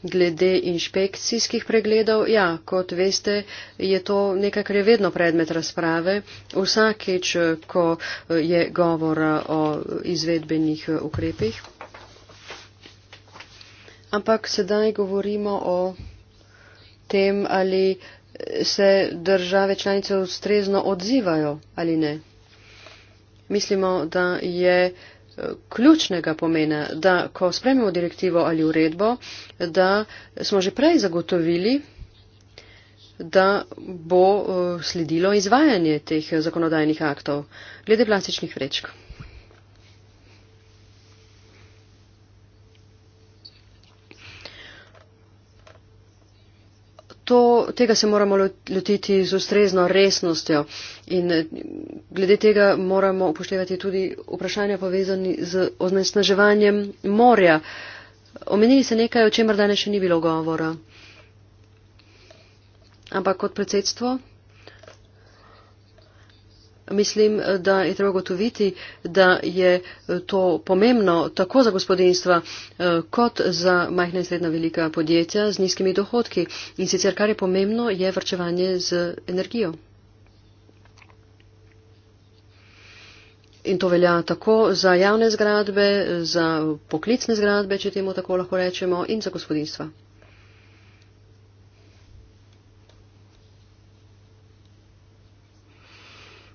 Glede inšpekcijskih pregledov, ja, kot veste, je to nekaj, kar je vedno predmet razprave. Vsakeč, ko je govora o izvedbenih ukrepih. Ampak sedaj govorimo o tem, ali se države članice ustrezno odzivajo ali ne. Mislimo, da je ključnega pomena, da ko spremimo direktivo ali uredbo, da smo že prej zagotovili, da bo eh, sledilo izvajanje teh eh, zakonodajnih aktov glede plastičnih vrečk. to, tega se moramo lotiti z ustrezno resnostjo in eh, glede tega moramo upoštevati tudi vprašanja povezani z oznesnaževanjem morja. Omenili ste nekaj, o čemer danes še ni bilo govora. Ampak kot predsedstvo mislim, eh, da je treba gotoviti, da je eh, to pomembno tako za gospodinstva eh, kot za majhna in srednja velika podjetja z nizkimi dohodki. In sicer, kar je pomembno, je vrčevanje z energijo. In to velja tako za javne zgradbe, za poklicne zgradbe, če temu tako lahko rečemo, in za gospodinstva.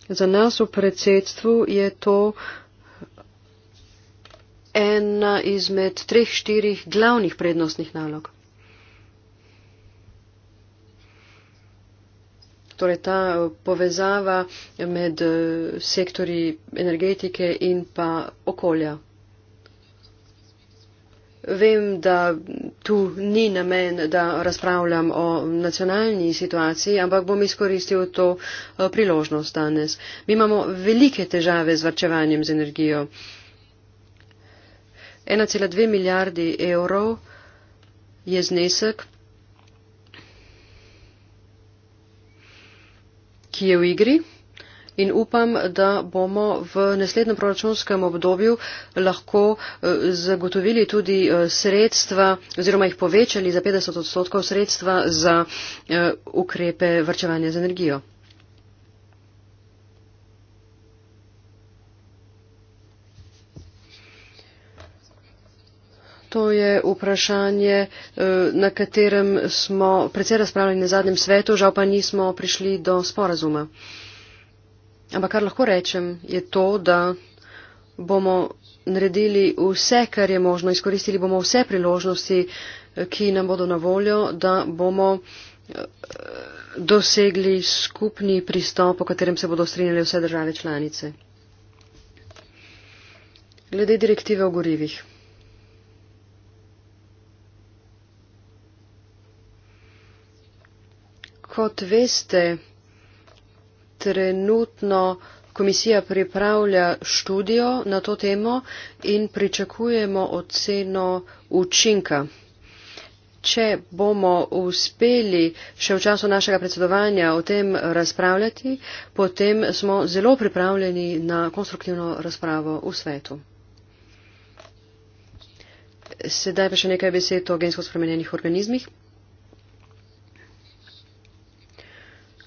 Za nas v predsedstvu je to ena izmed treh, štirih glavnih prednostnih nalog. Torej ta povezava med eh, sektori energetike in pa okolja. Vem, da tu ni namen, da razpravljam o nacionalni situaciji, ampak bom izkoristil to eh, priložnost danes. Mi imamo velike težave z varčevanjem z energijo. 1,2 milijardi evrov je znesek, ki je v igri in upam, da bomo v naslednjem proračunskem obdobju lahko eh, zagotovili tudi eh, sredstva oziroma jih povečali za 50 odstotkov sredstva za eh, ukrepe vrčevanja z energijo. To je vprašanje, na katerem smo precej razpravljali na zadnjem svetu, žal pa nismo prišli do sporazuma. Ampak kar lahko rečem, je to, da bomo naredili vse, kar je možno, izkoristili bomo vse priložnosti, eh, ki nam bodo na voljo, da bomo eh, dosegli skupni pristop, po katerem se bodo strinjali vse države članice. Glede direktive o gorivih. Kot veste, trenutno komisija pripravlja študijo na to temo in pričakujemo oceno učinka. Če bomo uspeli še v času našega predsedovanja o tem razpravljati, potem smo zelo pripravljeni na konstruktivno razpravo v svetu. Sedaj pa še nekaj besed o gensko spremenjenih organizmih.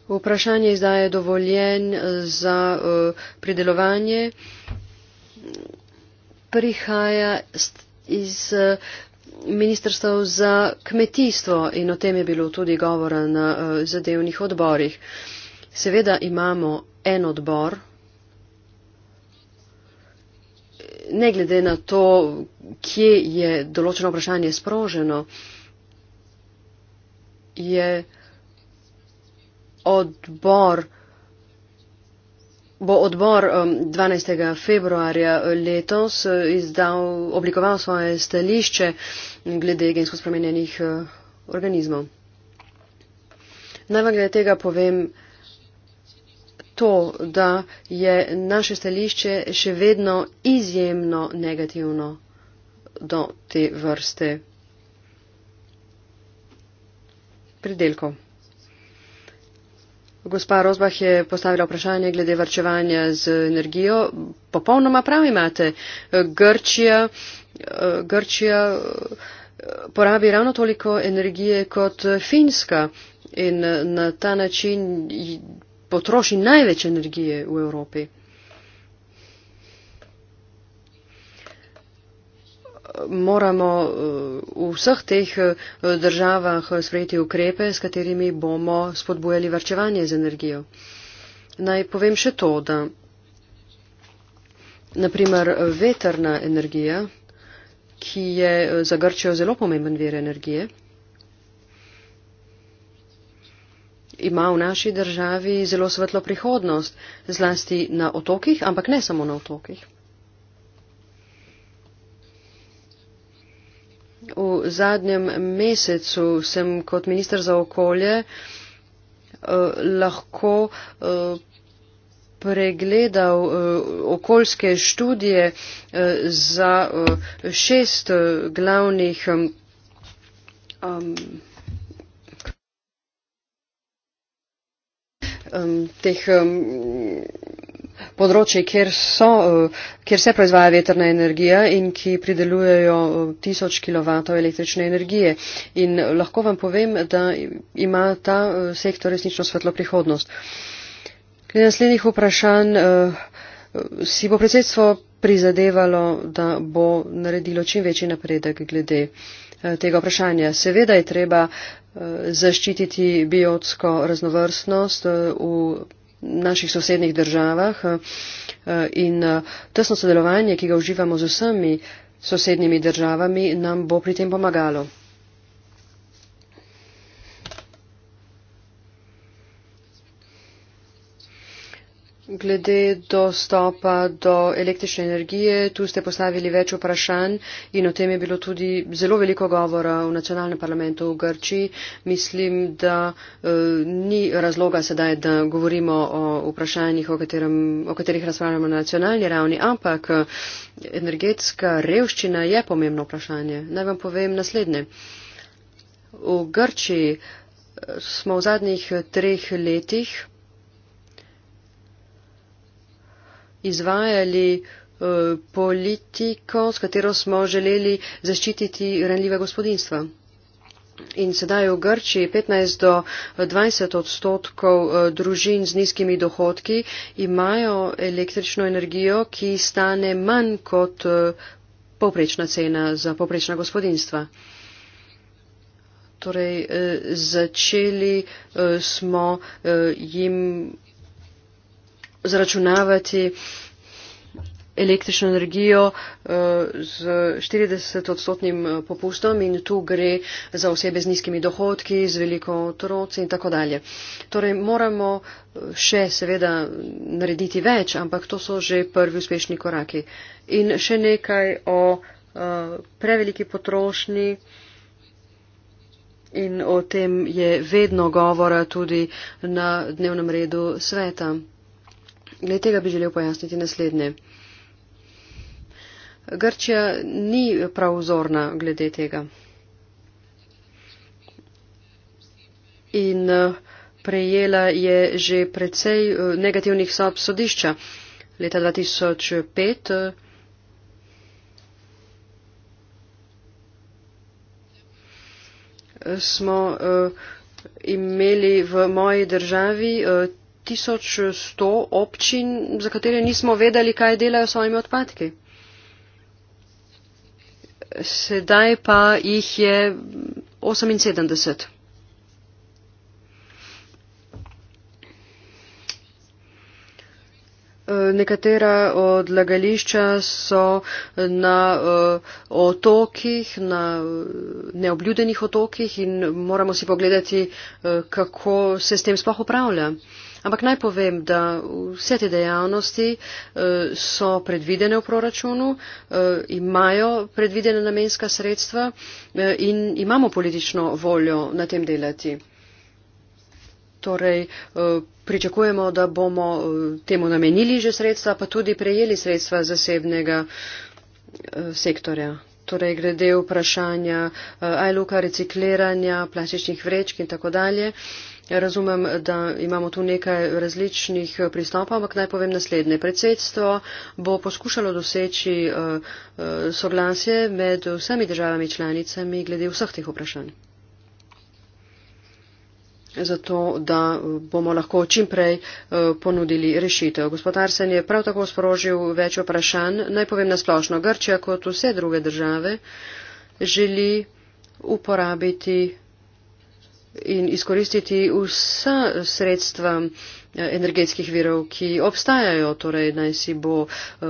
Vprašanje izdaje dovoljen eh, za uh, pridelovanje prihaja iz uh, eh, Ministrstv za kmetijstvo in o tem je bilo tudi govora na uh, zadevnih odborih. Seveda imamo en odbor, ne glede na to, kje je določeno vprašanje sproženo, je uh, odbor bo odbor 12. Um, februarja letos uh, izdal, oblikoval svoje stališče glede gensko spremenjenih uh, organizmov. Najvagle tega povem to, da je naše stališče še vedno izjemno negativno do te vrste pridelkov. Gospa Rozbah je postavila vprašanje glede varčevanja z energijo. Popolnoma prav imate. Grčija, Grčija eh, porabi ravno toliko energije kot eh, Finska in eh, na ta način potroši največ energije v Evropi. moramo eh, v vseh teh eh, državah eh, sprejeti ukrepe, s katerimi bomo spodbujali varčevanje z energijo. Naj povem še to, da naprimer veterna energija, ki je za Grčijo zelo pomemben vir energije, ima v naši državi zelo svetlo prihodnost, zlasti na otokih, ampak ne samo na otokih. V zadnjem mesecu sem kot minister za okolje eh, lahko eh, pregledal eh, okoljske študije za šest glavnih teh področje, kjer, so, eh, kjer se proizvaja veterna energija in ki pridelujejo eh, tisoč kW električne energije. In lahko vam povem, da ima ta eh, sektor resnično svetlo prihodnost. Glede naslednjih vprašanj, si bo predsedstvo prizadevalo, da bo naredilo čim večji napredek glede tega vprašanja. Seveda je treba zaščititi biotsko raznovrstnost v naših sosednjih državah eh, in eh, tesno sodelovanje, ki ga uživamo z vsemi sosednjimi državami, nam bo pri tem pomagalo. Glede dostopa do električne energije, tu ste postavili več vprašanj in o tem je bilo tudi zelo veliko govora v nacionalnem parlamentu v Grčiji. Mislim, da e, ni razloga sedaj, da govorimo o vprašanjih, o, katerem, o katerih razpravljamo na nacionalni ravni, ampak eh, energetska revščina je pomembno vprašanje. Naj vam povem naslednje. V Grčiji eh, smo v zadnjih treh letih izvajali uh, politiko, s katero smo želeli zaščititi ranljive gospodinstva. In sedaj v Grči 15 do 20 odstotkov eh, družin z nizkimi dohodki imajo električno energijo, ki stane manj kot eh, poprečna cena za poprečna gospodinstva. Torej, začeli smo jim zračunavati električno energijo eh, z 40-odstotnim eh, popustom in tu gre za osebe z nizkimi dohodki, z veliko otroci in tako dalje. Torej moramo eh, še seveda narediti več, ampak to so že prvi uspešni koraki. In še nekaj o preveliki potrošnji in o tem je vedno govora tudi na dnevnem redu sveta. Glede tega bi želel pojasniti naslednje. Grčija ni prav vzorna glede tega. In eh, prejela je že precej eh, negativnih sob sodišča. Leta 2005 eh, smo imeli v moji državi 1100 občin, za katere nismo vedeli, kaj delajo s svojimi odpadki. Sedaj pa jih je 78. Nekatera odlagališča so na uh, otokih, na uh, neobljudenih otokih in moramo si pogledati, uh, kako se s tem sploh upravlja. Uh, Ampak naj povem, da vse te dejavnosti eh, so predvidene v proračunu, eh, imajo predvidene namenska sredstva eh, in imamo politično voljo na tem delati. Torej, pričakujemo, da bomo temu namenili že sredstva, pa tudi prejeli sredstva zasebnega sektorja. Torej, glede vprašanja ajluka, recikliranja, plastičnih vrečk in tako dalje. Ja razumem, da imamo tu nekaj različnih eh, pristopov, ampak naj povem naslednje. Predsedstvo bo poskušalo doseči eh, eh, soglasje med vsemi državami članicami glede vseh teh vprašanj. Zato, da bomo lahko čimprej ponudili rešitev. Gospod Arsen je prav tako sporožil več vprašanj. Naj povem nasplošno, Grčija kot vse druge države želi uporabiti in izkoristiti vsa sredstva eh, energetskih virov, ki obstajajo, torej naj si bo uh,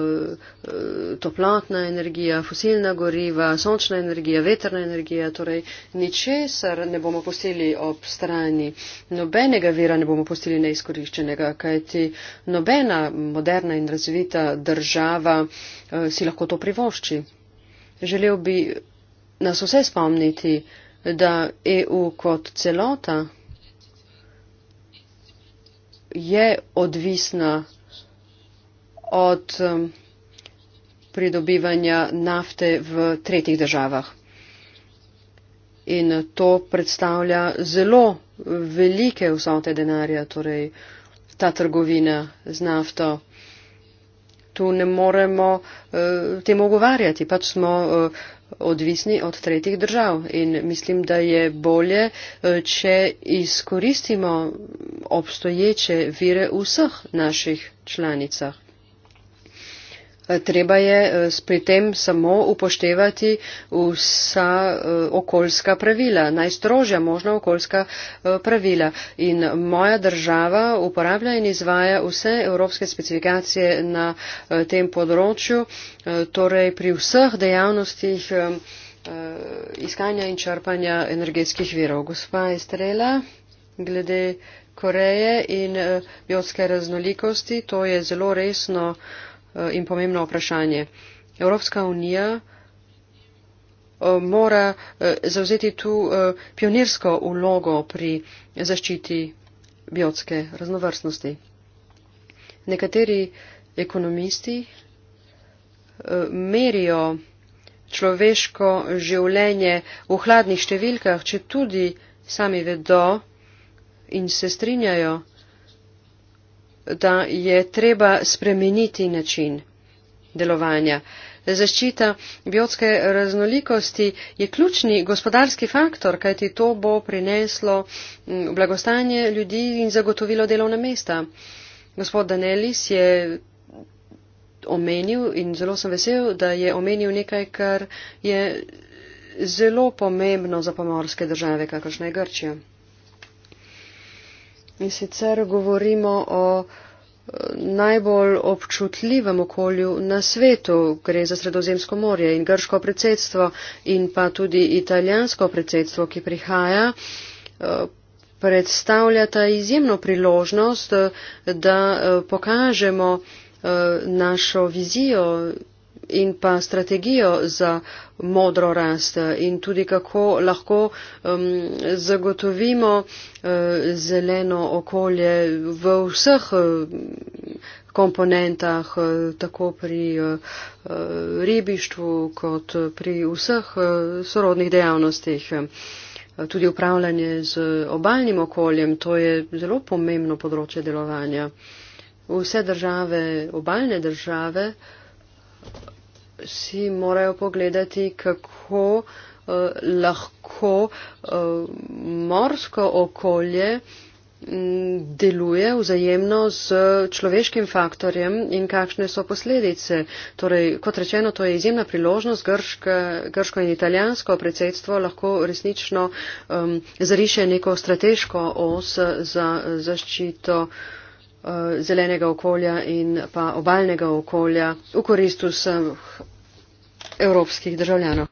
toplotna energija, fosilna goriva, sončna energija, veterna energija, torej ničesar ne bomo pustili ob strani, nobenega vira ne bomo pustili neizkoriščenega, kajti nobena moderna in razvita država uh, si lahko to privošči. Želel bi nas vse spomniti, uh, da EU kot celota je odvisna od um, pridobivanja nafte v tretjih državah. In to predstavlja zelo velike vsote denarja, torej ta trgovina z nafto. Tu ne moremo uh, temu ogovarjati, pač smo uh, odvisni od tretjih držav. In mislim, da je bolje, eh, če izkoristimo obstoječe vire v vseh naših članicah. Treba je eh, pri tem samo upoštevati vsa eh, okoljska pravila, najstrožja možna okoljska eh, pravila. In moja država uporablja in izvaja vse evropske specifikacije na tem področju, torej pri vseh dejavnostih iskanja in črpanja energetskih virov. Gospa Estrela, glede Koreje in biotske raznolikosti, to je zelo resno in pomembno vprašanje. Evropska unija eh, mora eh, zavzeti tu eh, pionirsko ulogo pri zaščiti biotske raznovrstnosti. Nekateri ekonomisti merijo človeško življenje v hladnih številkah, če tudi sami vedo in se strinjajo, da je treba spremeniti način delovanja. Zaščita biotske raznolikosti je ključni gospodarski faktor, kajti to bo prineslo mm, blagostanje ljudi in zagotovilo delovna mesta. Gospod Danelis je omenil in zelo sem vesel, da je omenil nekaj, kar je zelo pomembno za pomorske države, kakršna je Grčija. In sicer govorimo o eh, najbolj občutljivem okolju na svetu. Gre za Sredozemsko morje in grško predsedstvo in pa tudi italijansko predsedstvo, ki prihaja, eh, predstavljata izjemno priložnost, eh, da pokažemo našo vizijo in pa strategijo za modro rast in tudi kako lahko um, zagotovimo uh, zeleno okolje v vseh um, uh, komponentah, tako pri uh, uh, ribištvu, kot pri vseh uh, sorodnih dejavnostih. Tudi upravljanje z obaljnim okoljem, to je zelo pomembno področje delovanja. Vse države, obaljne države, si morajo pogledati, kako uh, lahko uh, morsko okolje mm, deluje vzajemno z človeškim faktorjem in kakšne so posledice. Torej, kot rečeno, to je izjemna priložnost. Grška, grško in italijansko predsedstvo lahko resnično um, zariše neko strateško os za zaščito uh, zelenega okolja in pa obaljnega okolja v korist vseh evropskih državljanov.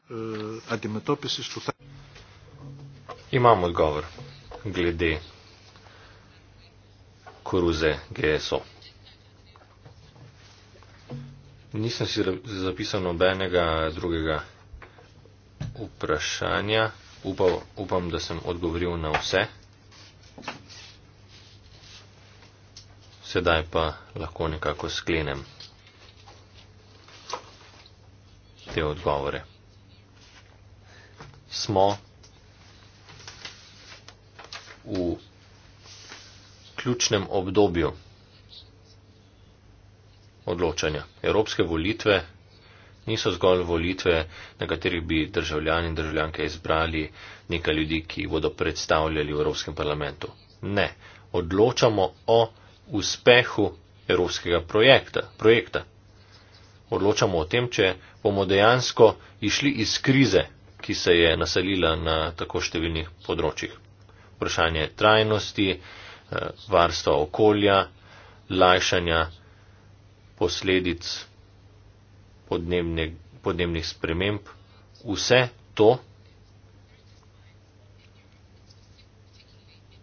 Imam odgovor glede koruze GSO. Nisem si zapisal nobenega drugega vprašanja. Upal, upam, da sem odgovoril na vse. Sedaj pa lahko nekako sklenem. te odgovore. Smo v ključnem obdobju odločanja. Evropske volitve niso zgolj volitve, na katerih bi državljani in državljanke izbrali nekaj ljudi, ki bodo predstavljali v Evropskem parlamentu. Ne, odločamo o uspehu evropskega projekta. projekta odločamo o tem, če bomo dejansko išli iz krize, ki se je naselila na tako številnih področjih. Vprašanje trajnosti, eh, varstva okolja, lajšanja posledic podnebne, podnebnih sprememb, vse to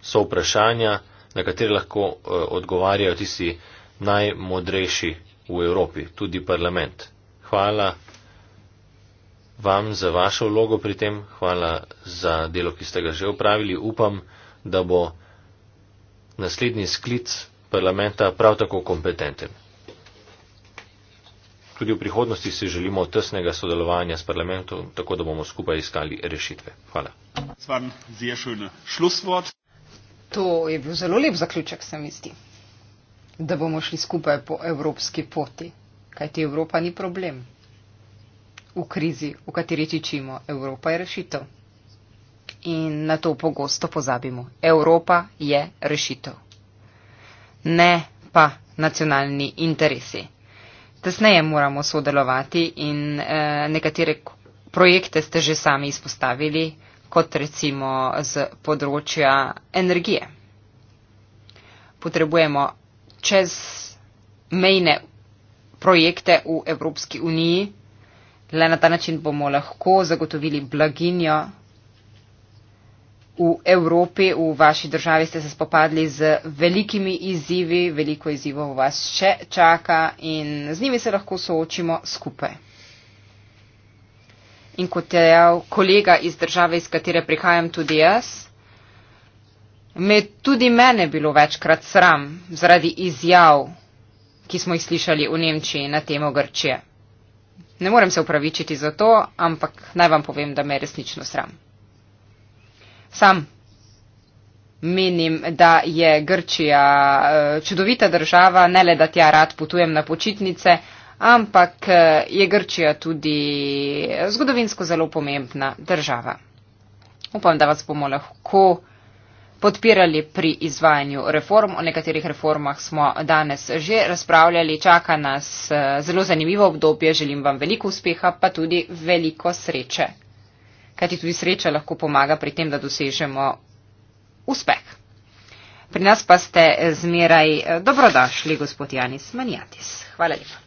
so vprašanja, na katere lahko eh, odgovarjajo tisti najmodrejši v Evropi, tudi parlament. Hvala vam za vašo vlogo pri tem, hvala za delo, ki ste ga že upravili. Upam, da bo naslednji sklic parlamenta prav tako kompetenten. Tudi v prihodnosti si želimo tesnega sodelovanja s parlamentom, tako da bomo skupaj iskali rešitve. Hvala. To je bil zelo lep zaključek, se mi zdi da bomo šli skupaj po evropski poti, kajti Evropa ni problem. V krizi, v kateri tičimo, Evropa je rešitev. In na to pogosto pozabimo. Evropa je rešitev. Ne pa nacionalni interesi. Tesneje moramo sodelovati in eh, nekatere projekte ste že sami izpostavili, kot recimo z področja energije. Potrebujemo čez mejne projekte v Evropski uniji. Le na ta način bomo lahko zagotovili blaginjo. V Evropi, v vaši državi ste se spopadli z velikimi izzivi, veliko izzivov vas še čaka in z njimi se lahko soočimo skupaj. In kot je dejal kolega iz države, iz katere prihajam tudi jaz, Med tudi mene bilo večkrat sram zaradi izjav, ki smo jih slišali v Nemčiji na temo Grčije. Ne morem se upravičiti za to, ampak naj vam povem, da me resnično sram. Sam menim, da je Grčija eh, čudovita država, ne le da tja rad potujem na počitnice, ampak eh, je Grčija tudi zgodovinsko zelo pomembna država. Upam, da vas bomo lahko podpirali pri izvajanju reform. O nekaterih reformah smo danes že razpravljali. Čaka nas eh, zelo zanimivo obdobje. Želim vam veliko uspeha, pa tudi veliko sreče. Kajti tudi sreča lahko pomaga pri tem, da dosežemo uspeh. Pri nas pa ste zmeraj eh, dobrodošli, gospod Janis Manjatis. Hvala lepa.